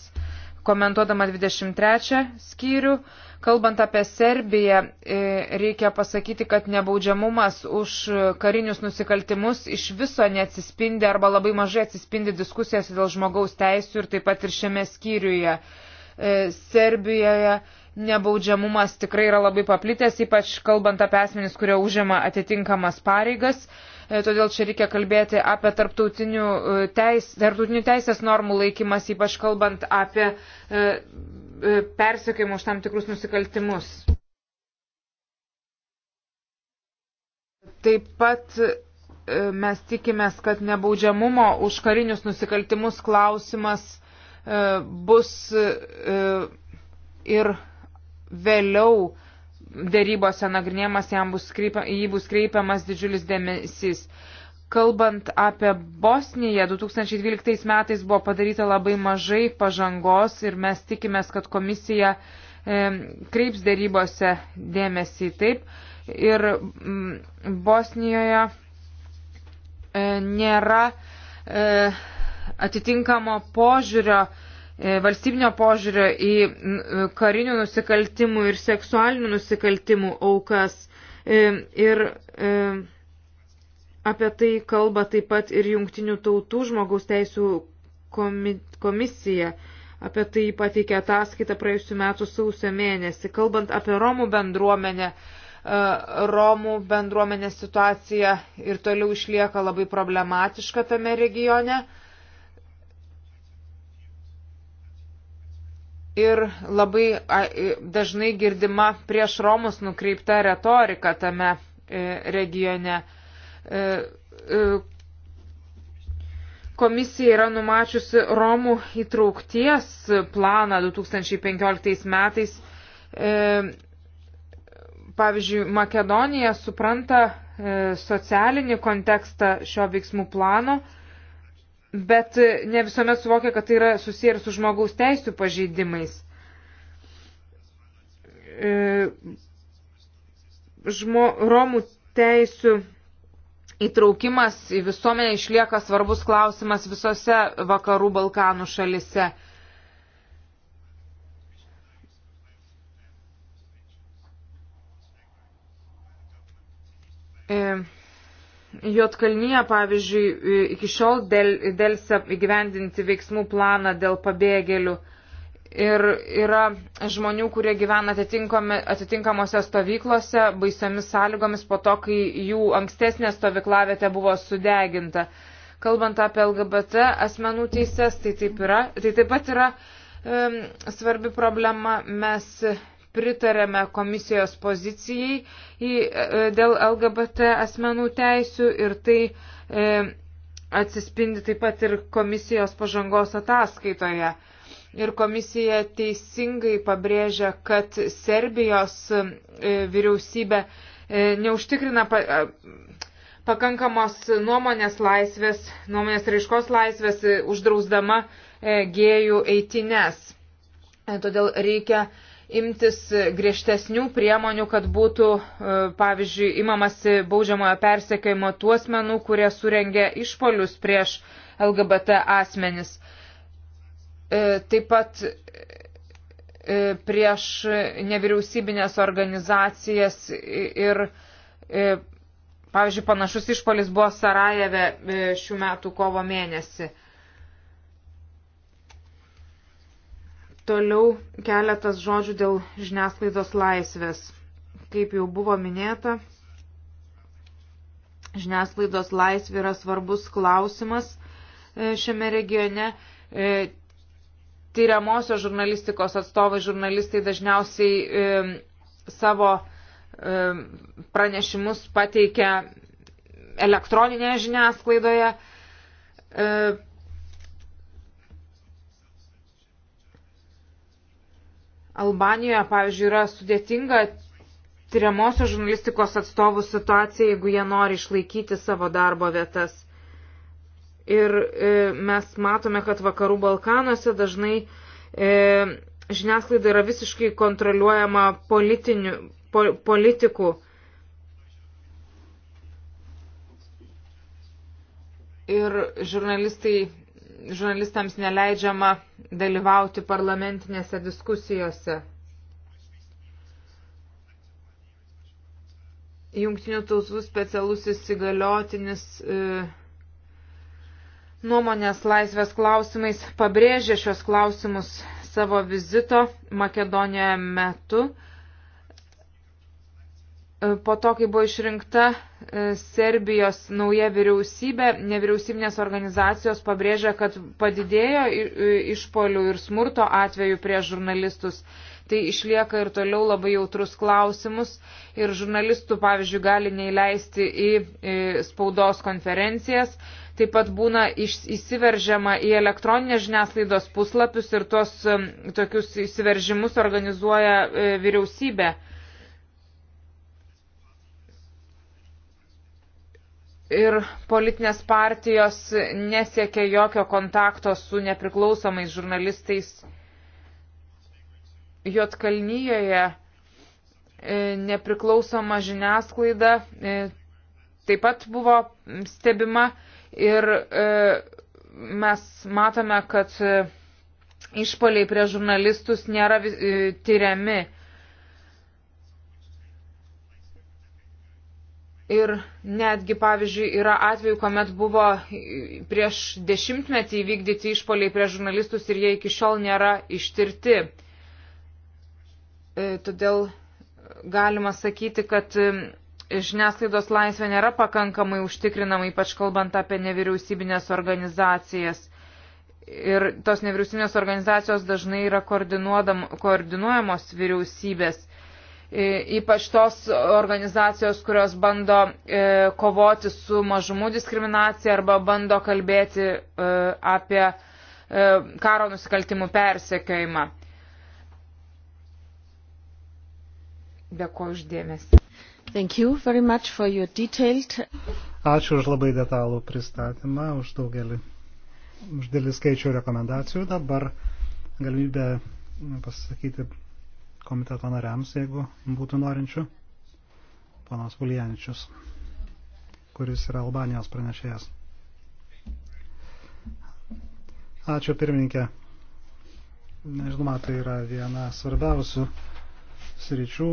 komentuodama 23 skyrių. Kalbant apie Serbiją, e, reikia pasakyti, kad nebaudžiamumas už karinius nusikaltimus iš viso neatsispindi arba labai mažai atsispindi diskusijose dėl žmogaus teisų ir taip pat ir šiame skyriuje. Serbijoje nebaudžiamumas tikrai yra labai paplitęs, ypač kalbant apie asmenys, kurie užima atitinkamas pareigas. E, todėl čia reikia kalbėti apie tarptautinių, e, teis, tarptautinių teisės normų laikymas, ypač kalbant apie e, persiekimų už tam tikrus nusikaltimus. Taip pat mes tikimės, kad nebaudžiamumo už karinius nusikaltimus klausimas bus ir vėliau dėrybose nagrinėjamas, jam bus kreipia, jį bus kreipiamas didžiulis dėmesys. Kalbant apie Bosniją, 2012 metais buvo padaryta labai mažai pažangos ir mes tikimės, kad komisija e, kreips dėrybose dėmesį taip. Ir m, Bosnijoje e, nėra e, atitinkamo požiūrio e, E, valstybinio požiūrio į e, karinių nusikaltimų ir seksualinių nusikaltimų aukas. E, ir apie tai kalba taip pat ir jungtinių tautų žmogaus teisų komisija. Apie tai pateikė ataskaitą praėjusiu metu sausio mėnesį. Kalbant apie Romų bendruomenę, Romų bendruomenės situacija ir toliau išlieka labai problematiška tame regione. ir labai dažnai girdima prieš Romus nukreipta retorika tame e, regione. E, e, komisija yra numačiusi Romų įtraukties planą 2015 metais. Pavyzdžiui, Makedonija supranta socialinį kontekstą šio veiksmų plano bet e, ne visuomet suvokia, kad tai yra susiję ir su žmogaus teisų pažeidimais. E, žmo, romų teisų įtraukimas į visuomenę išlieka svarbus klausimas visose vakarų Balkanų šalise. E, Jotkalnyje, pavyzdžiui, iki šiol dėlse įgyvendinti veiksmų planą dėl pabėgėlių. Ir yra žmonių, kurie gyvena atitinkamose stovyklose baisiomis sąlygomis po to, kai jų ankstesnė stovyklavietė buvo sudeginta. Kalbant apie LGBT asmenų teises, tai taip, yra, tai taip pat yra um, svarbi problema. Mes pritarėme komisijos pozicijai į, e, dėl LGBT asmenų teisių ir tai e, atsispindi taip pat ir komisijos pažangos ataskaitoje. Ir komisija teisingai pabrėžia, kad Serbijos e, vyriausybė e, neužtikrina. Pa, e, pakankamos nuomonės laisvės, nuomonės raiškos laisvės, e, uždrausdama e, gėjų eitines. Todėl reikia imtis griežtesnių priemonių, kad būtų, e, pavyzdžiui, imamasi baudžiamojo persekiojimo tų asmenų, kurie surengia išpolius prieš LGBT asmenis. E, taip pat e, prieš nevyriausybinės organizacijas ir, pavyzdžiui, panašus išpolis buvo Sarajeve šių metų kovo mėnesį. Toliau keletas žodžių dėl žiniasklaidos laisvės. Kaip jau buvo minėta, žiniasklaidos laisvė yra svarbus klausimas e, šiame regione. E, Tyriamosios žurnalistikos atstovai žurnalistai dažniausiai e, savo pranešimus pateikia elektroninėje žiniasklaidoje Albanijoje, pavyzdžiui, yra sudėtinga tyriamosios žurnalistikos atstovų situacija, jeigu jie nori išlaikyti savo darbo vietas. Ir e, mes matome, kad vakarų Balkanuose dažnai e, žiniasklaida yra visiškai kontroliuojama politinių, po, politikų. Ir žurnalistai žurnalistams neleidžiama dalyvauti parlamentinėse diskusijose. Jungtinių tautų specialusis įgaliotinis e, nuomonės laisvės klausimais pabrėžė šios klausimus savo vizito Makedonijoje metu. E, E, po to, kai buvo išrinkta e, Serbijos nauja vyriausybė, nevyriausybinės organizacijos pabrėžia, kad padidėjo išpolių ir smurto atveju prie žurnalistus. Tai išlieka ir toliau labai jautrus klausimus ir žurnalistų, pavyzdžiui, gali neįleisti į spaudos konferencijas. Taip pat būna įsiveržiama į elektroninės žiniasklaidos puslapius ir tuos tokius įsiveržimus organizuoja e, vyriausybė ir politinės partijos nesiekė jokio kontakto su nepriklausomais žurnalistais Jotkalnyjoje. E, nepriklausoma žiniasklaida e, taip pat buvo stebima ir e, mes matome, kad išpoliai prie žurnalistus nėra tyriami Ir netgi, pavyzdžiui, yra atveju, kuomet buvo prieš dešimtmetį įvykdyti išpoliai prie žurnalistus ir jie iki šiol nėra ištirti. E, todėl galima sakyti, kad e, žiniasklaidos laisvė nėra pakankamai užtikrinama, ypač kalbant apie nevyriausybinės organizacijas. Ir tos nevyriausybinės organizacijos dažnai yra koordinuojamos vyriausybės. E, ypač tos organizacijos, kurios bando e, kovoti su mažumų diskriminacija arba bando kalbėti e, apie karo nusikaltimų persekiojimą. Dėkuoju uždėmesi. Detailed... Ačiū už labai detalų pristatymą, už daugelį, už dėlį skaičių rekomendacijų. Dabar galimybę pasakyti komiteto nariams, jeigu būtų norinčių. Panas Vulianičius, kuris yra Albanijos pranešėjas. Ačiū pirmininkė. Nežinoma, tai yra viena svarbiausių sričių,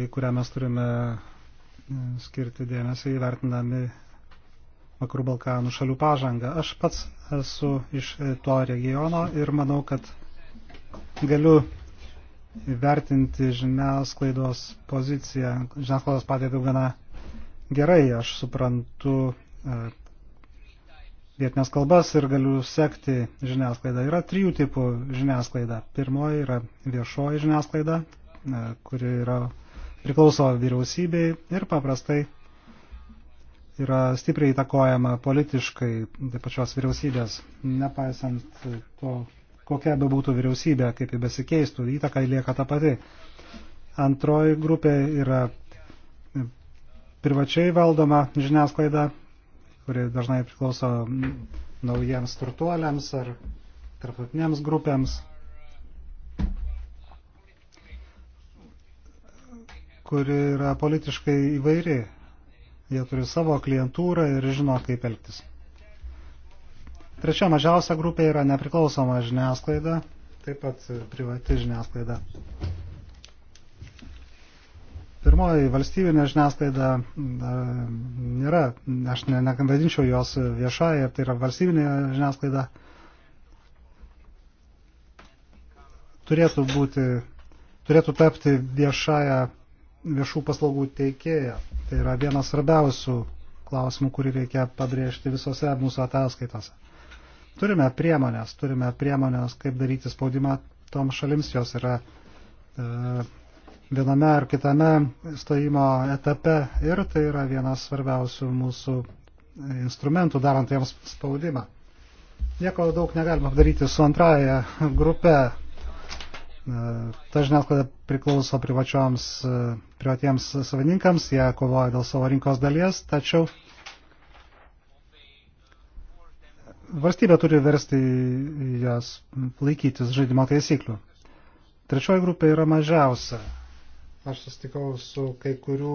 į kurią mes turime e, skirti dėmesį įvertinami Vakarų Balkanų šalių pažangą. Aš pats esu iš to regiono ir manau, kad galiu vertinti žiniasklaidos poziciją. Žiniasklaidos padėtų gana gerai, aš suprantu e, vietinės kalbas ir galiu sekti žiniasklaidą. Yra trijų tipų žiniasklaida. Pirmoji yra viešoji žiniasklaida, e, kuri yra priklauso vyriausybei ir paprastai yra stipriai įtakojama politiškai tai pačios vyriausybės, nepaisant to, kokia be būtų vyriausybė, kaip ji besikeistų, įtaka lieka ta pati. Antroji grupė yra privačiai valdoma žiniasklaida, kuri dažnai priklauso naujiems turtuoliams ar tarptautinėms grupėms, kuri yra politiškai įvairi. Jie turi savo klientūrą ir žino, kaip elgtis. Trečia mažiausia grupė yra nepriklausoma žiniasklaida, taip pat privati žiniasklaida. Pirmoji valstybinė žiniasklaida nėra, aš ne, nekandadinčiau jos viešąją, tai yra valstybinė žiniasklaida. Turėtų būti, turėtų tapti viešąją viešų paslaugų teikėja. Tai yra vienas svarbiausių klausimų, kurį reikia pabrėžti visose mūsų ataskaitose. Turime priemonės, turime priemonės, kaip daryti spaudimą tom šalims, jos yra e, viename ar kitame stojimo etape ir tai yra vienas svarbiausių mūsų instrumentų darant jiems spaudimą. Nieko daug negalima daryti su antraja grupe. E, ta žiniasklaida priklauso privačioms, e, privatiems savininkams, jie kovoja dėl savo rinkos dalies, tačiau Varstybė turi versti jas laikytis žaidimo taisyklių. Trečioji grupė yra mažiausia. Aš susitikau su kai kurių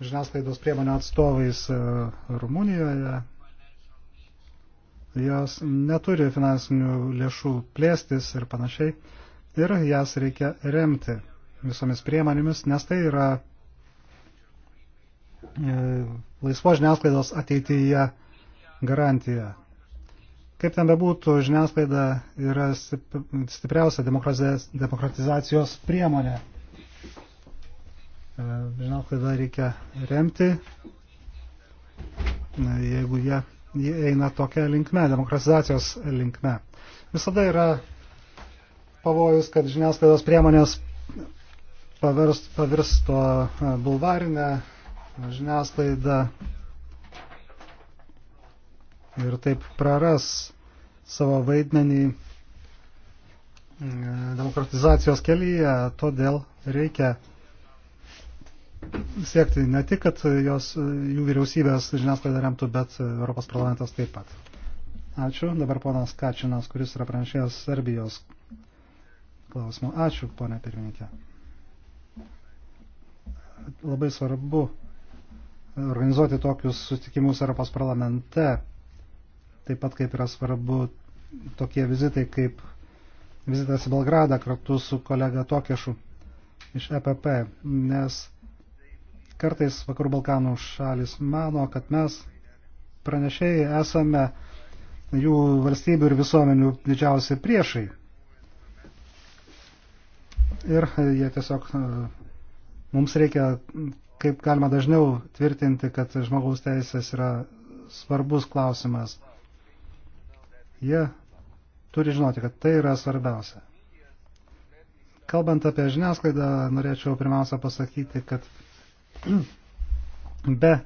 žiniasklaidos priemonių atstovais e, Rumunijoje. Jos neturi finansinių lėšų plėstis ir panašiai. Ir jas reikia remti visomis priemonėmis, nes tai yra e, laisvo žiniasklaidos ateityje garantija. Kaip ten bebūtų, žiniasklaida yra stipriausia demokratizacijos priemonė. E, žiniasklaidą reikia remti, jeigu jie, jie eina tokia linkme, demokratizacijos linkme. Visada yra pavojus, kad žiniasklaidos priemonės pavirsto e, bulvarinę žiniasklaidą ir taip praras savo vaidmenį e, demokratizacijos kelyje, todėl reikia siekti ne tik, kad jos, jų vyriausybės žiniasklaida remtų, bet Europos parlamentas taip pat. Ačiū. Dabar ponas Kačinas, kuris yra pranešėjęs Serbijos klausimų. Ačiū, ponė pirmininkė. Labai svarbu organizuoti tokius sutikimus Europos parlamente. Taip pat kaip yra svarbu tokie vizitai kaip vizitas į Belgradą kartu su kolega Tokešu iš EPP, nes kartais Vakarų Balkanų šalis mano, kad mes pranešėjai esame jų valstybių ir visuomenių didžiausi priešai. Ir jie tiesiog e, mums reikia kaip galima dažniau tvirtinti, kad žmogaus teisės yra svarbus klausimas. Jie turi žinoti, kad tai yra svarbiausia. Kalbant apie žiniasklaidą, norėčiau pirmiausia pasakyti, kad be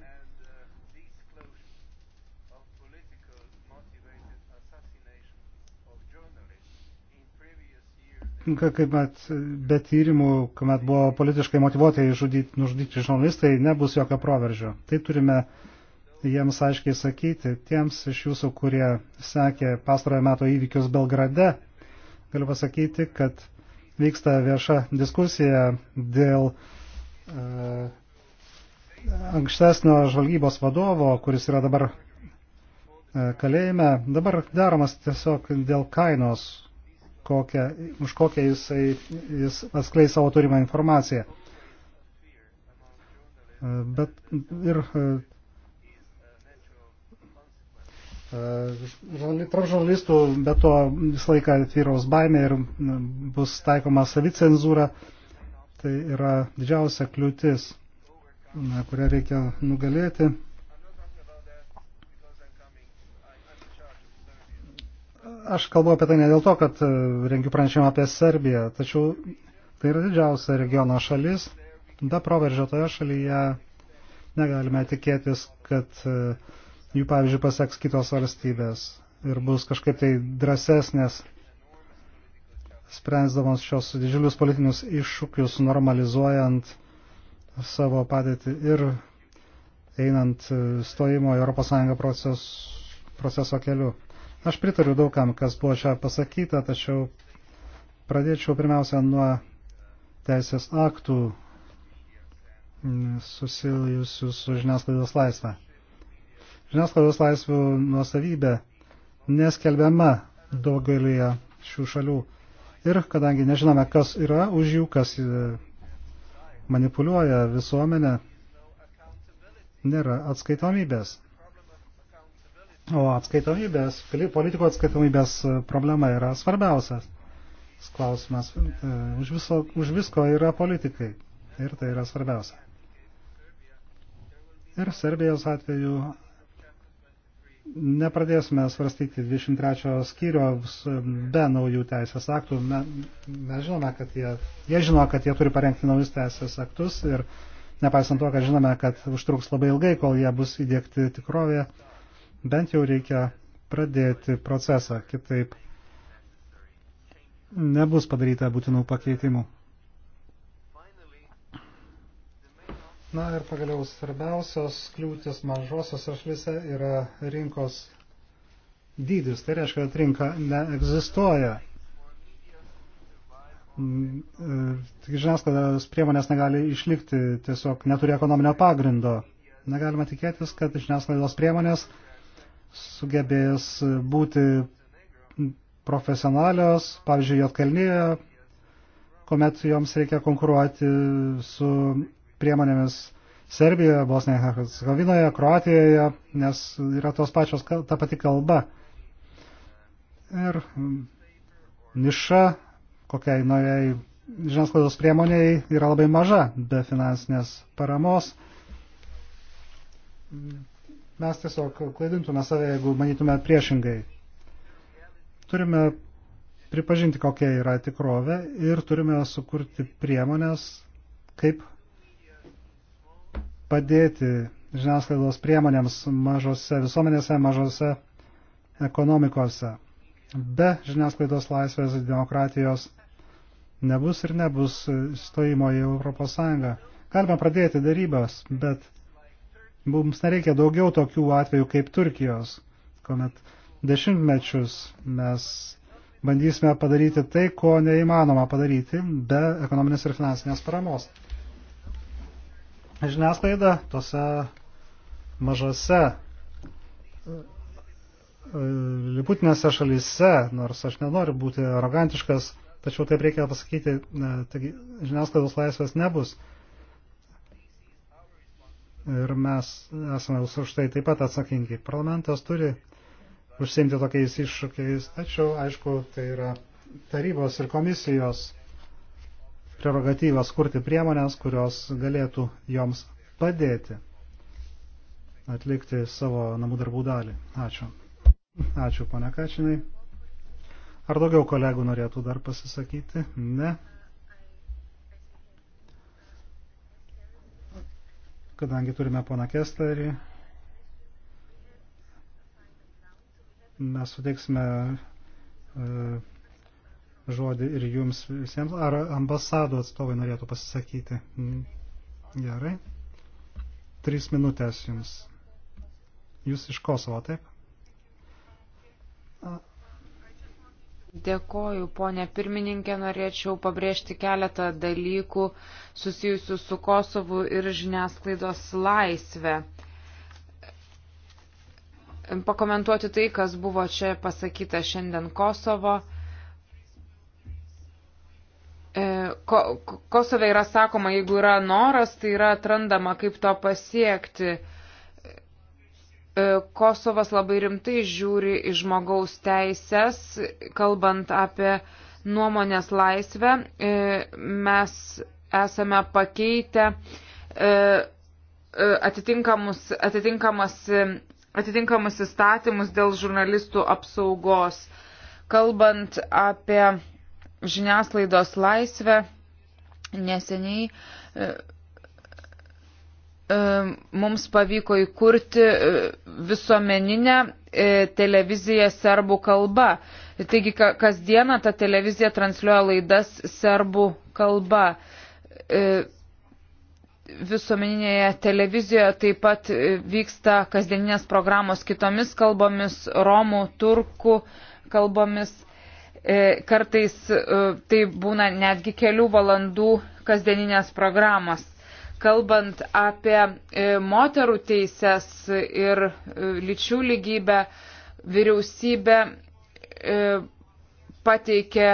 kaip met, be tyrimų, kuomet buvo politiškai motivuotai žudyti, nužudyti žurnalistai, nebus jokio proveržio. Tai turime uh, jiems aiškiai sakyti, tiems iš jūsų, kurie sekė pastarojo meto įvykius Belgrade, galiu pasakyti, kad vyksta vieša diskusija dėl e, ankstesnio žvalgybos vadovo, kuris yra dabar e, kalėjime. Dabar daromas tiesiog dėl kainos, kokią, už kokią jisai, jis atskleis savo turimą informaciją. E, bet ir e, Tarp žurnalistų be to visą laiką atvyraus baimė ir bus taikoma savicenzūra. Tai yra didžiausia kliūtis, kurią reikia nugalėti. Aš kalbu apie tai ne dėl to, kad e, rengiu pranešimą apie Serbiją, tačiau tai yra didžiausia regiono šalis. Be proveržio toje šalyje negalime tikėtis, kad uh, jų pavyzdžių paseks kitos valstybės ir bus kažkaip tai drąsesnės sprendzdamos šios didžiulius politinius iššūkius, normalizuojant savo padėtį ir einant e, stojimo į ES proces, proceso keliu. Aš pritariu daugam, kas buvo čia pasakyta, tačiau pradėčiau pirmiausia nuo teisės aktų mm, susijusių su žiniasklaidos laisvę. Žiniasklaidos laisvių nuosavybė neskelbiama daugelįje šių šalių. Ir kadangi nežinome, kas yra už jų, kas e, manipuliuoja visuomenę, nėra atskaitomybės. O atskaitomybės, politikų atskaitomybės e, problema yra svarbiausias klausimas. E, už, viso, už visko yra politikai ir tai yra svarbiausia. Ir Serbijos atveju nepradėsime svarstyti 23 skyrios be naujų teisės aktų. Me, mes žinome, kad jie, jie žino, kad jie turi parengti naujus teisės aktus ir nepaisant to, kad žinome, kad užtruks labai ilgai, kol jie bus įdėkti tikrovėje, bent jau reikia pradėti procesą, kitaip nebus padaryta būtinų pakeitimų. Na ir pagaliau svarbiausios kliūtis mažosios šalyse yra rinkos dydis. Tai reiškia, kad rinka neegzistuoja. Tik žiniasklaidos priemonės negali išlikti, tiesiog neturi ekonominio pagrindo. Negalima tikėtis, kad žiniasklaidos priemonės sugebės būti profesionalios, pavyzdžiui, Jotkalnyje, kuomet joms reikia konkuruoti su priemonėmis Serbijoje, Bosnijoje, Hercegovinoje, Kroatijoje, nes yra tos pačios, ta pati kalba. Ir mm, niša kokiai naujai žiniasklaidos priemoniai yra labai maža be finansinės paramos. Mes tiesiog klaidintume save, jeigu manytume priešingai. Turime pripažinti, kokia yra tikrovė ir turime sukurti priemonės, kaip padėti žiniasklaidos priemonėms mažose visuomenėse, mažose ekonomikose. Be žiniasklaidos laisvės demokratijos nebus ir nebus stojimo į Europos Sąjungą. Galima pradėti darybas, bet mums nereikia daugiau tokių atvejų kaip Turkijos, kuomet dešimtmečius mes bandysime padaryti tai, ko neįmanoma padaryti be ekonominės ir finansinės paramos žiniasklaida tose mažose e, liputinėse šalyse, nors aš nenoriu būti arogantiškas, tačiau taip reikia pasakyti, e, taigi žiniasklaidos laisvės nebus. Ir mes esame už tai taip pat atsakingi. Parlamentas turi užsiimti tokiais iššūkiais, tačiau, aišku, tai yra tarybos ir komisijos prerogatyvas kurti priemonės, kurios galėtų joms padėti atlikti savo namų darbų dalį. Ačiū. Ačiū, ponia Kačinai. Ar daugiau kolegų norėtų dar pasisakyti? Ne. Kadangi turime poną Kesterį, mes suteiksime uh, žodį ir jums visiems. Ar ambasado atstovai norėtų pasisakyti? Gerai. Trys minutės jums. Jūs iš Kosovo, taip? Dėkoju, ponė pirmininkė, norėčiau pabrėžti keletą dalykų susijusių su Kosovu ir žiniasklaidos laisvė. Pakomentuoti tai, kas buvo čia pasakyta šiandien Kosovo. Ko, Kosove yra sakoma, jeigu yra noras, tai yra atrandama, kaip to pasiekti. E, Kosovas labai rimtai žiūri į žmogaus teisės, kalbant apie nuomonės laisvę. E, mes esame pakeitę e, atitinkamus, atitinkamas, atitinkamus įstatymus dėl žurnalistų apsaugos. Kalbant apie žiniasklaidos laisvę neseniai e, e, mums pavyko įkurti e, visuomeninę televiziją serbų kalba. Taigi kasdieną ta televizija transliuoja laidas serbų kalba. Visuomeninėje televizijoje taip pat vyksta kasdieninės programos kitomis kalbomis, romų, turkų kalbomis. E, kartais e, tai būna netgi kelių valandų kasdieninės programos. Kalbant apie e, moterų teises ir lyčių lygybę, vyriausybė pateikė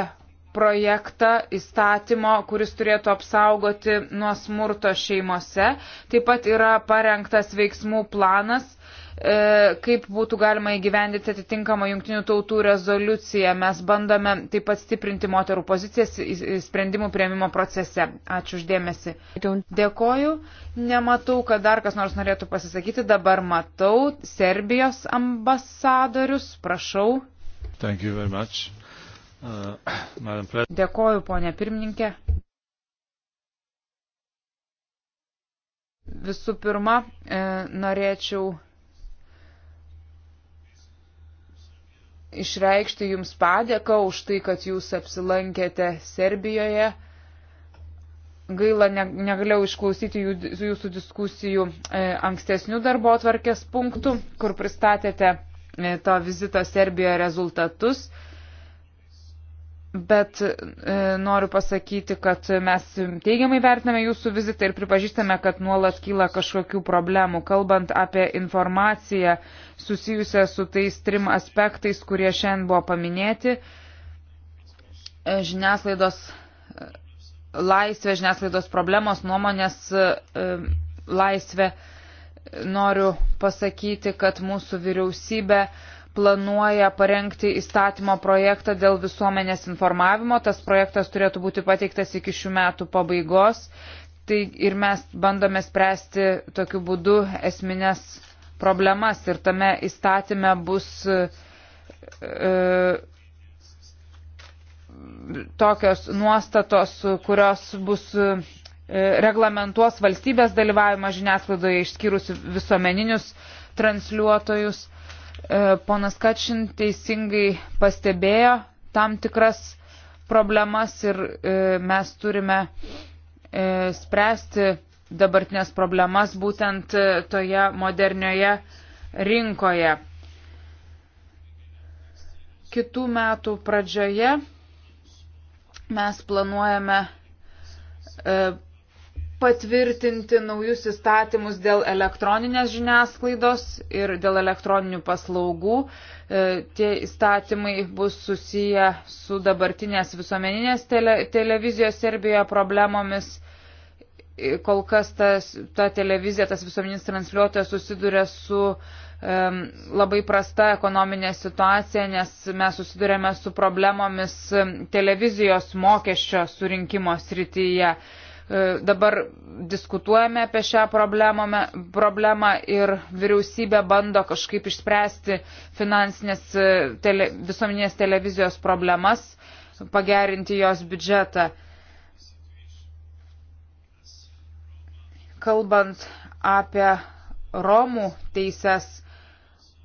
projektą įstatymo, kuris turėtų apsaugoti nuo smurto šeimose. Taip pat yra parengtas veiksmų planas, E, kaip būtų galima įgyvendinti atitinkamą jungtinių tautų rezoliuciją. Mes bandome taip pat stiprinti moterų pozicijas sprendimų prieimimo procese. Ačiū uždėmesi. Dėkoju. Nematau, kad dar kas nors norėtų pasisakyti. Dabar matau Serbijos ambasadorius. Prašau. Uh, Dėkoju, ponė pirmininkė. Visų pirma, e, norėčiau išreikšti Jums padėką už tai, kad Jūs apsilankėte Serbijoje. Gaila, negalėjau išklausyti Jūsų diskusijų e, ankstesnių darbo atvarkės punktų, kur pristatėte e, to vizito Serbijoje rezultatus. Bet e, noriu pasakyti, kad mes teigiamai vertiname jūsų vizitą ir pripažįstame, kad nuolat kyla kažkokių problemų, kalbant apie informaciją susijusią su tais trim aspektais, kurie šiandien buvo paminėti. E, žiniasklaidos e, laisvė, žiniasklaidos problemos, nuomonės e, e laisvė. Noriu pasakyti, kad mūsų vyriausybė e, planuoja parengti įstatymo projektą dėl visuomenės informavimo. Tas projektas turėtų būti pateiktas iki šių metų pabaigos. Tai ir mes bandome spręsti tokiu būdu esminės problemas ir tame įstatyme bus e, tokios nuostatos, kurios bus e, reglamentuos valstybės dalyvavimą žiniasklaidoje išskyrus visuomeninius transliuotojus. E, ponas Kačin teisingai pastebėjo tam tikras problemas ir e, mes turime e, spręsti dabartinės problemas būtent toje modernioje rinkoje. Kitų metų pradžioje mes planuojame patvirtinti naujus įstatymus dėl elektroninės žiniasklaidos ir dėl elektroninių paslaugų. E, tie įstatymai bus susiję su dabartinės visuomeninės tele, televizijos Serbijoje problemomis. E, kol kas tas, ta televizija, tas visuomeninis transliuotojas susiduria su um, labai prasta ekonominė situacija, nes mes susidurėme su problemomis televizijos mokesčio surinkimo srityje. Uh, E, dabar diskutuojame apie šią problemą ir vyriausybė bando kažkaip išspręsti finansinės e, tele, visuomenės televizijos problemas, pagerinti jos biudžetą. Kalbant apie Romų teises,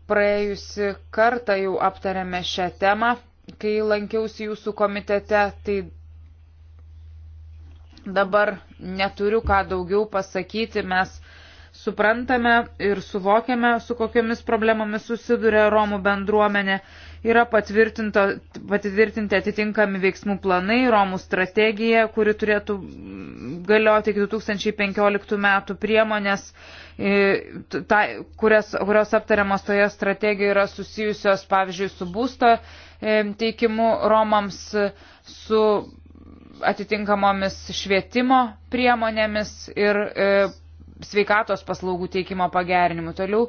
praėjusi kartą jau aptarėme šią temą, kai lankiausi jūsų komitete, tai dabar neturiu ką daugiau pasakyti, mes suprantame ir suvokiame, su kokiamis problemomis susiduria Romų bendruomenė. Yra patvirtinti atitinkami veiksmų planai, Romų strategija, kuri turėtų galioti iki 2015 metų priemonės, e, ta, kurias, kurios aptariamos toje strategijoje yra susijusios, pavyzdžiui, su būsto e, teikimu Romams, su atitinkamomis švietimo priemonėmis ir e, sveikatos paslaugų teikimo pagerinimu. Toliau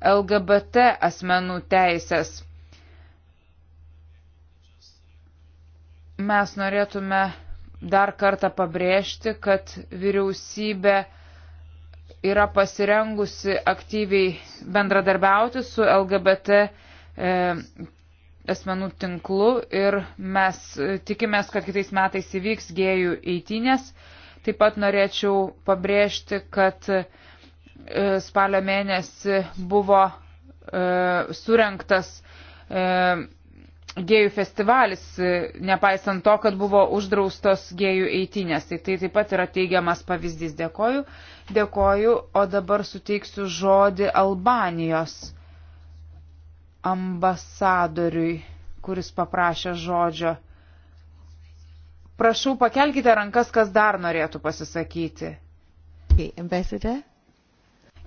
LGBT asmenų teisės. Mes norėtume dar kartą pabrėžti, kad vyriausybė yra pasirengusi aktyviai bendradarbiauti su LGBT e, asmenų tinklu ir mes e, tikimės, kad kitais metais įvyks gėjų eitynės. Taip pat norėčiau pabrėžti, kad e, spalio mėnesį buvo e, surinktas e, gėjų festivalis, e, nepaisant to, kad buvo uždraustos gėjų eitinės. Tai tai taip pat yra teigiamas pavyzdys. Dėkoju. Dėkoju, o dabar suteiksiu žodį Albanijos ambasadoriui, kuris paprašė žodžio. Prašau, pakelkite rankas, kas dar norėtų pasisakyti.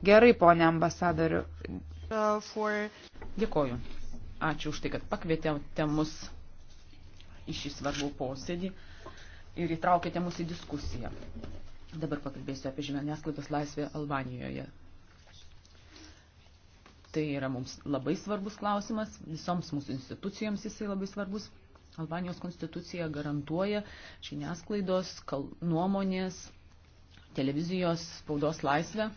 Gerai, ponė ambasadoriu. Dėkoju. Ačiū už tai, kad pakvietėte mus į šį svarbų posėdį ir įtraukėte mus į diskusiją. Dabar pakalbėsiu apie žiniasklaidos laisvę Albanijoje. Tai yra mums labai svarbus klausimas, visoms mūsų institucijoms jisai labai svarbus. Albanijos konstitucija garantuoja žiniasklaidos, kal, nuomonės, televizijos, spaudos laisvę.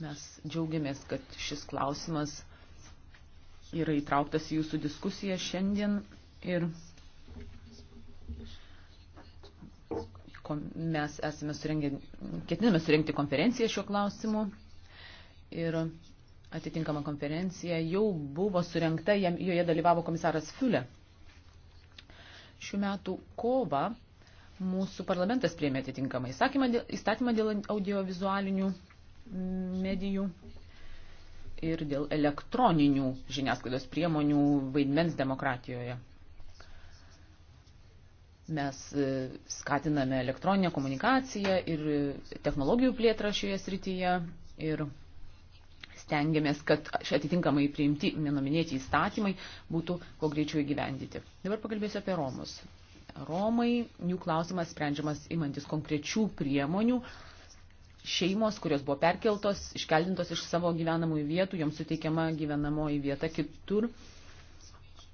Mes džiaugiamės, kad šis klausimas yra įtrauktas į jūsų diskusiją šiandien ir Mes esame surengę, ketiname surengti konferenciją šiuo klausimu ir atitinkama konferencija jau buvo surengta, joje dalyvavo komisaras Fiulė. Šių metų kovą mūsų parlamentas priėmė atitinkamą įstatymą dėl audiovizualinių medijų ir dėl elektroninių žiniasklaidos priemonių vaidmens demokratijoje. Mes e, skatiname elektroninę komunikaciją ir e, technologijų plėtrą šioje srityje ir stengiamės, kad atitinkamai priimti nenominėti įstatymai būtų kuo greičiau įgyvendyti. Dabar pakalbėsiu apie Romus. Romai, jų klausimas sprendžiamas imantis konkrečių priemonių. Šeimos, kurios buvo perkeltos, iškeldintos iš savo gyvenamųjų vietų, joms suteikiama gyvenamoji vieta kitur.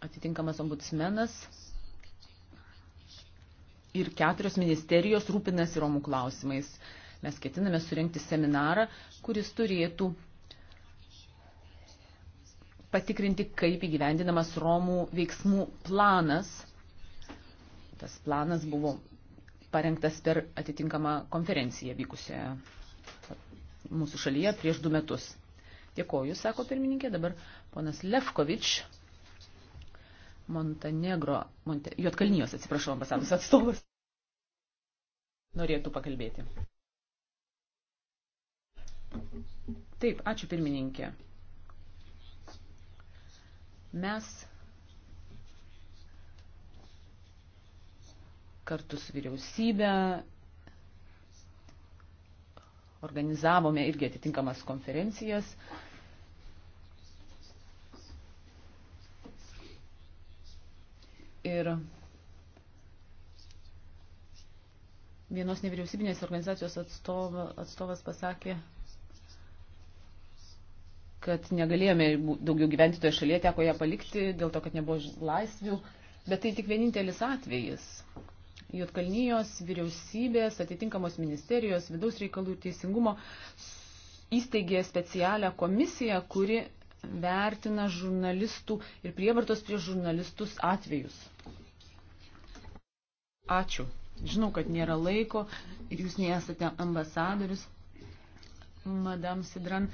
Atitinkamas ombudsmenas ir keturios ministerijos rūpinasi Romų klausimais. Mes ketiname surinkti seminarą, kuris turėtų patikrinti, kaip įgyvendinamas Romų veiksmų planas. Tas planas buvo parengtas per atitinkamą konferenciją vykusią mūsų šalyje prieš du metus. Dėkoju, sako pirmininkė, dabar ponas Lefkovič Montenegro, Monte, Jotkalnijos, atsiprašau, ambasados atstovas norėtų pakalbėti. Taip, ačiū pirmininkė. Mes kartu su vyriausybė organizavome irgi atitinkamas konferencijas ir vienos nevyriausybinės organizacijos atstov, atstovas pasakė, kad negalėjome daugiau gyventi toje šalyje, teko ją palikti dėl to, kad nebuvo laisvių, bet tai tik vienintelis atvejis. Jotkalnyjos vyriausybės, atitinkamos ministerijos, vidaus reikalų ir teisingumo įsteigė specialią komisiją, kuri vertina žurnalistų ir prievartos prie žurnalistus atvejus? Ačiū. Žinau, kad nėra laiko ir jūs nesate ambasadorius, Madam Sidran,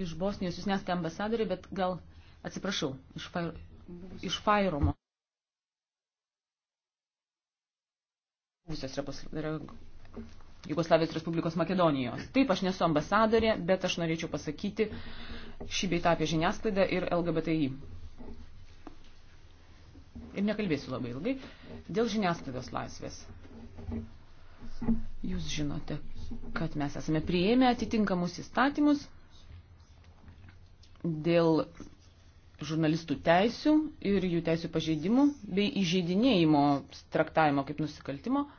iš Bosnijos, jūs nesate ambasadoriai, bet gal, atsiprašau, iš, fair, iš Fairomo. Buvusios Republikos Jugoslavijos Respublikos Makedonijos. Taip, aš nesu ambasadorė, bet aš norėčiau pasakyti šį beitą apie žiniasklaidą ir LGBTI. Ir nekalbėsiu labai ilgai. Dėl žiniasklaidos laisvės. Jūs žinote, kad mes esame prieėmę atitinkamus įstatymus dėl žurnalistų teisių ir jų teisių pažeidimų bei įžeidinėjimo traktavimo kaip nusikaltimo –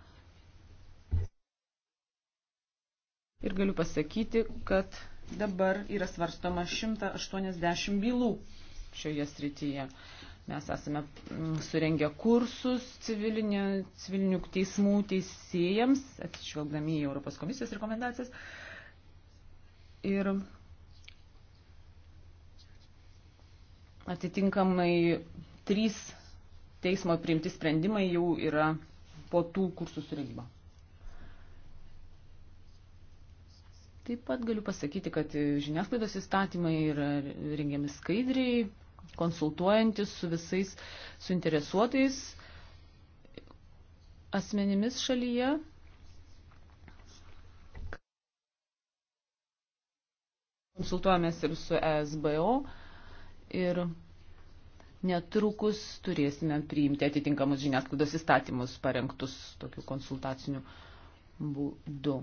ir galiu pasakyti, kad dabar yra svarstoma 180 bylų šioje srityje. Mes esame mm, surengę kursus civilinio, civilinių teismų teisėjams, atsižvelgdami į Europos komisijos rekomendacijas. Ir atitinkamai trys teismo priimti sprendimai jau yra po tų kursų surengimo. Taip pat galiu pasakyti, kad žiniasklaidos įstatymai yra rengiami skaidriai, konsultuojantis su visais suinteresuotais asmenimis šalyje. Konsultuojamės ir su ESBO ir netrukus turėsime priimti atitinkamus žiniasklaidos įstatymus parengtus tokių konsultacinių būdų.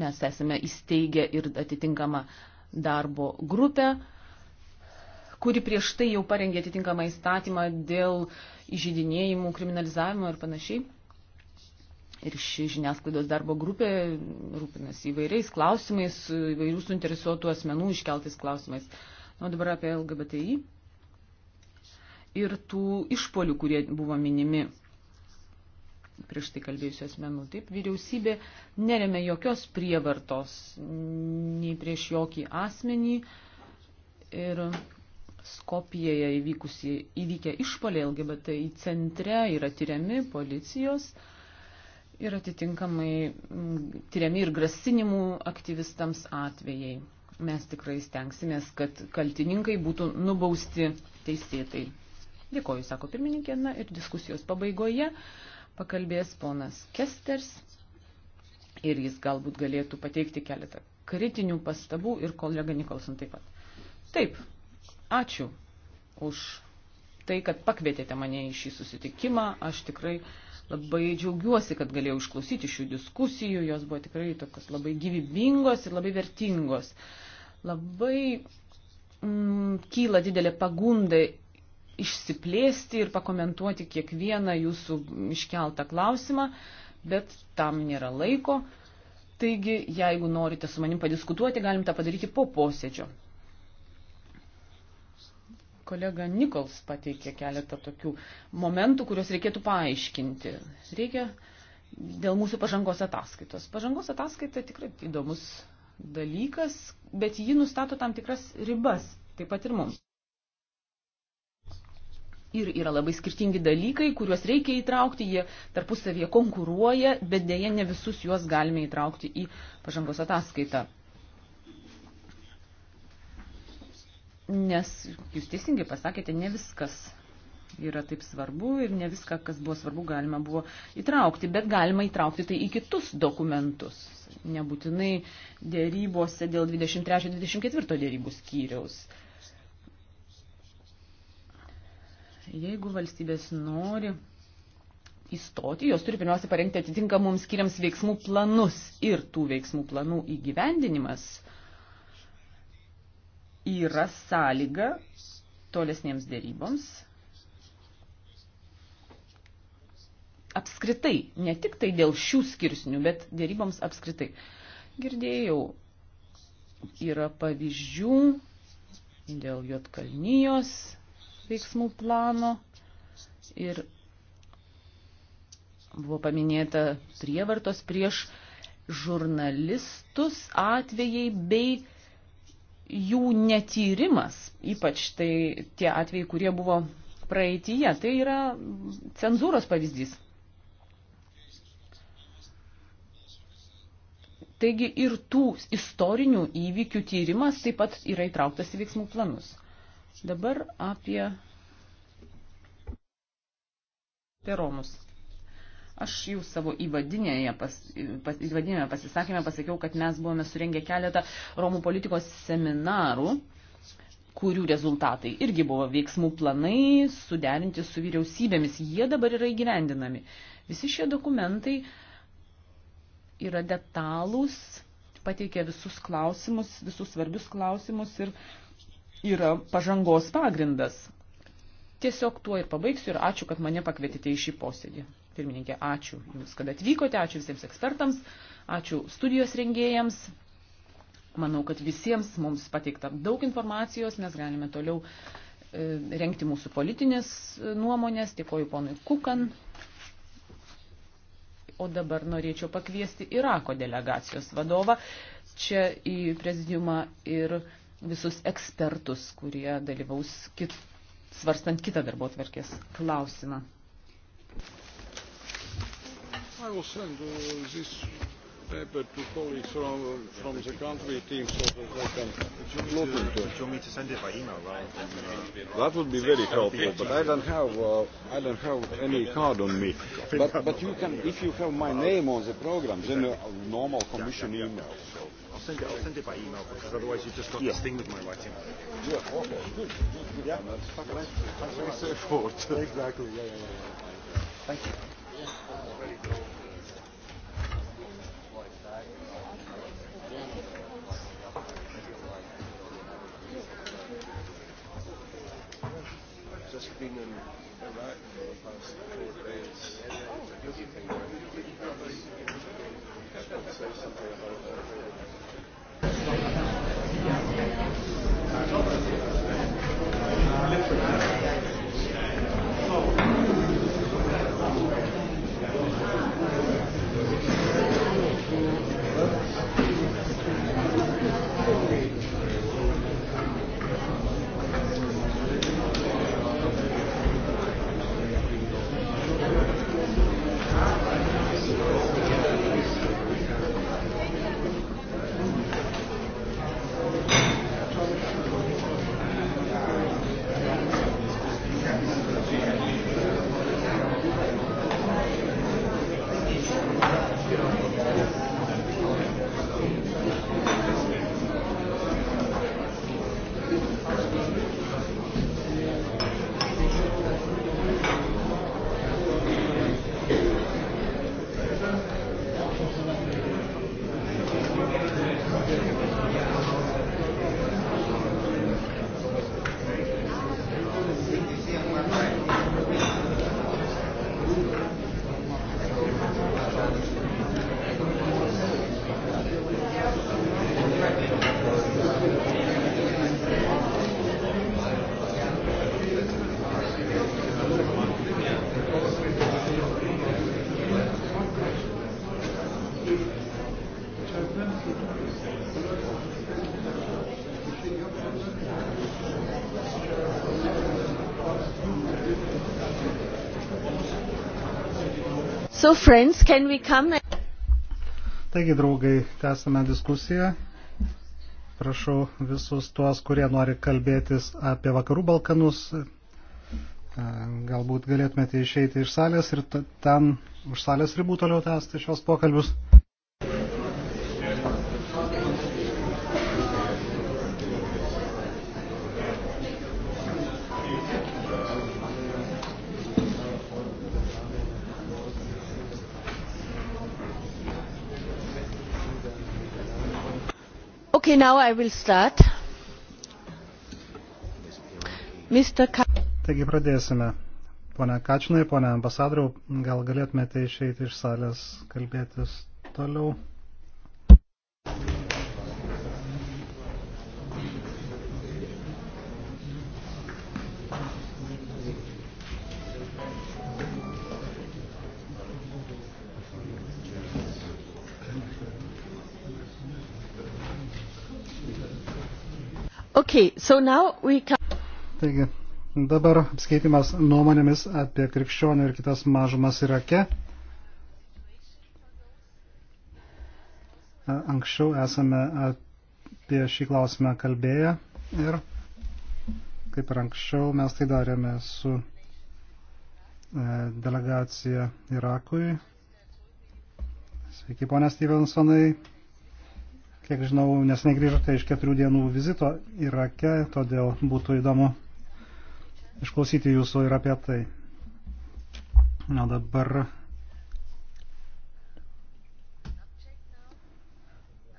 Mes esame įsteigę ir atitinkamą darbo grupę, kuri prieš tai jau parengė atitinkamą įstatymą dėl įžydinėjimų, kriminalizavimo ir panašiai. Ir ši žiniasklaidos darbo grupė rūpinasi įvairiais klausimais, įvairių suinteresuotų asmenų iškeltais klausimais. Na, nu, dabar apie LGBTI ir tų išpolių, kurie buvo minimi prieš tai kalbėjusių asmenų. Taip, vyriausybė neremia jokios prievartos nei prieš jokį asmenį ir Skopijoje įvykę išpolė LGBT į centre yra tyriami policijos ir atitinkamai mm, tyriami ir grasinimų aktyvistams atvejai. Mes tikrai stengsimės, kad kaltininkai būtų nubausti teisėtai. Dėkoju, sako pirmininkė, na ir diskusijos pabaigoje pakalbės ponas Kesters ir jis galbūt galėtų pateikti keletą kritinių pastabų ir kolega Nikolson taip pat. Taip, ačiū už tai, kad pakvietėte mane į šį susitikimą. Aš tikrai labai džiaugiuosi, kad galėjau išklausyti šių diskusijų. Jos buvo tikrai tokios labai gyvybingos ir labai vertingos. Labai mm, kyla didelė pagunda išsiplėsti ir pakomentuoti kiekvieną jūsų iškeltą klausimą, bet tam nėra laiko. Taigi, jeigu norite su manim padiskutuoti, galim tą padaryti po posėdžio. Kolega Nikols pateikė keletą tokių momentų, kuriuos reikėtų paaiškinti. Reikia dėl mūsų pažangos ataskaitos. Pažangos ataskaita tikrai įdomus dalykas, bet ji nustato tam tikras ribas, taip pat ir mums ir yra labai skirtingi dalykai, kuriuos reikia įtraukti, jie tarpusavėje konkuruoja, bet dėje ne visus juos galime įtraukti į pažangos ataskaitą. Nes jūs teisingai pasakėte, ne viskas yra taip svarbu ir ne viską, kas buvo svarbu, galima buvo įtraukti, bet galima įtraukti tai į kitus dokumentus. Nebūtinai dėrybose dėl 23-24 dėrybų skyriaus. jeigu valstybės nori įstoti, jos turi pirmiausia parengti atitinkamoms skiriams veiksmų planus ir tų veiksmų planų įgyvendinimas yra sąlyga tolesniems dėryboms. Apskritai, ne tik tai dėl šių skirsnių, bet dėryboms apskritai. Girdėjau, yra pavyzdžių dėl Jotkalnyjos, veiksmų plano ir buvo paminėta prievartos prieš žurnalistus atvejai bei jų netyrimas, ypač tai tie atvejai, kurie buvo praeityje. Tai yra cenzūros pavyzdys. Taigi ir tų istorinių įvykių tyrimas taip pat yra įtrauktas į veiksmų planus. Dabar apie, apie Romus. Aš jau savo įvadinėje, pas, pas, įvadinėje pasisakymė pasakiau, kad mes buvome surengę keletą Romų politikos seminarų, kurių rezultatai irgi buvo veiksmų planai suderinti su vyriausybėmis. Jie dabar yra įgyvendinami. Visi šie dokumentai yra detalūs, pateikia visus klausimus, visus svarbius klausimus ir uh, yra pažangos pagrindas. Tiesiog tuo ir pabaigsiu ir ačiū, kad mane pakvietėte į šį posėdį. Pirmininkė, ačiū Jums, kad atvykote, ačiū visiems ekspertams, ačiū studijos rengėjams. Manau, kad visiems mums pateikta daug informacijos, mes galime toliau e, rengti mūsų politinės e, nuomonės. Dėkoju ponui Kukan. O dabar norėčiau pakviesti Irako delegacijos vadovą čia į prezidiumą ir visus ekspertus, kurie dalyvaus kit, svarstant kitą darbo tvarkės klausimą. I will send uh, this paper to colleagues from, from the country team so that they can look into it. Do you want me to send it by email rather than... Uh, that would be very helpful, but I don't have, uh, I don't have any card on me. But, but you can, if you have my name on the program, then a uh, normal commission email send it. I'll send it by email because otherwise you've just got yeah. this thing with my writing. Yeah. Okay. Good. Good. good. Yeah. That's fabulous. That's very straightforward. Exactly. Yeah. Yeah. Yeah. Thank you. Yeah. Very cool. just been in Iraq for the past four days visiting them. Say something about that. Thank you. So friends, can we come? Taigi, draugai, tęsame diskusiją. Prašau visus tuos, kurie nori kalbėtis apie vakarų Balkanus, e, galbūt galėtumėte išeiti iš salės ir ten už salės ribų toliau tęsti šios pokalbius. Okay, now I will start. Mr. Ka Taigi pradėsime. Pone Kačinai, pone ambasadoriau, gal galėtumėte išeiti iš salės kalbėtis toliau. Okay, so can... Taigi, dabar apskaitimas nuomonėmis apie krikščionių ir kitas mažumas Irake. Anksčiau esame apie šį klausimą kalbėję ir kaip ir anksčiau mes tai darėme su e, delegacija Irakui. Sveiki, ponė Stevensonai, Kiek žinau, nes negrįžote iš keturių dienų vizito Irake, todėl būtų įdomu išklausyti jūsų ir apie tai. Na dabar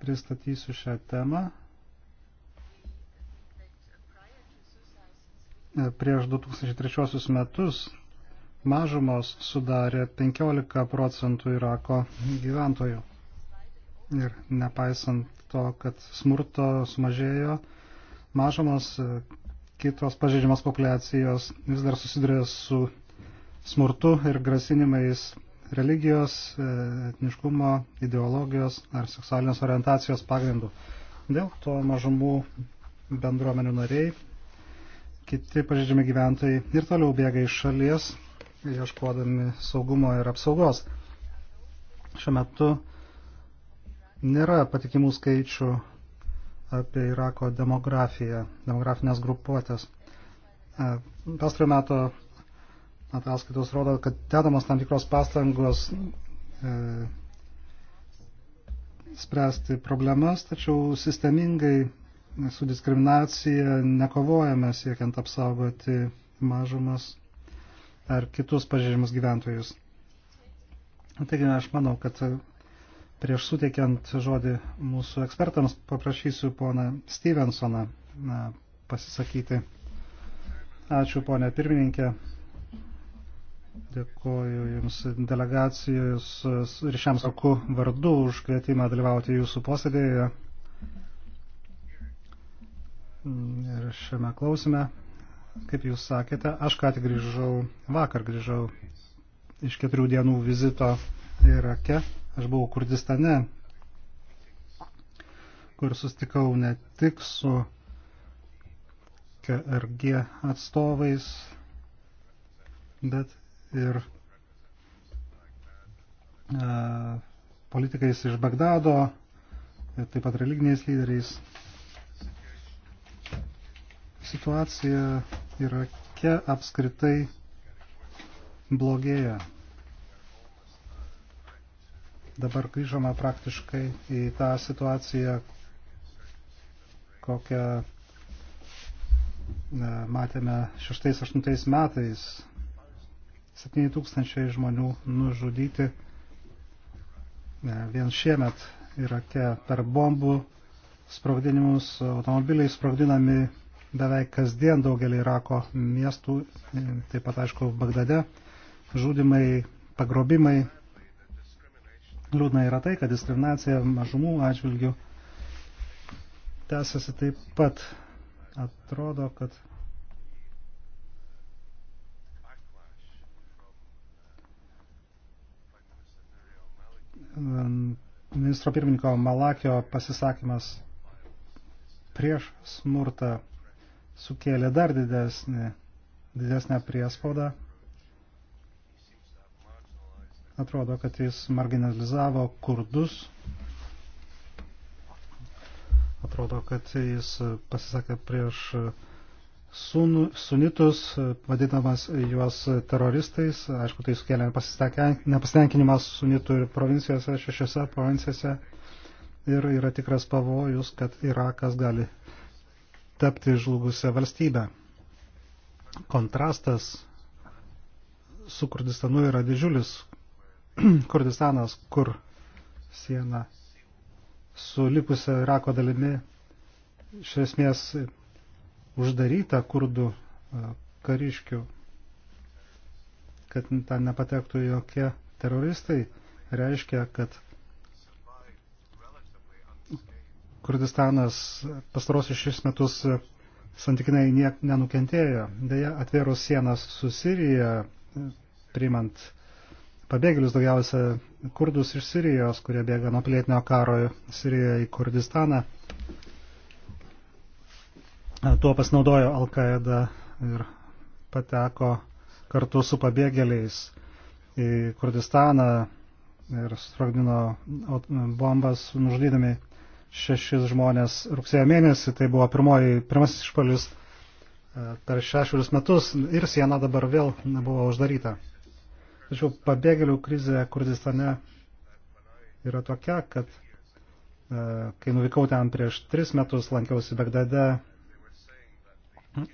pristatysiu šią temą. Prieš 2003 metus mažumos sudarė 15 procentų Irako gyventojų. Ir nepaisant to, kad smurto sumažėjo, mažomos e, kitos pažeidžiamos populiacijos vis dar susiduria su smurtu ir grasinimais religijos, e, etniškumo, ideologijos ar seksualinės orientacijos pagrindų. Dėl to mažumų bendruomenių nariai, kiti pažeidžiami gyventojai ir toliau bėga iš šalies, ieškodami saugumo ir apsaugos. Šiuo metu Nėra patikimų skaičių apie Irako demografiją, demografinės grupuotės. E, pastarojo meto ataskaitos rodo, kad dedamos tam tikros pastangos e, spręsti problemas, tačiau sistemingai su diskriminacija nekovojame siekiant apsaugoti mažumas ar kitus pažiūrimus gyventojus. Taigi aš manau, kad Prieš suteikiant žodį mūsų ekspertams, paprašysiu poną Stevensoną pasisakyti. Ačiū, ponė pirmininkė. Dėkoju Jums delegacijos ryšiams aku vardu už kvietimą dalyvauti Jūsų posėdėje ir šiame klausime. Kaip Jūs sakėte, aš ką tik grįžau, vakar grįžau iš keturių dienų vizito Irake. Ir Aš buvau Kurdistane, kur sustikau ne tik su KRG atstovais, bet ir e, politikais iš Bagdado, ir taip pat religiniais lyderiais. Situacija Irake apskritai blogėja. Dabar grįžome praktiškai į tą situaciją, kokią e, matėme 6-8 metais. 7 tūkstančiai žmonių nužudyti e, vien šiemet Irake per bombų sprogdinimus, automobiliai sprogdinami beveik kasdien daugelį Irako miestų, e, taip pat aišku Bagdade, žudimai, pagrobimai, Liūdna yra tai, kad diskriminacija mažumų atžvilgių tęsiasi taip pat. Atrodo, kad ministro pirmininko Malakio pasisakymas prieš smurtą sukėlė dar didesnį, didesnę priespaudą Atrodo, kad jis marginalizavo kurdus. Atrodo, kad jis pasisakė prieš sun, sunitus, vadinamas juos teroristais. Aišku, tai sukėlė nepasitenkinimas sunitų ir provincijose, šešiose provincijose. Ir yra tikras pavojus, kad Irakas gali tapti žlugusią valstybę. Kontrastas su Kurdistanu yra didžiulis. Kurdistanas, kur siena su likusia Irako dalimi iš esmės uždaryta kurdų kariškių, kad ten nepatektų jokie teroristai, reiškia, kad Kurdistanas pastarosius šis metus santykinai niek nenukentėjo. Deja, atvėrus sienas su Sirija, primant pabėgėlius daugiausia kurdus iš Sirijos, kurie bėga nuo pilietinio karo Sirijoje į Kurdistaną. E, tuo pasinaudojo Al-Qaeda ir pateko kartu su pabėgėliais į Kurdistaną ir sprogdino bombas, nužudydami šešis žmonės rugsėjo mėnesį. Tai buvo pirmoji, pirmasis išpalius e, per šešerius metus ir siena dabar vėl buvo uždaryta. Tačiau pabėgėlių krizė Kurdistane yra tokia, kad e, kai nuvykau ten prieš tris metus, lankiausi Bagdade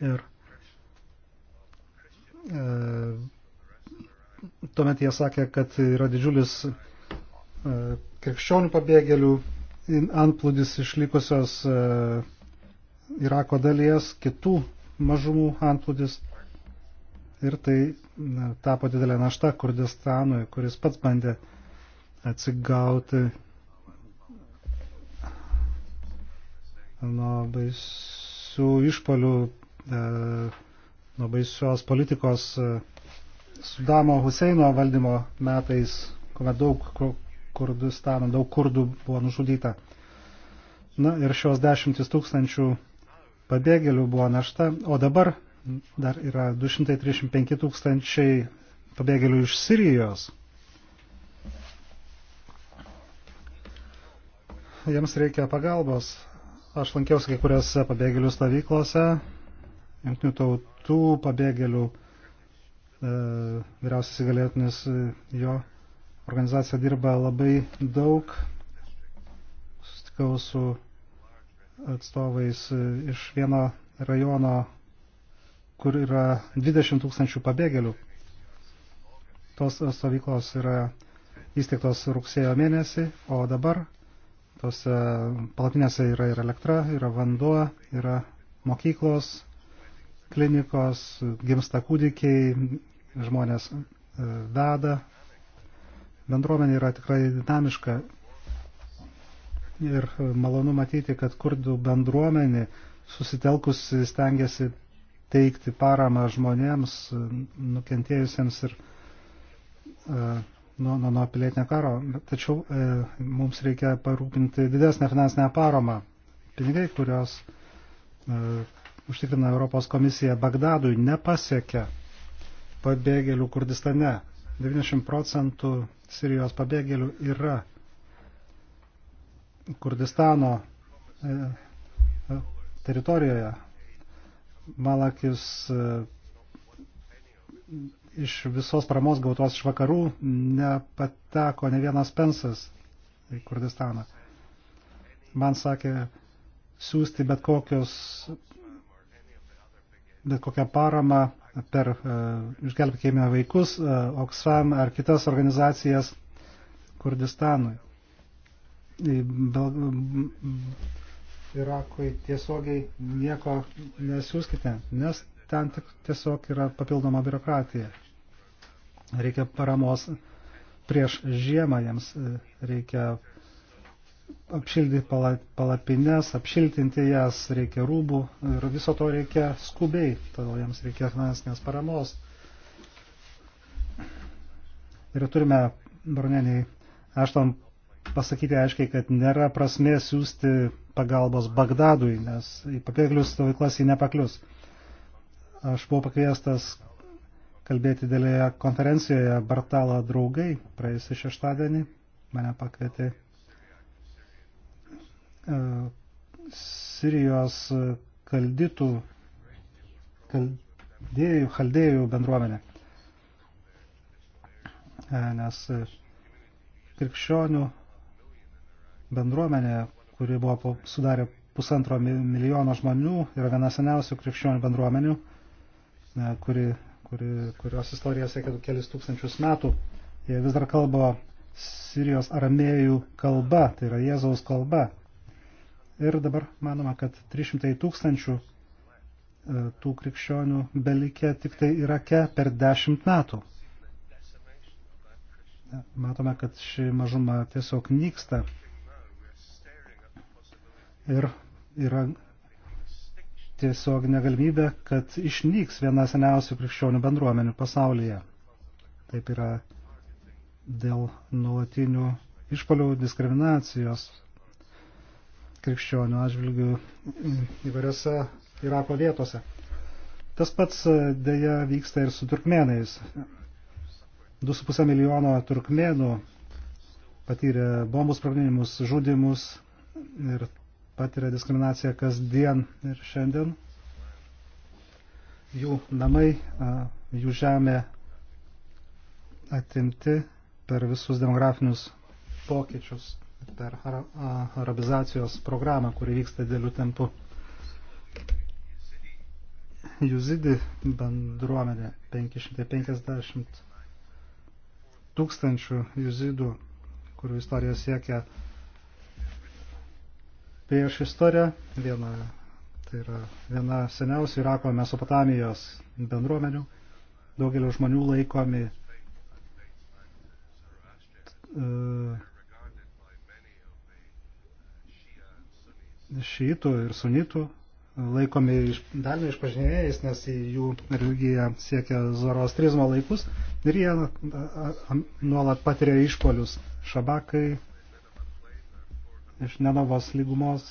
ir e, tuomet jie sakė, kad yra didžiulis e, krikščionių pabėgėlių antplūdis išlikusios Irako dalies, kitų mažumų antplūdis ir tai na, tapo didelė našta Kurdistanui, kuris pats bandė atsigauti nuo baisių išpolių, e, nuo baisios politikos e, Sudamo Huseino valdymo metais, kuomet daug Kurdistano, daug kurdų buvo nužudyta. Na ir šios dešimtis tūkstančių pabėgėlių buvo našta, o dabar dar yra 235 tūkstančiai pabėgėlių iš Sirijos. Jiems reikia pagalbos. Aš lankiausi kai kuriuose pabėgėlių stovyklose, jungtinių tautų pabėgėlių e, vyriausias įgalėtinis e, jo organizacija dirba labai daug. Sustikau su atstovais e, iš vieno rajono kur yra 20 tūkstančių pabėgėlių. Tos stovyklos yra įsteigtos rugsėjo mėnesį, o dabar tos e, palapinėse yra ir elektra, yra vanduo, yra mokyklos, klinikos, gimsta kūdikiai, žmonės e, veda. Bendruomenė yra tikrai dinamiška ir malonu matyti, kad kurdų bendruomenė susitelkus stengiasi teikti paramą žmonėms e, nukentėjusiems ir uh, nuo, nuo, nuo pilietinio karo, tačiau uh, mums reikia parūpinti didesnę finansinę paramą. Pinigai, kurios uh, užtikrina Europos komisija Bagdadui, nepasiekia pabėgėlių Kurdistane. 90 procentų Sirijos pabėgėlių yra Kurdistano teritorijoje, Malakis e, iš visos paramos gautos iš vakarų nepateko ne vienas pensas į Kurdistaną. Man sakė siūsti bet kokios bet kokią paramą per uh, išgelbėkime vaikus, uh, e, Oxfam ar kitas organizacijas Kurdistanui. Bel, Irakui tiesiogiai nieko nesiūskite, nes ten tik tiesiog yra papildoma biurokratija. Reikia paramos prieš žiemą jiems, e, reikia apšildyti palapines, apšiltinti jas, reikia rūbų ir viso to reikia skubiai, todėl jiems reikia finansinės paramos. Ir turime, baronieniai, aš tam pasakyti aiškiai, kad nėra prasmės siūsti pagalbos Bagdadui, nes į pabėgėlių stovyklas jį nepaklius. Aš buvau pakviestas kalbėti dėlėje konferencijoje Bartalo draugai praėjusį šeštadienį. Mane pakvietė uh, Sirijos kalditų, kaldėjų, chaldėjų bendruomenė. Uh, nes e, krikščionių bendruomenė kuri buvo sudarė pusantro milijono žmonių, yra viena seniausių krikščionių bendruomenių, e, kuri, kuri, kurios istorija siekia kelis tūkstančius metų. Jie vis dar kalba Sirijos aramėjų kalba, tai yra Jėzaus kalba. Ir dabar manoma, kad 300 tūkstančių e, tų krikščionių belikė tik tai Irake per 10 metų. E, matome, kad ši mažuma tiesiog nyksta ir yra tiesiog negalimybė, kad išnyks viena seniausių krikščionių bendruomenių pasaulyje. Taip yra dėl nuolatinių išpolių diskriminacijos krikščionių atžvilgių įvairiose Irako vietose. Tas pats e, dėja vyksta ir su turkmenais. 2,5 milijono turkmenų patyrė bombų sprogdinimus, žudimus ir patiria diskriminaciją kasdien ir šiandien. Jų namai, jų žemė atimti per visus demografinius pokyčius, per arabizacijos programą, kuri vyksta dėlių tempu. Juzidi bendruomenė 550 tūkstančių juzidų, kurių istorija siekia prieš istoriją. Viena, tai yra viena seniausių Irako Mesopotamijos bendruomenių. Daugelio žmonių laikomi e, šytų ir sunitų laikomi iš, dalinai išpažinėjais, nes jų religija siekia zoroastrizmo laikus ir jie nuolat patiria išpolius. Šabakai, iš Nenavos lygumos.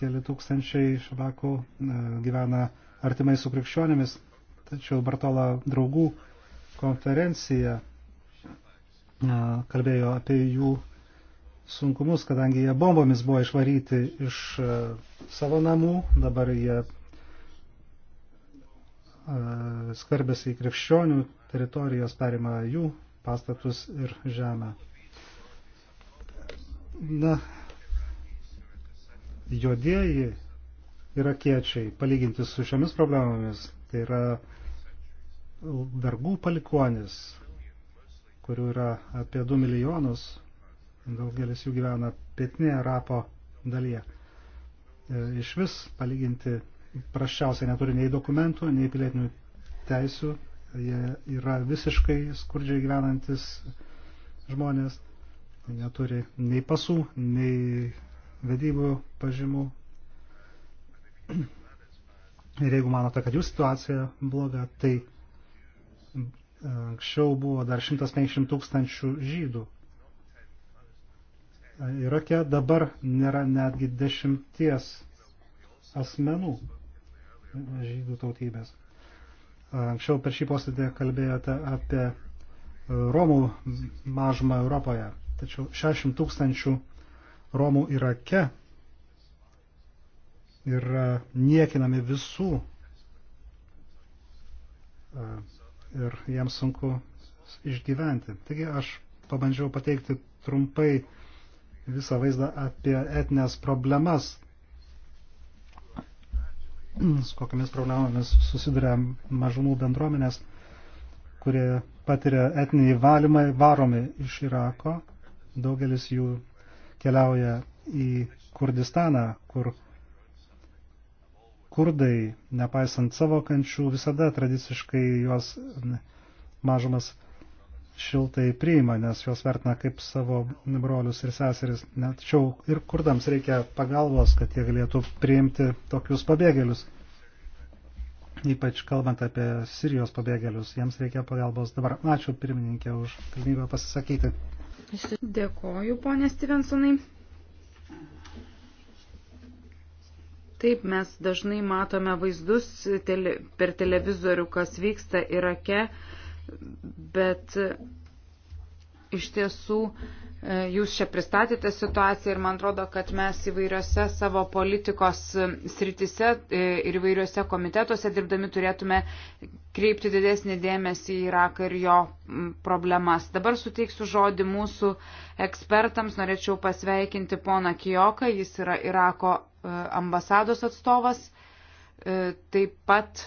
Keli tūkstančiai švakų e, gyvena artimai su krikščionimis, tačiau Bartola draugų konferencija e, kalbėjo apie jų sunkumus, kadangi jie bombomis buvo išvaryti iš e, savo namų, dabar jie skarbėsi į krikščionių teritorijas, perima jų pastatus ir žemę. Na, juodieji irakiečiai, palyginti su šiomis problemomis, tai yra vergų palikonis, kurių yra apie 2 milijonus, daugelis jų gyvena pietinėje rapo dalyje. E, iš vis palyginti praščiausiai neturi nei dokumentų, nei pilietinių teisių, jie yra visiškai skurdžiai gyvenantis žmonės neturi nei pasų, nei vedybų pažymų. Ir jeigu manote, kad jų situacija bloga, tai anksčiau buvo dar 150 tūkstančių žydų. Irake dabar nėra netgi dešimties asmenų žydų tautybės. Anksčiau per šį posėdį kalbėjote apie Romų mažumą Europoje. Tačiau 60 tūkstančių Romų Irake yra niekinami visų ir jiems sunku išgyventi. Taigi aš pabandžiau pateikti trumpai visą vaizdą apie etinės problemas, su kokiamis problemomis susiduria mažumų bendruomenės, kurie patiria etinį valymą varomi iš Irako Daugelis jų keliauja į Kurdistaną, kur kurdai, nepaisant savo kančių, visada tradiciškai juos mažumas šiltai priima, nes juos vertina kaip savo brolius ir seseris. Tačiau ir kurdams reikia pagalbos, kad jie galėtų priimti tokius pabėgėlius. Ypač kalbant apie Sirijos pabėgėlius, jiems reikia pagalbos dabar. Ačiū pirmininkė už galimybę pasisakyti. Dėkoju, ponė Stevensonai. Taip, mes dažnai matome vaizdus tele, per televizorių, kas vyksta Irake, bet iš tiesų e, jūs čia pristatėte situaciją ir man atrodo, kad mes įvairiose savo politikos e, sritise e, ir įvairiose komitetuose dirbdami turėtume kreipti didesnį dėmesį į Iraką ir jo problemas. Dabar suteiksiu žodį mūsų ekspertams. Norėčiau pasveikinti poną Kijoką, jis yra Irako ambasados atstovas. Taip pat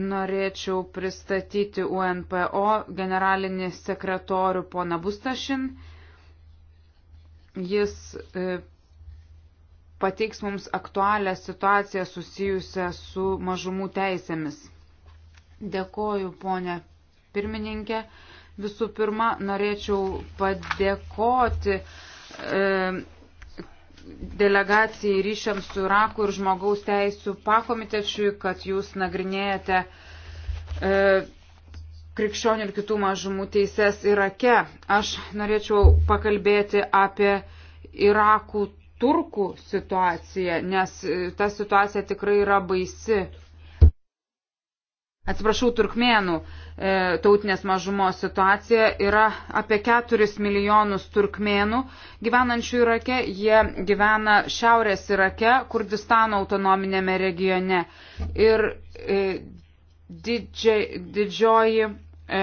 norėčiau pristatyti UNPO generalinį sekretorių poną Bustašin. Jis e, pateiks mums aktualią situaciją susijusią su mažumų teisėmis. Dėkoju, ponė pirmininkė. Visų pirma, norėčiau padėkoti e, delegacijai ryšiams su Iraku ir žmogaus teisų pakomitečiui, kad jūs nagrinėjate e, krikščionių ir kitų mažumų teises Irake. Aš norėčiau pakalbėti apie Irakų turkų situaciją, nes e, ta situacija tikrai yra baisi atsiprašau, turkmėnų e, tautinės mažumos situacija yra apie 4 milijonus turkmėnų gyvenančių Irake. Jie gyvena šiaurės Irake, Kurdistano autonominėme regione. Ir e, didžiai, didžioji e,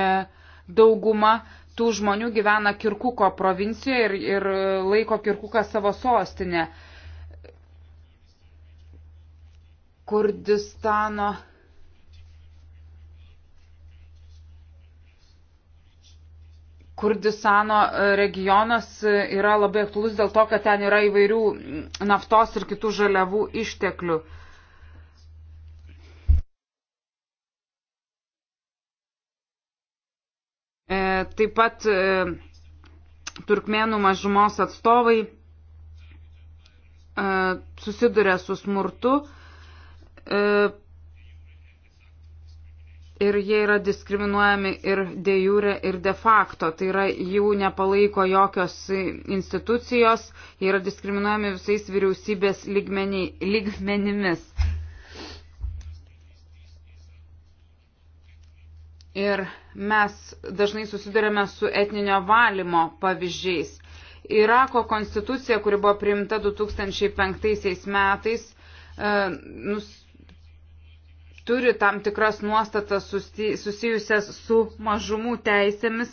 dauguma tų žmonių gyvena Kirkuko provincijoje ir, ir laiko Kirkuką savo sostinę. Kurdistano Kurdistano e, regionas e, yra labai aktuolus dėl to, kad ten yra įvairių naftos ir kitų žaliavų išteklių. E, taip pat turkmėnų mažumos atstovai susiduria su smurtu ir jie yra diskriminuojami ir de jure, ir de facto. Tai yra, jų nepalaiko jokios institucijos, jie yra diskriminuojami visais vyriausybės lygmenį, lygmenimis. Ir mes dažnai susidurėme su etninio valymo pavyzdžiais. Irako konstitucija, kuri buvo priimta 2005 metais, e, nus, turi tam tikras nuostatas susijusias su mažumų teisėmis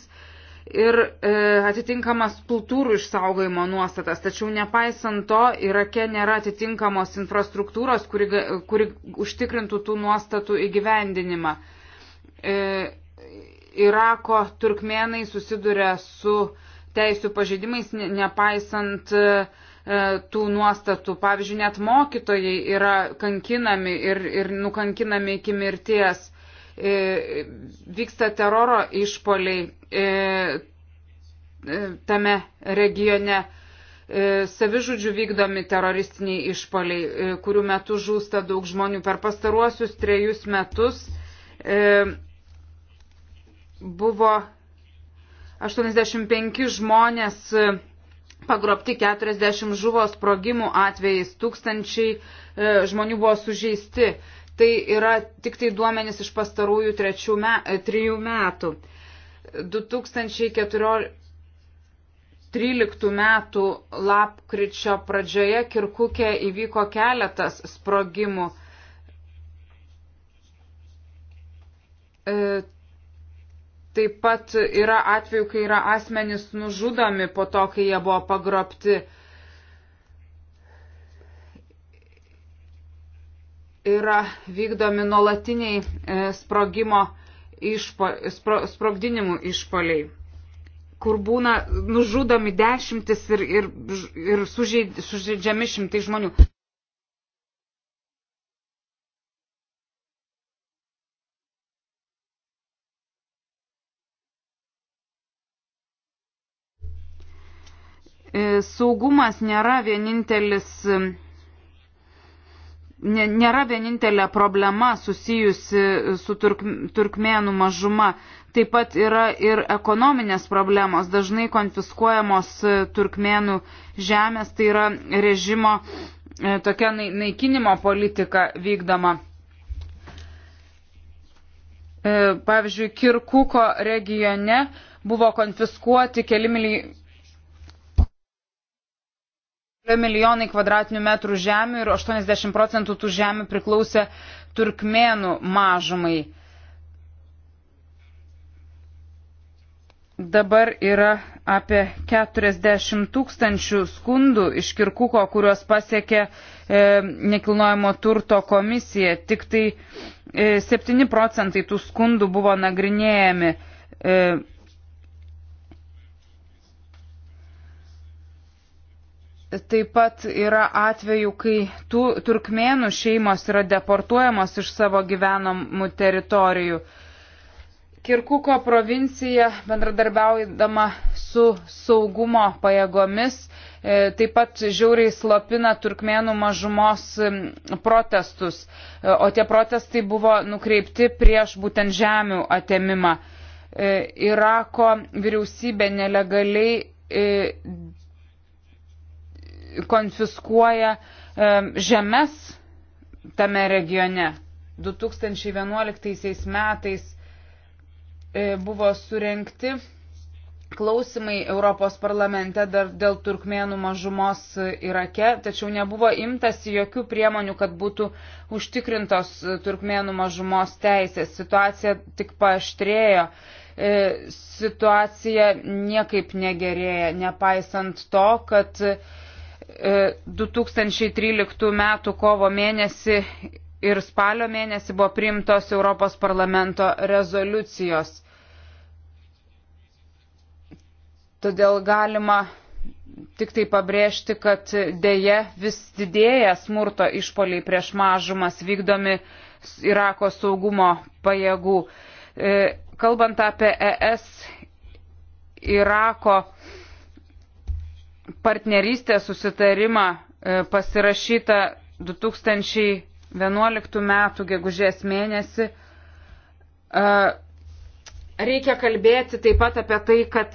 ir e, atitinkamas kultūrų išsaugojimo nuostatas. Tačiau nepaisant to, Irake nėra atitinkamos infrastruktūros, kuri, kuri užtikrintų tų nuostatų įgyvendinimą. E, Irako turkmenai susiduria su teisų pažeidimais, nepaisant e, E, tų nuostatų. Pavyzdžiui, net mokytojai yra kankinami ir, ir nukankinami iki mirties. E, vyksta teroro išpoliai e, e, tame regione. E, savižudžių vykdomi teroristiniai išpoliai, e, kurių metu žūsta daug žmonių. Per pastaruosius trejus metus e, buvo 85 žmonės pagrobti 40 žuvo sprogimų atvejais, tūkstančiai e, žmonių buvo sužeisti. Tai yra tik tai duomenis iš pastarųjų trečių me, e, trijų metų. 2013 metų lapkričio pradžioje Kirkukė įvyko keletas sprogimų. E, Taip pat yra atveju, kai yra asmenys nužudomi po to, kai jie buvo pagrobti. Yra vykdomi nuolatiniai e, sprogimo išpo, spro, sprogdinimų išpoliai, kur būna nužudomi dešimtis ir, ir, ir sužeidžiami šimtai žmonių. E, saugumas nėra vienintelis e, nėra vienintelė problema susijusi su turk, turkmėnų mažuma. Taip pat yra ir ekonominės problemos. Dažnai konfiskuojamos e, turkmėnų žemės, tai yra režimo tokia naikinimo politika vykdoma. Pavyzdžiui, Kirkuko regione buvo konfiskuoti keli milijonai kvadratinių metrų žemių ir 80 procentų tų žemių priklausė turkmėnų mažumai. Dabar yra apie 40 tūkstančių skundų iš Kirkuko, kuriuos pasiekė e, nekilnojamo turto komisija. Tik tai e, 7 procentai tų skundų buvo nagrinėjami. E, Taip pat yra atvejų, kai tų turkmėnų šeimos yra deportuojamos iš savo gyvenamų teritorijų. Kirkuko provincija, bendradarbiaudama su saugumo pajėgomis, e, taip pat žiauriai slopina turkmėnų mažumos protestus, e, o tie protestai buvo nukreipti prieš būtent žemių atėmimą. E, Irako vyriausybė nelegaliai konfiskuoja žemės tame regione. 2011 metais e, buvo surenkti klausimai Europos parlamente dėl turkmėnų mažumos Irake, tačiau nebuvo imtasi jokių priemonių, kad būtų užtikrintos turkmėnų mažumos teisės. Situacija tik paaštrėjo, e, situacija niekaip negerėja, nepaisant to, kad 2013 e, m. kovo mėnesį ir spalio mėnesį buvo priimtos Europos parlamento rezoliucijos. Todėl galima tik tai pabrėžti, kad dėje vis didėja smurto išpoliai prieš mažumas vykdomi Irako saugumo pajėgų. E, kalbant apie ES Irako partnerystės susitarimą pasirašytą 2011 m. gegužės mėnesį. E, reikia kalbėti taip pat apie tai, kad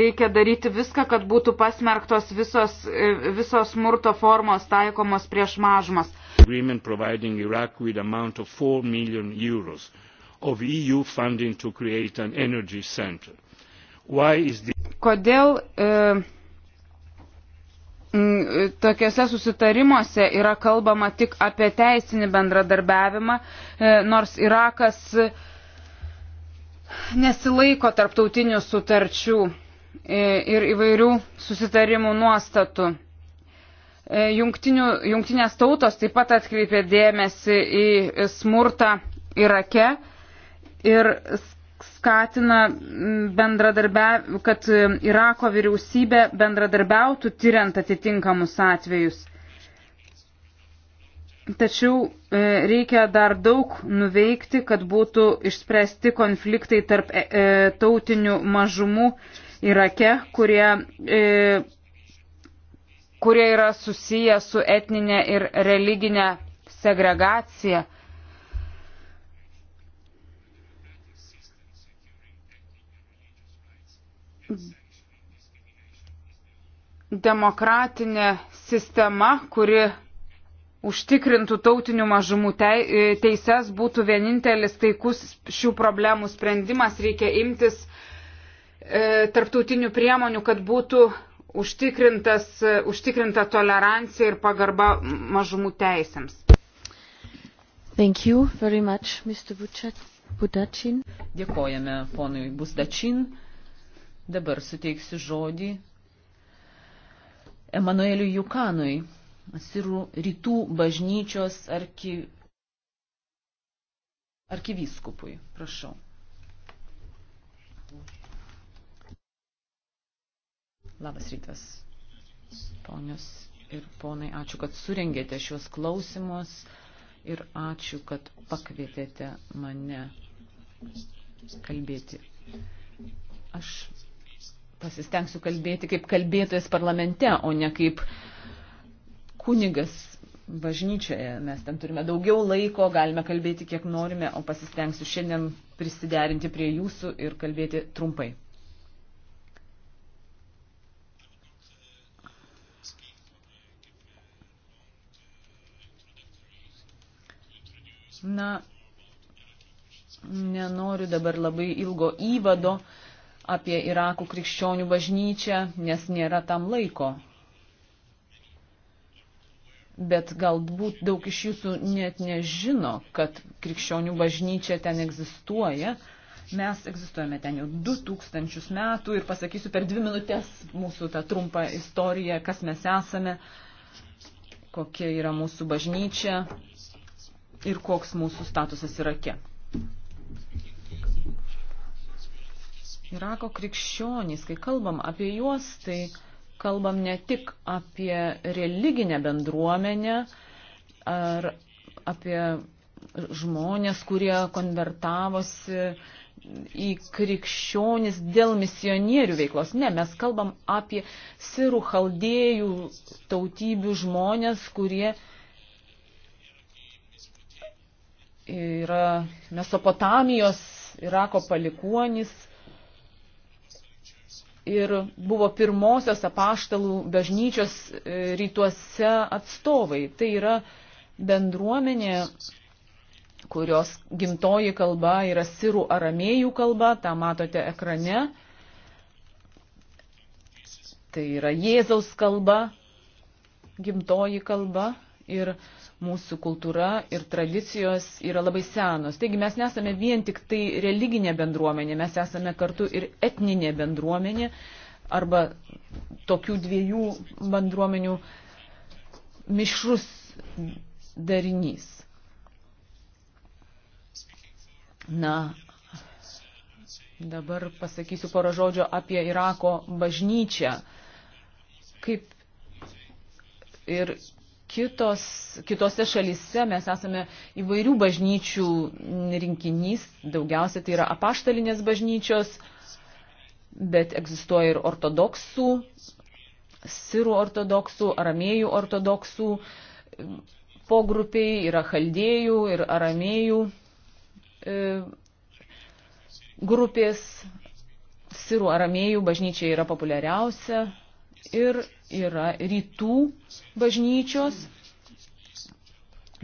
reikia daryti viską, kad būtų pasmerktos visos, e, visos smurto formos taikomos prieš mažumas. Agreement providing Iraq with amount of 4 million euros of EU funding to create an energy center. Kodėl e, tokiuose susitarimuose yra kalbama tik apie teisinį bendradarbiavimą, e, nors Irakas nesilaiko tarptautinių sutarčių e, ir įvairių susitarimų nuostatų. E, jungtinių, jungtinės tautos taip pat atkreipė dėmesį į smurtą Irake ir skatina bendradarbiavimą, kad Irako vyriausybė bendradarbiautų tyriant atitinkamus atvejus. Tačiau e, reikia dar daug nuveikti, kad būtų išspręsti konfliktai tarp e, e, tautinių mažumų Irake, kurie, kurie yra susiję su etninė ir religinė segregacija. demokratinė sistema, kuri užtikrintų tautinių mažumų e, teises, būtų vienintelis taikus šių problemų sprendimas. Reikia imtis e, tarptautinių priemonių, kad būtų e, užtikrinta tolerancija ir pagarba mažumų teisėms. Thank you very much, Mr. Budacin. Dėkojame ponui Busdačin. Dabar suteiksiu žodį Emanueliu Jukanui, Sirų rytų bažnyčios arki... arkivyskupui. Prašau. Labas rytas, ponios ir ponai. Ačiū, kad surengėte šios klausimus ir ačiū, kad pakvietėte mane kalbėti. Aš pasistengsiu kalbėti kaip kalbėtojas parlamente, o ne kaip kunigas bažnyčioje. Mes ten turime daugiau laiko, galime kalbėti kiek norime, o pasistengsiu šiandien prisiderinti prie jūsų ir kalbėti trumpai. Na, nenoriu dabar labai ilgo įvado apie Irakų krikščionių bažnyčią, nes nėra tam laiko. Bet galbūt daug iš jūsų net nežino, kad krikščionių bažnyčia ten egzistuoja. Mes egzistuojame ten jau 2000 metų ir pasakysiu per dvi minutės mūsų tą trumpą istoriją, kas mes esame, kokia yra mūsų bažnyčia ir koks mūsų statusas Irake. Irako krikščionys, kai kalbam apie juos, tai kalbam ne tik apie religinę bendruomenę ar apie žmonės, kurie konvertavosi į krikščionis dėl misionierių veiklos. Ne, mes kalbam apie sirų chaldėjų tautybių žmonės, kurie yra Mesopotamijos, Irako palikuonys ir buvo pirmosios apaštalų bažnyčios e, rytuose atstovai. Tai yra bendruomenė, kurios gimtoji kalba yra sirų aramėjų kalba, tą matote ekrane. Tai yra Jėzaus kalba, gimtoji kalba. Ir uh, mūsų kultūra ir tradicijos yra labai senos. Taigi mes nesame vien tik tai religinė bendruomenė, mes esame kartu ir etninė bendruomenė arba tokių dviejų bendruomenių mišrus darinys. Na, dabar pasakysiu porą žodžio apie Irako bažnyčią. Kaip ir kitos, kitose šalyse mes esame įvairių bažnyčių rinkinys, daugiausia tai yra apaštalinės bažnyčios, bet egzistuoja ir ortodoksų, sirų ortodoksų, aramėjų ortodoksų pogrupiai, yra chaldėjų ir aramėjų e, grupės. Sirų aramėjų bažnyčia yra populiariausia ir yra rytų bažnyčios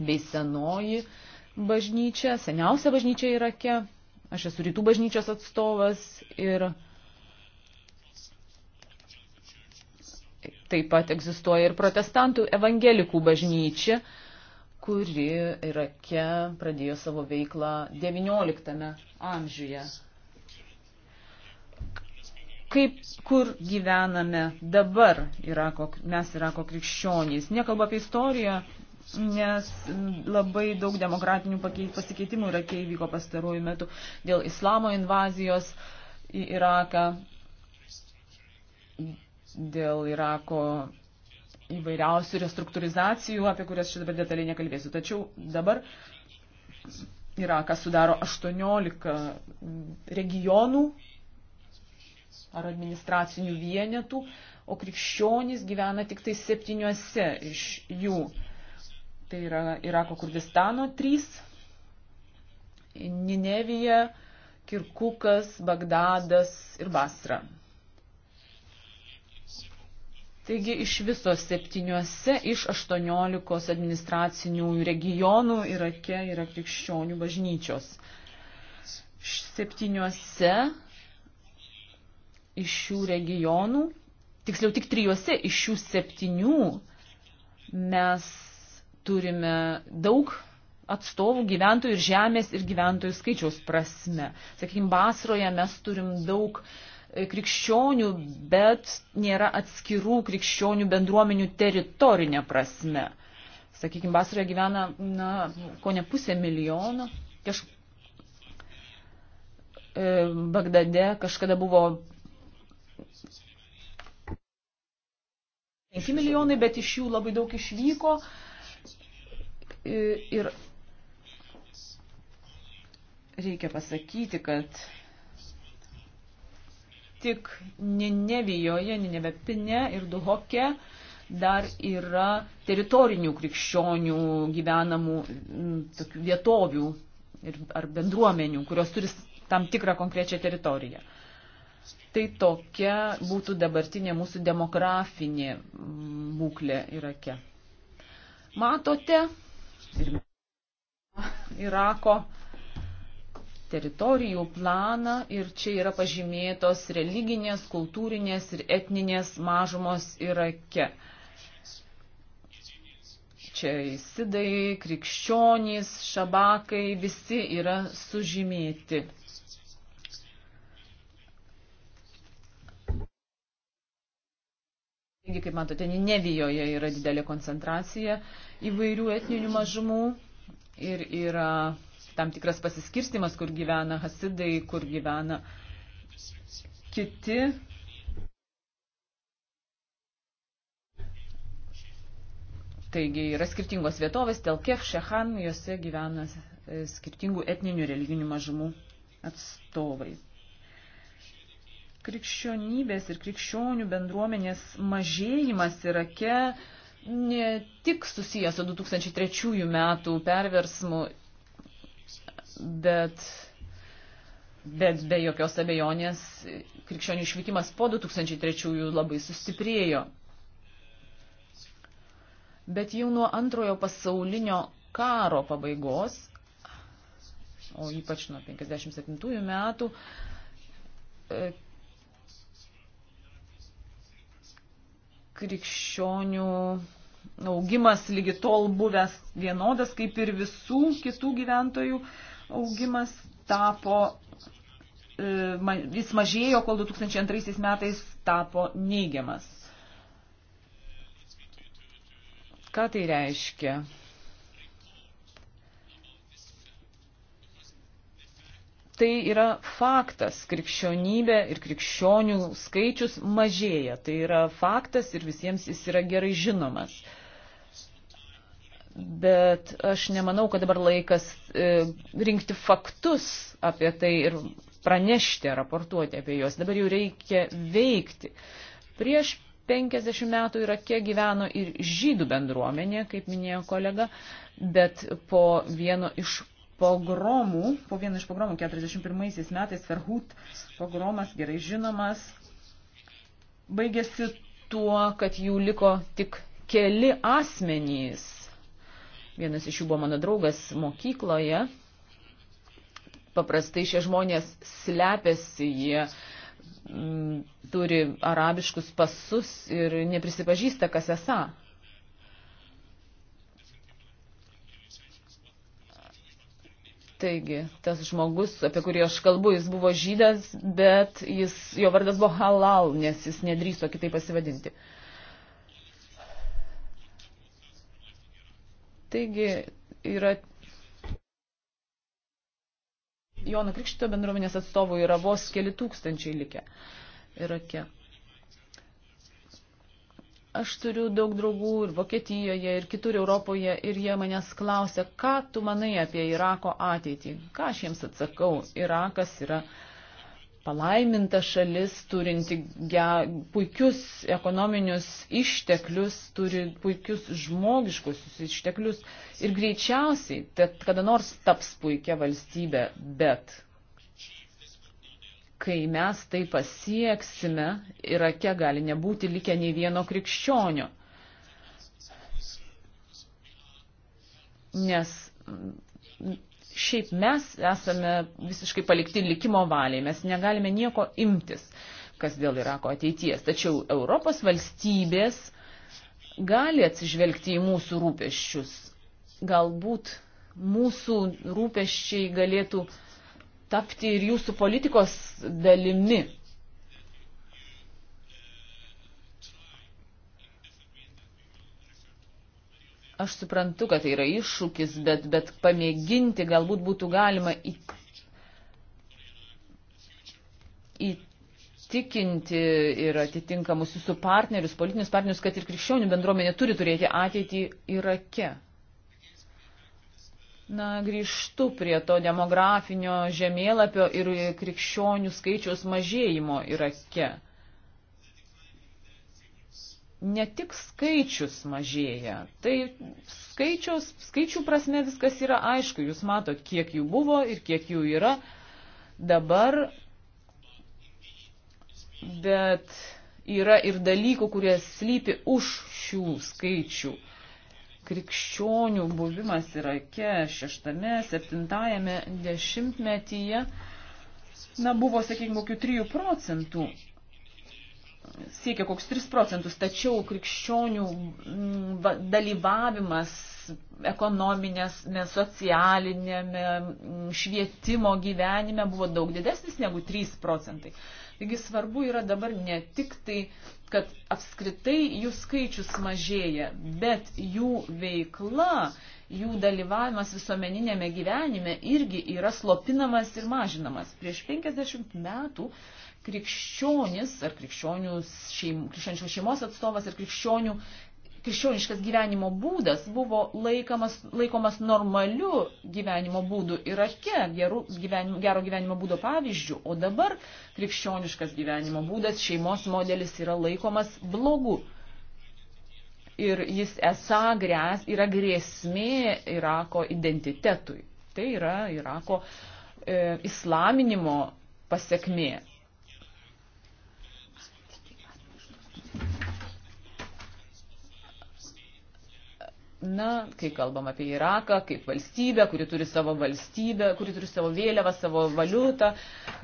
bei senoji bažnyčia, seniausia bažnyčia Irake. Aš esu rytų bažnyčios atstovas ir taip pat egzistuoja ir protestantų evangelikų bažnyčia, kuri Irake pradėjo savo veiklą XIX amžiuje kaip, kur gyvename dabar Irako, mes Irako krikščionys. Nekalbu apie istoriją, nes labai daug demokratinių pasikeitimų Irake įvyko pastaruoju metu dėl islamo invazijos į Iraką, dėl Irako įvairiausių restruktūrizacijų, apie kurias šitą dabar detaliai nekalbėsiu. Tačiau dabar Irakas sudaro 18 regionų ar administracinių vienetų, o krikščionys gyvena tik tai septyniuose iš jų. Tai yra Irako Kurdistano trys, Ninevija, Kirkukas, Bagdadas ir Basra. Taigi iš viso septyniuose iš aštuoniolikos administracinių regionų Irake yra krikščionių bažnyčios. Septyniuose iš šių regionų, tiksliau tik trijuose iš šių septynių mes turime daug atstovų gyventojų ir žemės ir gyventojų skaičiaus prasme. Sakykime, Basroje mes turim daug e, krikščionių, bet nėra atskirų krikščionių bendruomenių teritorinė prasme. Sakykime, Basroje gyvena, na, ko ne pusė milijono. Kaž... E, Bagdade kažkada buvo 5 milijonai, bet iš jų labai daug išvyko. Ir reikia pasakyti, kad tik Ninevijoje, Ninevepine ir Duhoke dar yra teritorinių krikščionių gyvenamų tokių vietovių ir, ar bendruomenių, kurios turi tam tikrą konkrečią teritoriją. Štai tokia būtų dabartinė mūsų demografinė būklė Irake. Matote Irako teritorijų planą ir čia yra pažymėtos religinės, kultūrinės ir etninės mažumos Irake. Čia įsidai, krikščionys, šabakai, visi yra sužymėti Taigi, kaip matote, Nevijoje yra didelė koncentracija įvairių etninių mažumų ir yra tam tikras pasiskirstimas, kur gyvena hasidai, kur gyvena kiti. Taigi yra skirtingos vietovės, Telkef, Šehan, juose gyvena skirtingų etninių religinių mažumų atstovai krikščionybės ir krikščionių bendruomenės mažėjimas Irake ne tik susijęs su 2003 metų perversmu, bet, bet be jokios abejonės krikščionių išvykimas po 2003 labai sustiprėjo. Bet jau nuo antrojo pasaulinio karo pabaigos, o ypač nuo 57 metų, krikščionių augimas lygi tol buvęs vienodas, kaip ir visų kitų gyventojų augimas tapo, jis e, mažėjo, kol 2002 metais tapo neigiamas. Ką tai reiškia? tai yra faktas. Krikščionybė ir krikščionių skaičius mažėja. Tai yra faktas ir visiems jis yra gerai žinomas. Bet aš nemanau, kad dabar laikas e, rinkti faktus apie tai ir pranešti, raportuoti apie juos. Dabar jau reikia veikti. Prieš 50 metų Irake gyveno ir žydų bendruomenė, kaip minėjo kolega, bet po vieno iš pogromų, po vieno iš pogromų 41 metais, Ferhut pogromas gerai žinomas, baigėsi tuo, kad jų liko tik keli asmenys. Vienas iš jų buvo mano draugas mokykloje. Paprastai šie žmonės slepiasi, jie m, mm, turi arabiškus pasus ir neprisipažįsta, kas esą. Taigi, tas žmogus, apie kurį aš kalbu, jis buvo žydas, bet jis, jo vardas buvo halal, nes jis nedrįso kitaip pasivadinti. Taigi, yra Jono Krikštito bendruomenės atstovų yra vos keli tūkstančiai likę Irake. Aš turiu daug draugų ir Vokietijoje, ir kitur Europoje, ir jie manęs klausia, ką tu manai apie Irako ateitį. Ką aš jiems atsakau? Irakas yra palaiminta šalis, turinti ge, puikius ekonominius išteklius, turi puikius žmogiškusius išteklius ir greičiausiai, kad kada nors taps puikia valstybė, bet kai mes tai pasieksime, Irake gali nebūti likę nei vieno krikščionio. Nes šiaip mes esame visiškai palikti likimo valiai, mes negalime nieko imtis, kas dėl Irako ateities. Tačiau Europos valstybės gali atsižvelgti į mūsų rūpeščius. Galbūt mūsų rūpeščiai galėtų uh, tapti ir jūsų politikos dalimi. Aš suprantu, kad tai yra iššūkis, bet, bet pamėginti galbūt būtų galima į, įtikinti ir atitinkamus jūsų partnerius, politinius partnerius, kad ir krikščionių bendruomenė turi turėti ateitį Irake. Ir Na, grįžtu prie to demografinio žemėlapio ir krikščionių skaičiaus mažėjimo Irake. Ne tik skaičius mažėja, tai skaičiaus, skaičių prasme viskas yra aišku, jūs matot, kiek jų buvo ir kiek jų yra dabar, bet yra ir dalykų, kurie slypi už šių skaičių krikščionių buvimas Irake šeštame, septintame dešimtmetyje, na, buvo, sakykime, kokių 3 procentų, siekia koks 3 procentus, tačiau krikščionių mm, dalyvavimas ekonominės, socialinėme, mm, švietimo gyvenime buvo daug didesnis negu 3 procentai. Taigi svarbu yra dabar ne tik tai, kad apskritai jų skaičius mažėja, bet jų veikla, jų dalyvavimas visuomeninėme gyvenime irgi yra slopinamas ir mažinamas. Prieš 50 metų krikščionis ar krikščionių šeim, krikščionių šeimos atstovas ar krikščionių krikščioniškas gyvenimo būdas buvo laikamas, laikomas normaliu gyvenimo būdu Irake, geru, gyvenimo, gero gyvenimo būdo pavyzdžių, o dabar krikščioniškas gyvenimo būdas, šeimos modelis yra laikomas blogu. Ir jis esą grės, yra grėsmė Irako identitetui. Tai yra Irako e, islaminimo pasiekmė. Na, kai kalbam apie Iraką kaip valstybę, kuri turi savo valstybę, kuri turi savo vėliavą, savo valiutą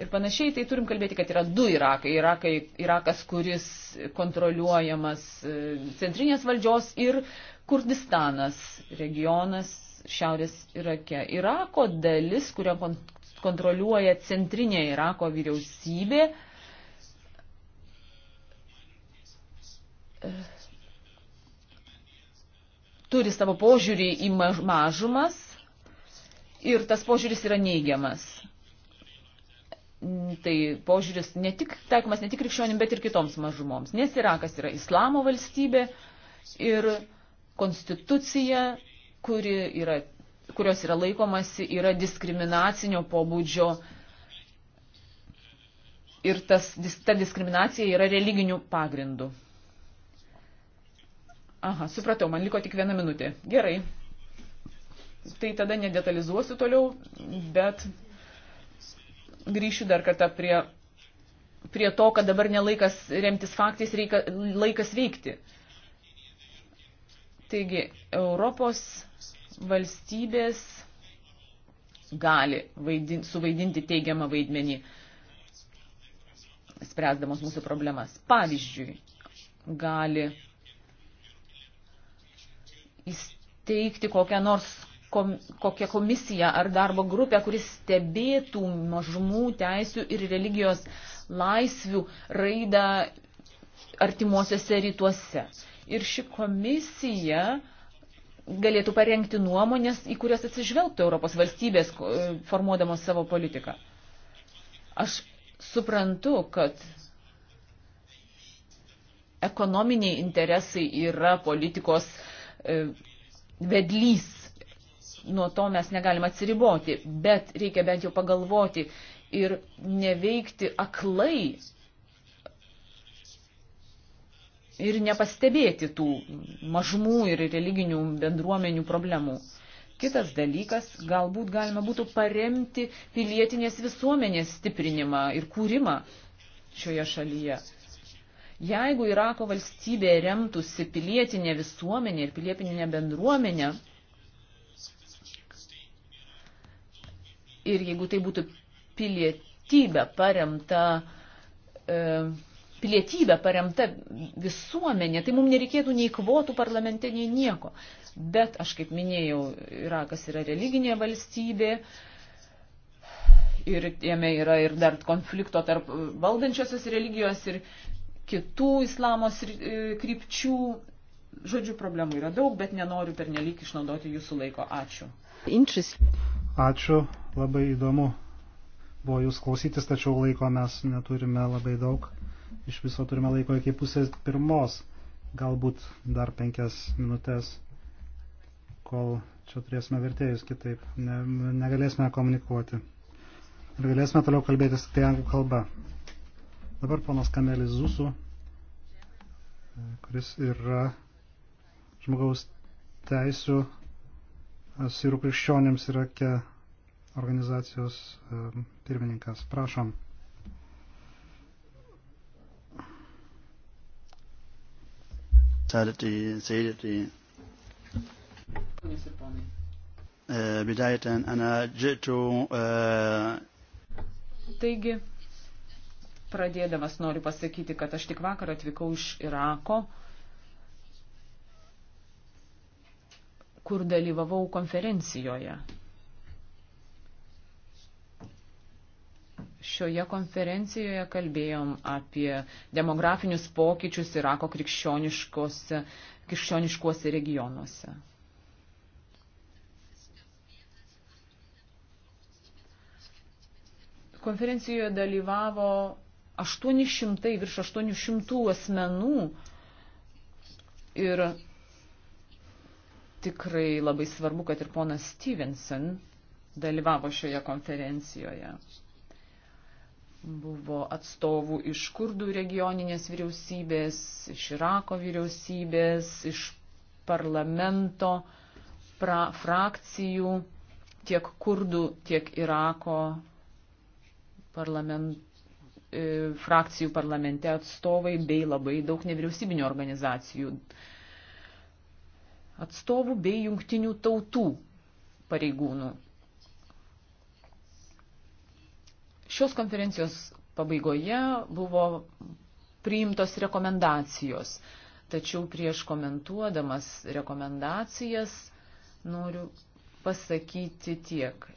ir panašiai, tai turim kalbėti, kad yra du Irakai. Irakai Irakas, kuris kontroliuojamas e, centrinės valdžios ir Kurdistanas regionas šiaurės Irake. Irako dalis, kurią kontroliuoja centrinė Irako vyriausybė. Uh, turi savo požiūrį į mažumas ir tas požiūris yra neigiamas. Tai požiūris ne tik taikomas ne tik krikščionim, bet ir kitoms mažumoms. Nes Irakas yra islamo valstybė ir konstitucija, kuri yra, kurios yra laikomasi, yra diskriminacinio pobūdžio ir tas, ta diskriminacija yra religinių pagrindų. Aha, supratau, man liko tik viena minutė. Gerai. Tai tada nedetalizuosiu toliau, bet grįšiu dar kartą prie, prie to, kad dabar nelaikas remtis faktais, reika, laikas veikti. Taigi, Europos valstybės gali vaidin, suvaidinti teigiamą vaidmenį, spręsdamos mūsų problemas. Pavyzdžiui, gali įsteigti kokią nors kom, kokią komisiją ar darbo grupę, kuris stebėtų mažumų teisių ir religijos laisvių raidą artimuosiuose rytuose. Ir ši komisija galėtų parengti nuomonės, į kurias atsižvelgtų Europos valstybės formuodamos savo politiką. Aš suprantu, kad ekonominiai interesai yra politikos uh, E, vedlys. Nuo to mes negalime atsiriboti, bet reikia bent jau pagalvoti ir neveikti aklai ir nepastebėti tų mažumų ir religinių bendruomenių problemų. Kitas dalykas, galbūt galima būtų paremti pilietinės visuomenės stiprinimą ir kūrimą šioje šalyje. Jeigu Irako valstybė remtųsi pilietinė visuomenė ir pilietinė bendruomenė, ir jeigu tai būtų pilietybė paremta, e, pilietybė paremta visuomenė, tai mums nereikėtų nei kvotų parlamente, nei nieko. Bet aš kaip minėjau, Irakas yra religinė valstybė. Ir jame yra ir dar konflikto tarp valdančiosios religijos ir kitų islamos e, krypčių. Žodžių problemų yra daug, bet nenoriu pernelyg išnaudoti jūsų laiko. Ačiū. Interest. Ačiū, labai įdomu buvo jūs klausytis, tačiau laiko mes neturime labai daug. Iš viso turime laiko iki pusės pirmos, galbūt dar penkias minutės, kol čia turėsime vertėjus kitaip, ne, negalėsime komunikuoti. Ir galėsime toliau kalbėtis apie anglų kalbą. Dabar ponas Kamelis Zusu, kuris yra žmogaus teisų e, sirų krikščionėms Irake organizacijos e, pirmininkas. Prašom. سادتي سيدتي بداية أنا جئت Taigi, Pradėdamas noriu pasakyti, kad aš tik vakar atvykau iš Irako, kur dalyvavau konferencijoje. Šioje konferencijoje kalbėjom apie demografinius pokyčius Irako krikščioniškose, krikščioniškose regionuose. Konferencijoje dalyvavo 800, virš 800 asmenų. Ir tikrai labai svarbu, kad ir ponas Stevenson dalyvavo šioje konferencijoje. Buvo atstovų iš Kurdų regioninės vyriausybės, iš Irako vyriausybės, iš parlamento pra, frakcijų, tiek Kurdų, tiek Irako parlamento E, frakcijų parlamente atstovai bei labai daug nevyriausybinio organizacijų atstovų bei jungtinių tautų pareigūnų. Šios konferencijos pabaigoje buvo priimtos rekomendacijos, tačiau prieš komentuodamas rekomendacijas noriu pasakyti tiek.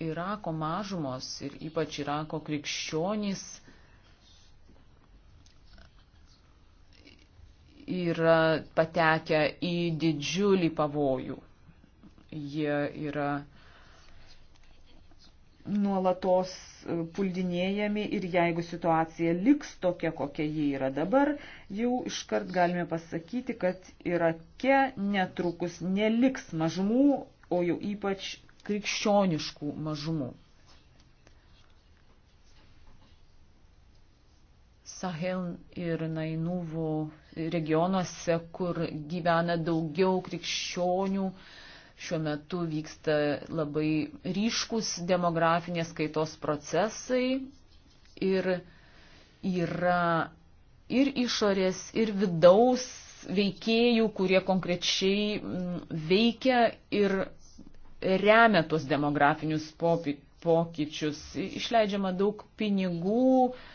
Irako mažumos ir ypač Irako krikščionys yra patekę į didžiulį pavojų. Jie yra nuolatos puldinėjami ir jeigu situacija liks tokia, kokia ji yra dabar, jau iškart galime pasakyti, kad Irake netrukus neliks mažumų, o jau ypač krikščioniškų mažumų. Sahel ir Nainuvų regionuose, kur gyvena daugiau krikščionių. Šiuo metu vyksta labai ryškus demografinės kaitos procesai ir yra ir išorės, ir vidaus veikėjų, kurie konkrečiai mm, veikia ir remia tuos demografinius pokyčius. Išleidžiama daug pinigų, uh,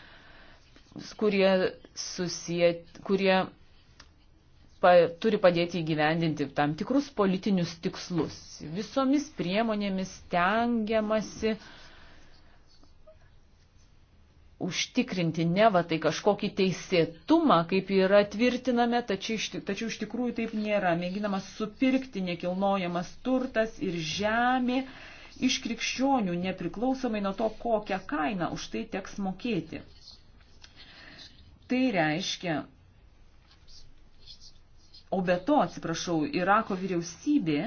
kurie, susiję, kurie pa, turi padėti įgyvendinti tam tikrus politinius tikslus. Visomis priemonėmis tengiamasi užtikrinti neva tai kažkokį teisėtumą, kaip yra tvirtiname, tačiau iš, tačiau iš tikrųjų taip nėra. Mėginamas supirkti nekilnojamas turtas ir žemė iš krikščionių nepriklausomai nuo to, kokią kainą už tai teks mokėti. Tai reiškia, o be to, atsiprašau, Irako vyriausybė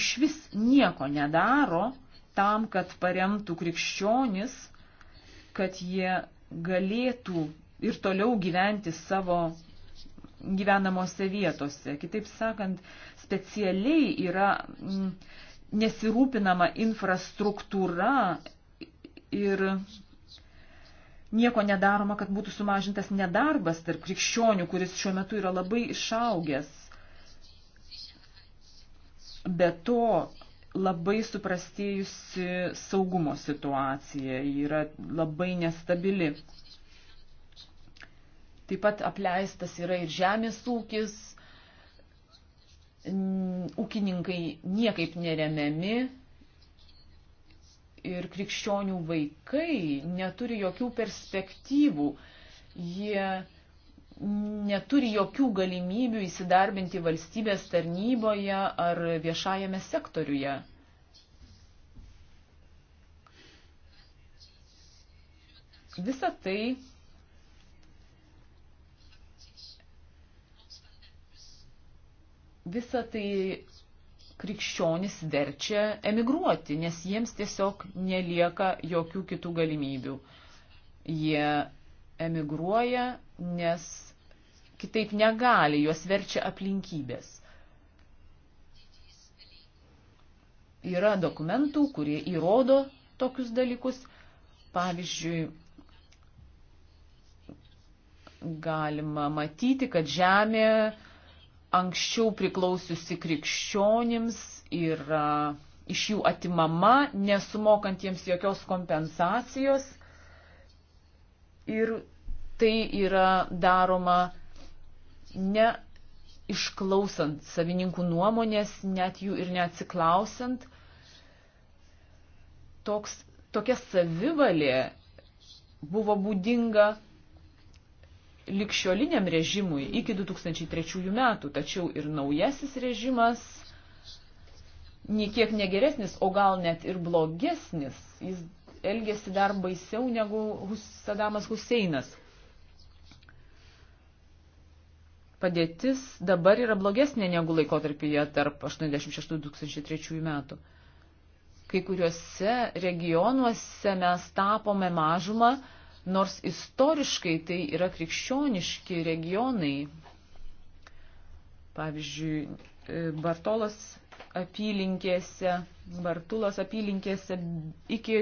iš vis nieko nedaro tam, kad paremtų krikščionis, kad jie galėtų ir toliau gyventi savo gyvenamose vietose. Kitaip sakant, specialiai yra mm, nesirūpinama infrastruktūra ir nieko nedaroma, kad būtų sumažintas nedarbas tarp krikščionių, kuris šiuo metu yra labai išaugęs. Be to, labai suprastėjusi saugumo situacija, ji yra labai nestabili. Taip pat apleistas yra ir žemės ūkis, ūkininkai niekaip neremiami, ir krikščionių vaikai neturi jokių perspektyvų. Jie neturi jokių galimybių įsidarbinti valstybės tarnyboje ar viešajame sektoriuje. Visa tai visa tai krikščionis verčia emigruoti, nes jiems tiesiog nelieka jokių kitų galimybių. Jie emigruoja, nes kitaip negali, juos verčia aplinkybės. Yra dokumentų, kurie įrodo tokius dalykus. Pavyzdžiui, galima matyti, kad žemė anksčiau priklausiusi krikščionims yra iš jų atimama, nesumokantiems jokios kompensacijos. Ir tai yra daroma ne išklausant savininkų nuomonės, net jų ir neatsiklausant. Toks, tokia savivalė buvo būdinga likščioliniam režimui iki 2003 metų, tačiau ir naujasis režimas niekiek negeresnis, o gal net ir blogesnis. Jis elgėsi dar baisiau negu Hus Sadamas Huseinas. Padėtis dabar yra blogesnė negu laikotarpyje tarp 86-2003 metų. Kai kuriuose regionuose mes tapome mažumą, nors istoriškai tai yra krikščioniški regionai. Pavyzdžiui, e, Bartolos apylinkėse, Bartulos apylinkėse iki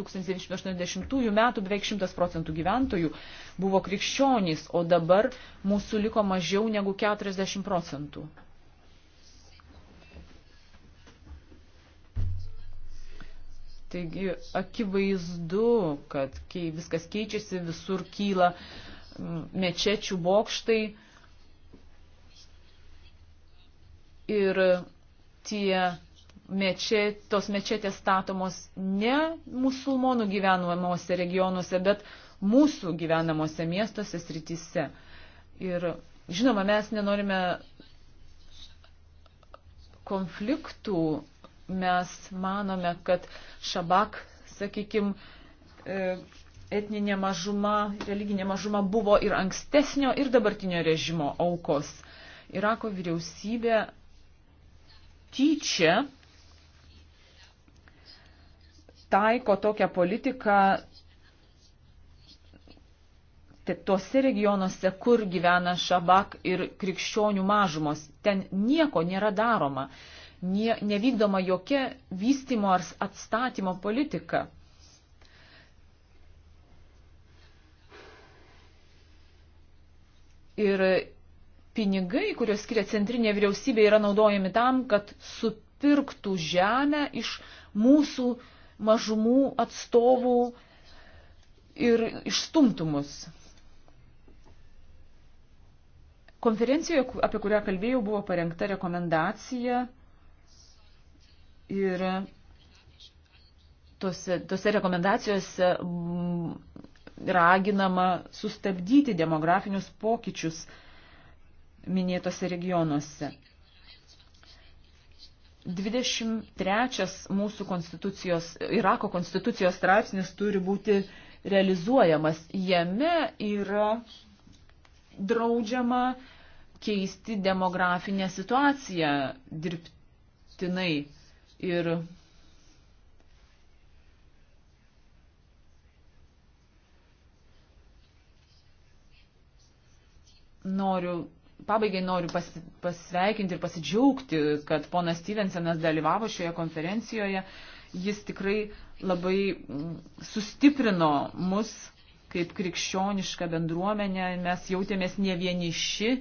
1980 metų beveik 100 procentų gyventojų buvo krikščionys, o dabar mūsų liko mažiau negu 40 procentų. Taigi akivaizdu, kad kai viskas keičiasi, visur kyla mm, mečečių bokštai ir tie mečė, tos mečetės statomos ne musulmonų gyvenamuose regionuose, bet mūsų gyvenamuose miestuose srityse. Ir žinoma, mes nenorime konfliktų mes manome, kad šabak, sakykime, etninė mažuma, religinė mažuma buvo ir ankstesnio, ir dabartinio režimo aukos. Irako vyriausybė tyčia taiko tokią politiką tuose regionuose, kur gyvena šabak ir krikščionių mažumos. Ten nieko nėra daroma nie, nevykdoma jokia vystimo ar atstatymo politika. Ir pinigai, kuriuos skiria centrinė vyriausybė, yra naudojami tam, kad supirktų žemę iš mūsų mažumų atstovų ir išstumtumus. Konferencijoje, apie kurią kalbėjau, buvo parengta rekomendacija Ir tose, tose rekomendacijose mm, raginama sustabdyti demografinius pokyčius minėtose regionuose. 23 mūsų konstitucijos, Irako konstitucijos straipsnis turi būti realizuojamas. Jame yra draudžiama keisti demografinę situaciją dirbtinai Ir noriu, pabaigai noriu pas, pasveikinti ir pasidžiaugti, kad ponas Stevensenas dalyvavo šioje konferencijoje. Jis tikrai labai mm, sustiprino mus kaip krikščionišką bendruomenę, mes jautėmės ne vieniši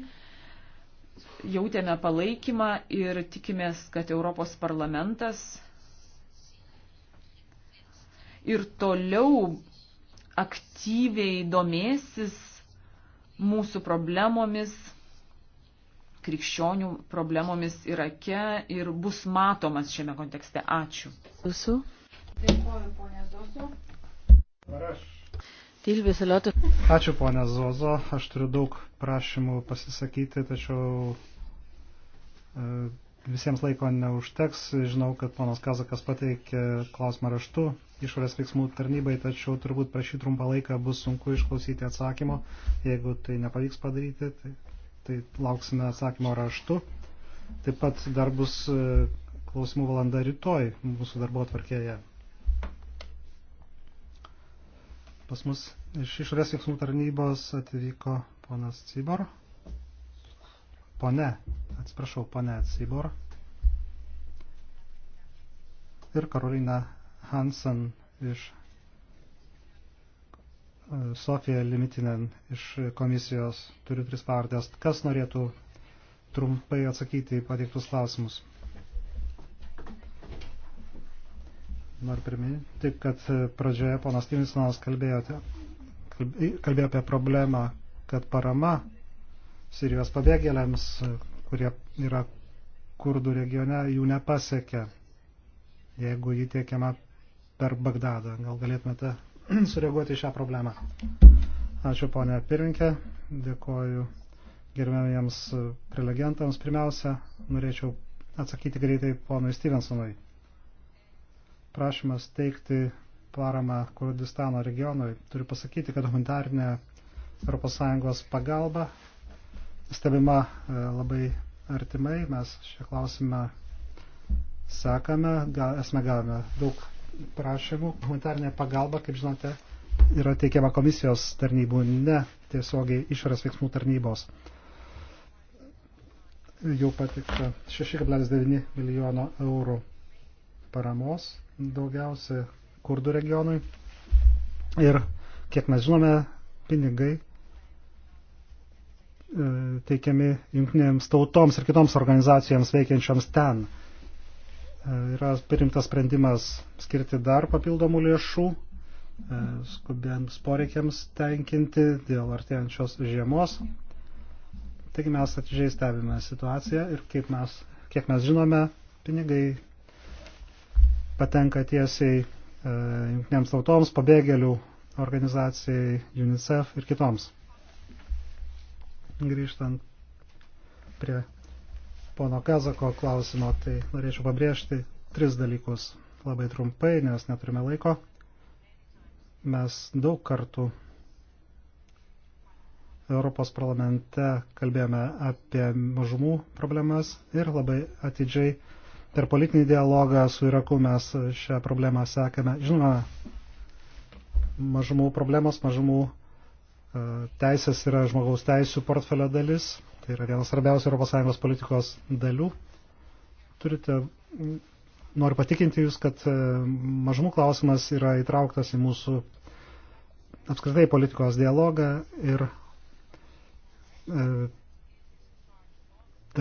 jautėme palaikymą ir tikimės, kad Europos parlamentas ir toliau aktyviai domėsis mūsų problemomis, krikščionių problemomis Irake ir bus matomas šiame kontekste. Ačiū. Jūsų. Dėkuoju, ponė Zosu. Parašau. Ačiū, ponė Zozo. Aš turiu daug prašymų pasisakyti, tačiau e, visiems laiko neužteks. Žinau, kad ponas Kazakas pateikė klausimą raštu išorės veiksmų tarnybai, tačiau turbūt per šį trumpą laiką bus sunku išklausyti atsakymo. Jeigu tai nepavyks padaryti, tai, tai lauksime atsakymo raštu. Taip pat dar bus e, klausimų valanda rytoj mūsų darbo atvarkėje. Pas mus iš išorės veiksmų tarnybos atvyko ponas Cibor. Pone, atsiprašau, pone Cibor. Ir Karolina Hansen iš e, Sofija Limitinen iš komisijos turiu tris pavardės. Kas norėtų trumpai atsakyti į pateiktus klausimus? Noriu priminti, kad pradžioje ponas Stevensonas kalbėjote, kalbėjo apie problemą, kad parama Sirijos pabėgėliams, kurie yra kurdų regione, jų nepasiekia, jeigu jį tiekiama per Bagdadą. Gal galėtumėte sureaguoti šią problemą? Ačiū ponė Pirinkė, dėkoju gerbiamiems prelegentams. Pirmiausia, norėčiau atsakyti greitai ponui Stevensonui prašymas teikti paramą Kurdistano regionui. Turiu pasakyti, kad humanitarinė ES pagalba stebima e, labai artimai. Mes šią klausimą sekame, esame gavę daug prašymų. Humanitarinė pagalba, kaip žinote, yra teikiama komisijos tarnybų, ne tiesiogiai išorės veiksmų tarnybos. Jau patikta 6,9 milijono eurų paramos daugiausia kurdų regionui. Ir, kiek mes žinome, pinigai e, teikiami jungtinėms tautoms ir kitoms organizacijoms veikiančioms ten. E, yra priimtas sprendimas skirti dar papildomų lėšų e, skubiems poreikiams tenkinti dėl artėjančios žiemos. Taigi mes atidžiai stebime situaciją ir kaip mes, kiek mes žinome, pinigai patenka tiesiai e, jungtinėms tautoms, pabėgėlių organizacijai UNICEF ir kitoms. Grįžtant prie pono Kazako klausimo, tai norėčiau pabrėžti tris dalykus labai trumpai, nes neturime laiko. Mes daug kartų Europos parlamente kalbėjome apie mažumų problemas ir labai atidžiai Per politinį dialogą su Iraku mes šią problemą sekame. Žinoma, mažumų problemos, mažumų e, teisės yra žmogaus teisų portfelio dalis. Tai yra vienas svarbiausių ES politikos dalių. Turite, noriu patikinti Jūs, kad e, mažumų klausimas yra įtrauktas į mūsų apskritai politikos dialogą ir e,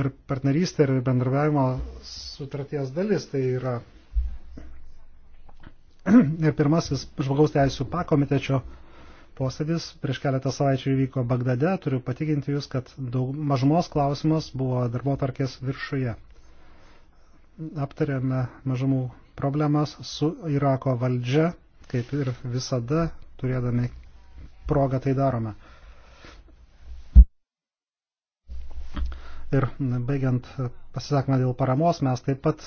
partnerystė ir bendravimo sutarties dalis. Tai yra ir pirmasis žmogaus teisų pakomitečio posėdis prieš keletą savaičių įvyko Bagdade. Turiu patikinti Jūs, kad daug, mažumos klausimas buvo darbo tarkės viršuje. Aptarėme mažumų problemas su Irako valdžia, kaip ir visada turėdami progą tai darome. Ir baigiant pasisakymą dėl paramos, mes taip pat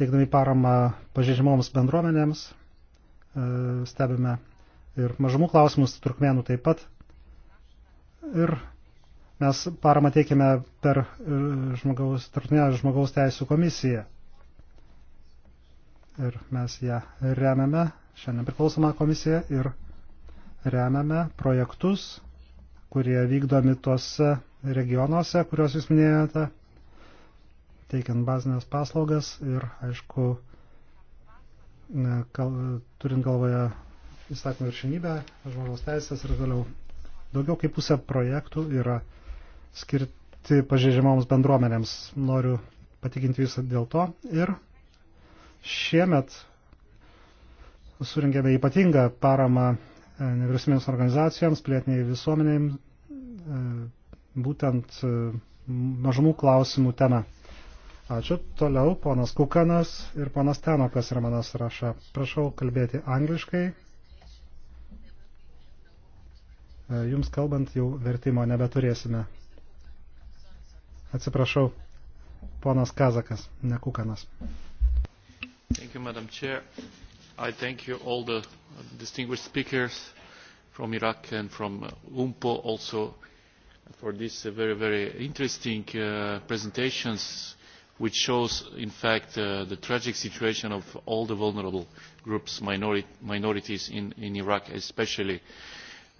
teikdami paramą pažeidžiamoms bendruomenėms e, stebime ir mažumų klausimus turkmenų taip pat. Ir mes paramą teikime per e, žmogaus, tarptautinę žmogaus teisų komisiją. Ir mes ją remiame, šiandien priklausoma komisija, ir remiame projektus, kurie vykdomi tuose regionuose, kuriuos jūs minėjote, teikiant bazinės paslaugas ir, aišku, kal, turint galvoje įstatymų viršinybę, žmogaus teisės ir toliau. Daugiau kaip pusė projektų yra skirti pažeidžiamoms bendruomenėms. Noriu patikinti visą dėl to. Ir šiemet surinkėme ypatingą paramą e, nevyriausybėms organizacijoms, pilietiniai visuomenėjim, e, būtent e, mažumų klausimų tema. Ačiū. Toliau ponas Kukanas ir ponas Tenokas yra mano sąraša. Prašau kalbėti angliškai. E, jums kalbant jau vertimo nebeturėsime. Atsiprašau, ponas Kazakas, ne Kukanas. Thank you, Madam Chair. I thank you all the distinguished speakers from Iraq and from uh, UMPO also for these uh, very, very interesting uh, presentations which shows in fact uh, the tragic situation of all the vulnerable groups, minori minorities in, in Iraq, especially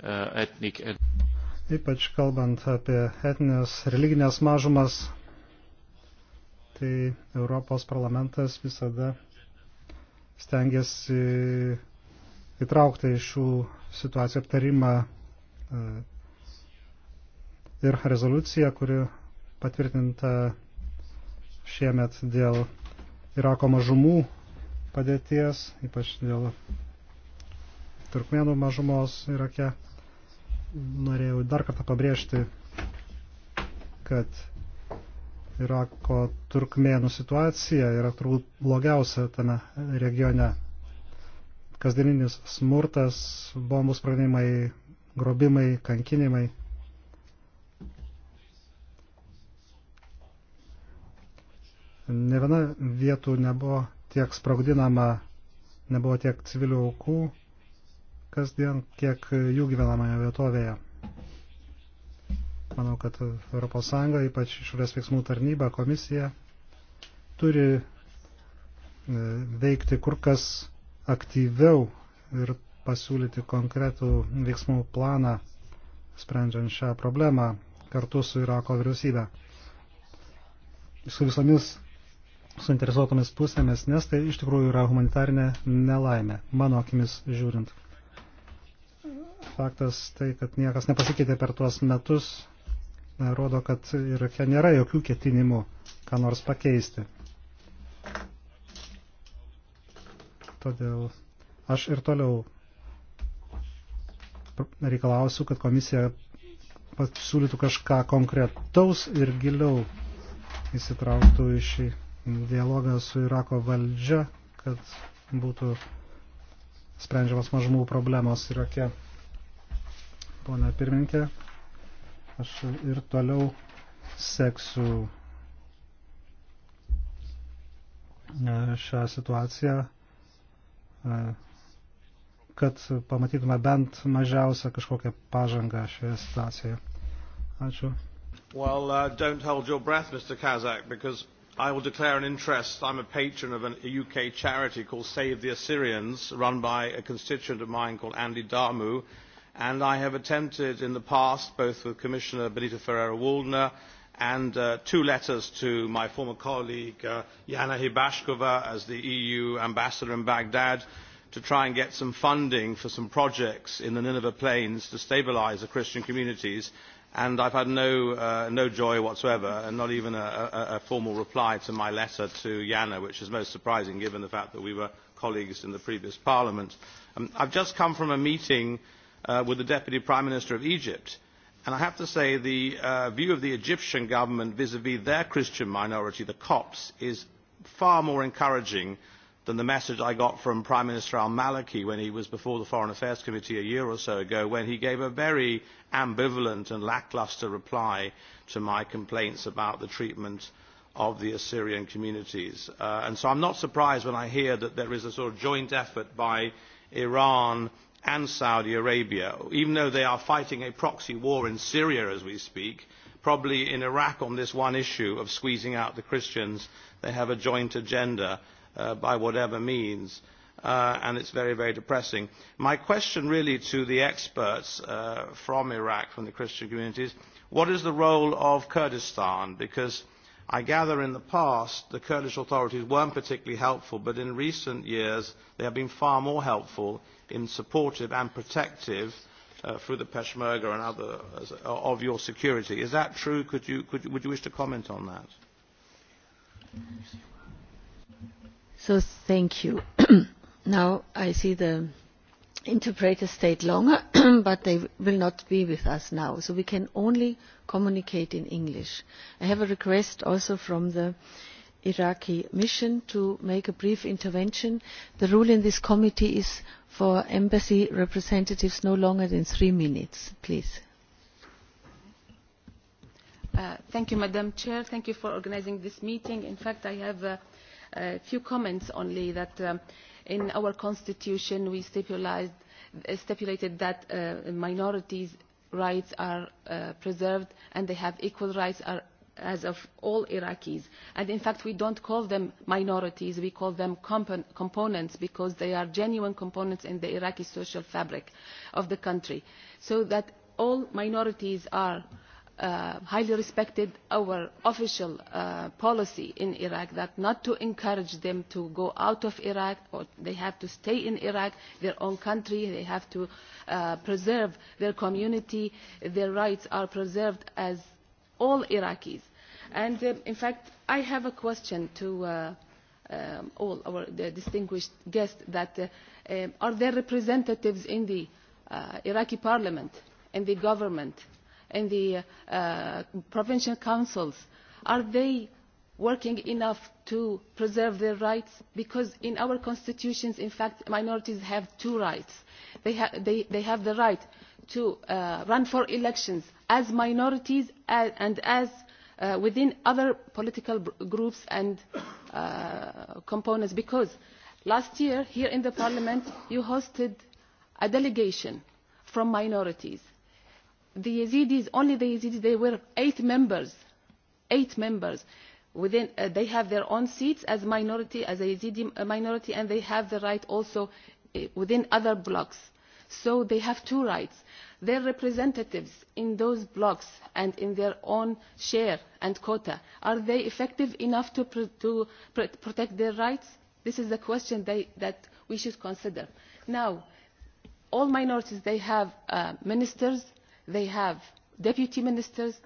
uh, ethnic. And Ypač kalbant apie etinės religinės mažumas, tai Europos parlamentas visada stengiasi įtraukti iš šių situacijų aptarimą e, ir rezoliucija, kuri patvirtinta šiemet dėl Irako mažumų padėties, ypač dėl turkmenų mažumos Irake. Norėjau dar kartą pabrėžti, kad Irako turkmenų situacija yra turbūt blogiausia tame regione. Kasdieninis smurtas, bombų sprogdinimai, grobimai, kankinimai. Ne viena vietų nebuvo tiek sprogdinama, nebuvo tiek civilių aukų kasdien, kiek jų gyvenamoje vietovėje. Manau, kad ES, ypač išorės veiksmų tarnyba, komisija, turi e, veikti kur kas aktyviau ir pasiūlyti konkretų veiksmų planą, sprendžiant šią problemą kartu su Irako vyriausybe. Su visomis suinteresuotomis pusėmis, nes tai iš tikrųjų yra humanitarinė nelaimė, mano akimis žiūrint. Faktas tai, kad niekas nepasikeitė per tuos metus, rodo, kad Irake nėra jokių ketinimų ką nors pakeisti. Todėl aš ir toliau reikalausiu, kad komisija pasiūlytų kažką konkretaus ir giliau įsitrauktų į šį dialogą su Irako valdžia, kad būtų sprendžiamas mažumų problemos Irake. Pone pirmininkė, aš ir toliau seksiu e, šią situaciją, e, kad pamatytume bent mažiausią kažkokią pažangą šioje situacijoje. Ačiū. Well, uh, don't hold your breath, Mr. Kazak, because I will declare an interest. I'm a patron of an, a UK charity called Save the Assyrians, run by a constituent of mine called Andy Darmu. And I have attempted in the past, both with Commissioner Benita Ferrero-Waldner and uh, two letters to my former colleague uh, Yana Hibashkova as the EU ambassador in Baghdad to try and get some funding for some projects in the Nineveh Plains to stabilise the Christian communities and i have had no, uh, no joy whatsoever and not even a, a, a formal reply to my letter to jana which is most surprising given the fact that we were colleagues in the previous parliament. Um, i have just come from a meeting uh, with the deputy prime minister of egypt and i have to say the uh, view of the egyptian government vis vis their christian minority the copts is far more encouraging than than the message i got from prime minister al maliki when he was before the foreign affairs committee a year or so ago when he gave a very ambivalent and lacklustre reply to my complaints about the treatment of the assyrian communities. Uh, so i am not surprised when i hear that there is a sort of joint effort by iran and saudi arabia even though they are fighting a proxy war in syria as we speak probably in iraq on this one issue of squeezing out the christians they have a joint agenda uh, by whatever means. Uh, and it's very, very depressing. My question really to the experts uh, from Iraq, from the Christian communities, what is the role of Kurdistan? Because I gather in the past the Kurdish authorities weren't particularly helpful, but in recent years they have been far more helpful in supportive and protective uh, through the Peshmerga and other uh, of your security. Is that true? Could you, could, would you wish to comment on that? Mm-hmm. So thank you. now I see the interpreters stayed longer, but they will not be with us now. So we can only communicate in English. I have a request also from the Iraqi mission to make a brief intervention. The rule in this committee is for embassy representatives no longer than three minutes. Please. Uh, thank you, Madam Chair. Thank you for organizing this meeting. In fact, I have uh, a few comments only that um, in our constitution we stipulated, uh, stipulated that uh, minorities' rights are uh, preserved and they have equal rights are, as of all Iraqis. And in fact, we don't call them minorities, we call them compo components because they are genuine components in the Iraqi social fabric of the country. So that all minorities are uh, uh, highly respected our official uh, policy in Iraq that not to encourage them to go out of Iraq or they have to stay in Iraq, their own country, they have to uh, preserve their community, their rights are preserved as all Iraqis. And uh, in fact, I have a question to uh, um, all our the distinguished guests that uh, um, are there representatives in the uh, Iraqi parliament and the government uh, and the uh, provincial councils, are they working enough to preserve their rights? Because in our constitutions, in fact, minorities have two rights. They, ha they, they have the right to uh, run for elections as minorities as, and as uh, within other political groups and uh, components because last year here in the parliament you hosted a delegation from minorities the yazidis only the yazidis they were eight members eight members within uh, they have their own seats as minority as a yazidi uh, minority and they have the right also uh, within other blocks so they have two rights their representatives in those blocks and in their own share and quota are they effective enough to, pr to pr protect their rights this is the question they, that we should consider now all minorities they have uh, ministers they have deputy ministers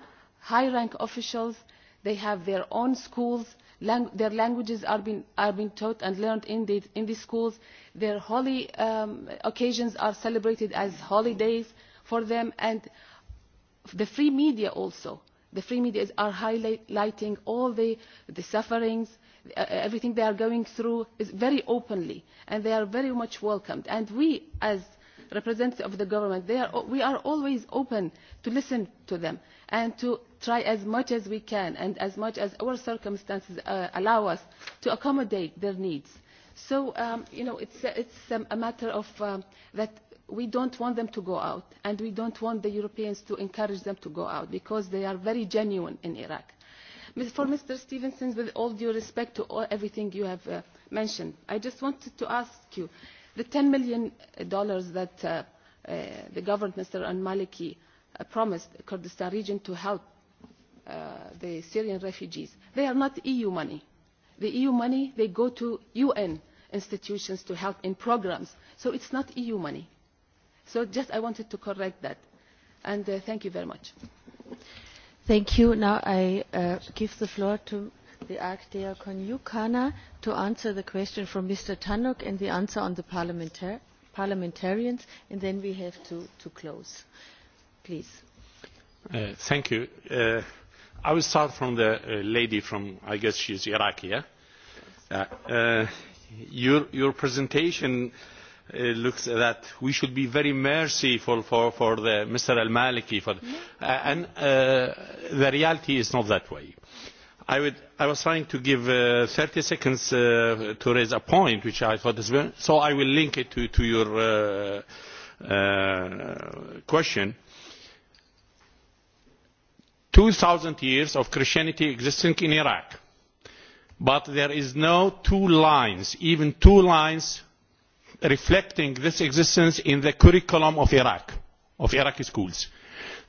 high rank officials they have their own schools lang their languages are being, are being taught and learned in, the, in the schools their holy um, occasions are celebrated as holidays for them and the free media also the free media are highlighting all the, the sufferings uh, everything they are going through is very openly and they are very much welcomed and we as representatives of the government they are, we are always open to listen to them and to try as much as we can and as much as our circumstances uh, allow us to accommodate their needs. so um, you know, it uh, is um, a matter of um, that we do not want them to go out and we do not want the europeans to encourage them to go out because they are very genuine in iraq. for mr stevenson with all due respect to all, everything you have uh, mentioned i just wanted to ask you the $10 million that uh, uh, the government, Mr. al-Maliki, uh, promised the Kurdistan region to help uh, the Syrian refugees, they are not EU money. The EU money, they go to UN institutions to help in programs. So it's not EU money. So just I wanted to correct that. And uh, thank you very much. Thank you. Now I uh, give the floor to the acta Konyukana to answer the question from Mr. Tannock and the answer on the parliamentar parliamentarians, and then we have to, to close. Please. Uh, thank you. Uh, I will start from the uh, lady from, I guess she's Iraqi, yeah? Uh, uh, your, your presentation uh, looks that we should be very merciful for, for the Mr. Al-Maliki. Uh, and uh, the reality is not that way. Uh, I, would, i was trying to give uh, thirty uh, seconds uh, to raise a point which i thought was very so i will link it to, to your uh, uh, question. two thousand years of christianity existing in iraq but there is no two lines even two lines reflecting this existence in the curriculum of iraq of iraqi schools.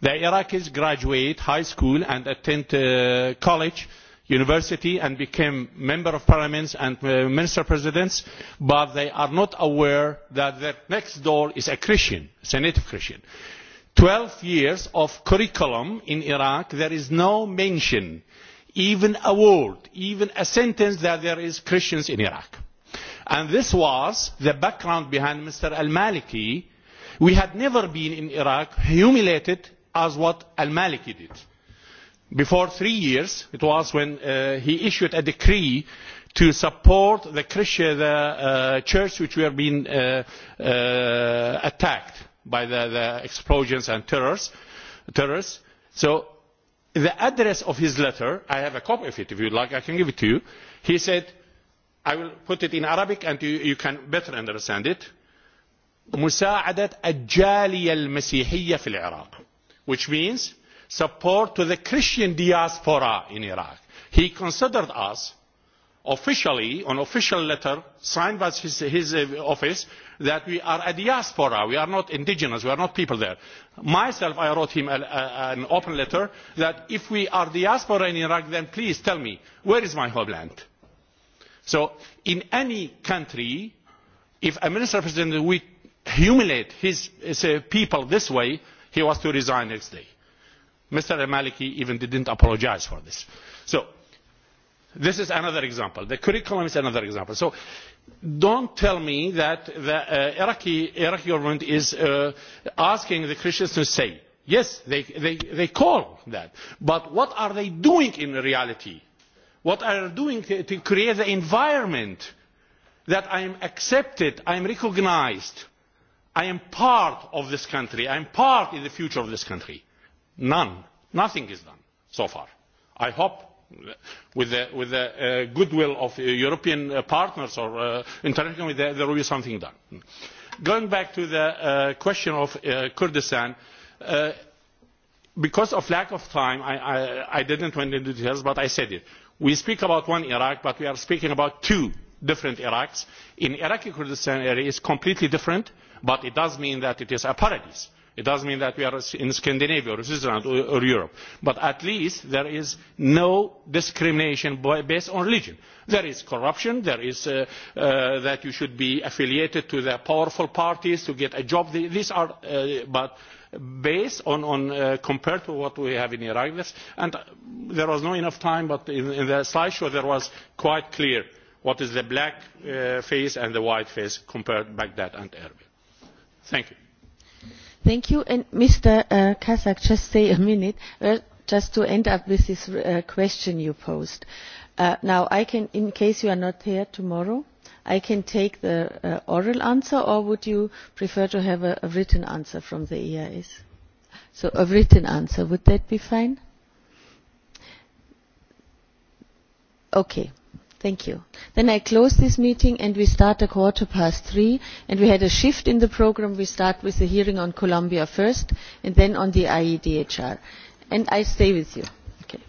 the iraqis graduate high school and attend uh, college university and became member of parliament and uh, minister presidents but they are not aware that their next door is a christian is a native christian. twelve years of curriculum in iraq there is no mention even a word even a sentence that there are christians in iraq. and this was the background behind mr al maliki. we had never been in iraq humiliated as what al maliki did before three years it was when uh, he issued a decree to support the christian the, uh, church which were being uh, uh, attacked by the, the explosions and terrors, terrorists. so the address of his letter i have a copy of it if you like i can give it to you he said i will put it in arabic and you, you can better understand it مساعدة الجالية المسيحية في العراق which means support to the Christian diaspora in Iraq. He considered us officially, an official letter signed by his, his uh, office, that we are a diaspora, we are not indigenous, we are not people there. Myself, I wrote him a, a, an open letter that if we are diaspora in Iraq, then please tell me, where is my homeland? So in any country, if a minister president would humiliate his, his uh, people this way, he was to resign next day mr al-maliki even did not apologise for this. so this is another example. the curriculum is another example. so do not tell me that the uh, iraqi, iraqi government is uh, asking the christians to say yes they, they, they call that but what are they doing in reality? what are they doing to, to create the environment that i am accepted i am recognised i am part of this country i am part in the future of this country? none. nothing is done so far. i hope with the, with the uh, goodwill of uh, European uh, partners or uh, internationally, there, there will be something done. Going back to the uh, question of uh, Kurdistan, uh, because of lack of time, I, I, I didn't went into details, but I said it. We speak about one Iraq, but we are speaking about two different Iraqs. In Iraqi Kurdistan area, it's completely different, but it does mean that it is a paradise it does not mean that we are in scandinavia or switzerland or, or europe but at least there is no discrimination by, based on religion. there is corruption there is uh, uh, that you should be affiliated to the powerful parties to get a job these are uh, but based on, on uh, compared to what we have in iraq this, and there was not enough time but in, in the slideshow there was quite clear what is the black uh, face and the white face compared to baghdad and erbil. thank you. Thank you. And Mr. Uh, Kazak, just stay a minute, uh, just to end up with this uh, question you posed. Uh, now, I can, in case you are not here tomorrow, I can take the uh, oral answer, or would you prefer to have a, a written answer from the EIS? So a written answer, would that be fine? Okay. Thank you. Then I close this meeting and we start at quarter past three. And we had a shift in the program. We start with the hearing on Colombia first and then on the IEDHR. And I stay with you. Okay.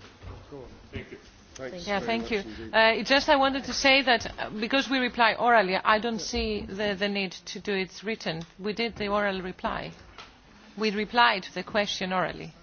Thank you. Thanks yeah, thank you. Uh, just I wanted to say that uh, because we reply orally, I don't see the, the need to do it written. We did the oral reply. We replied to the question orally.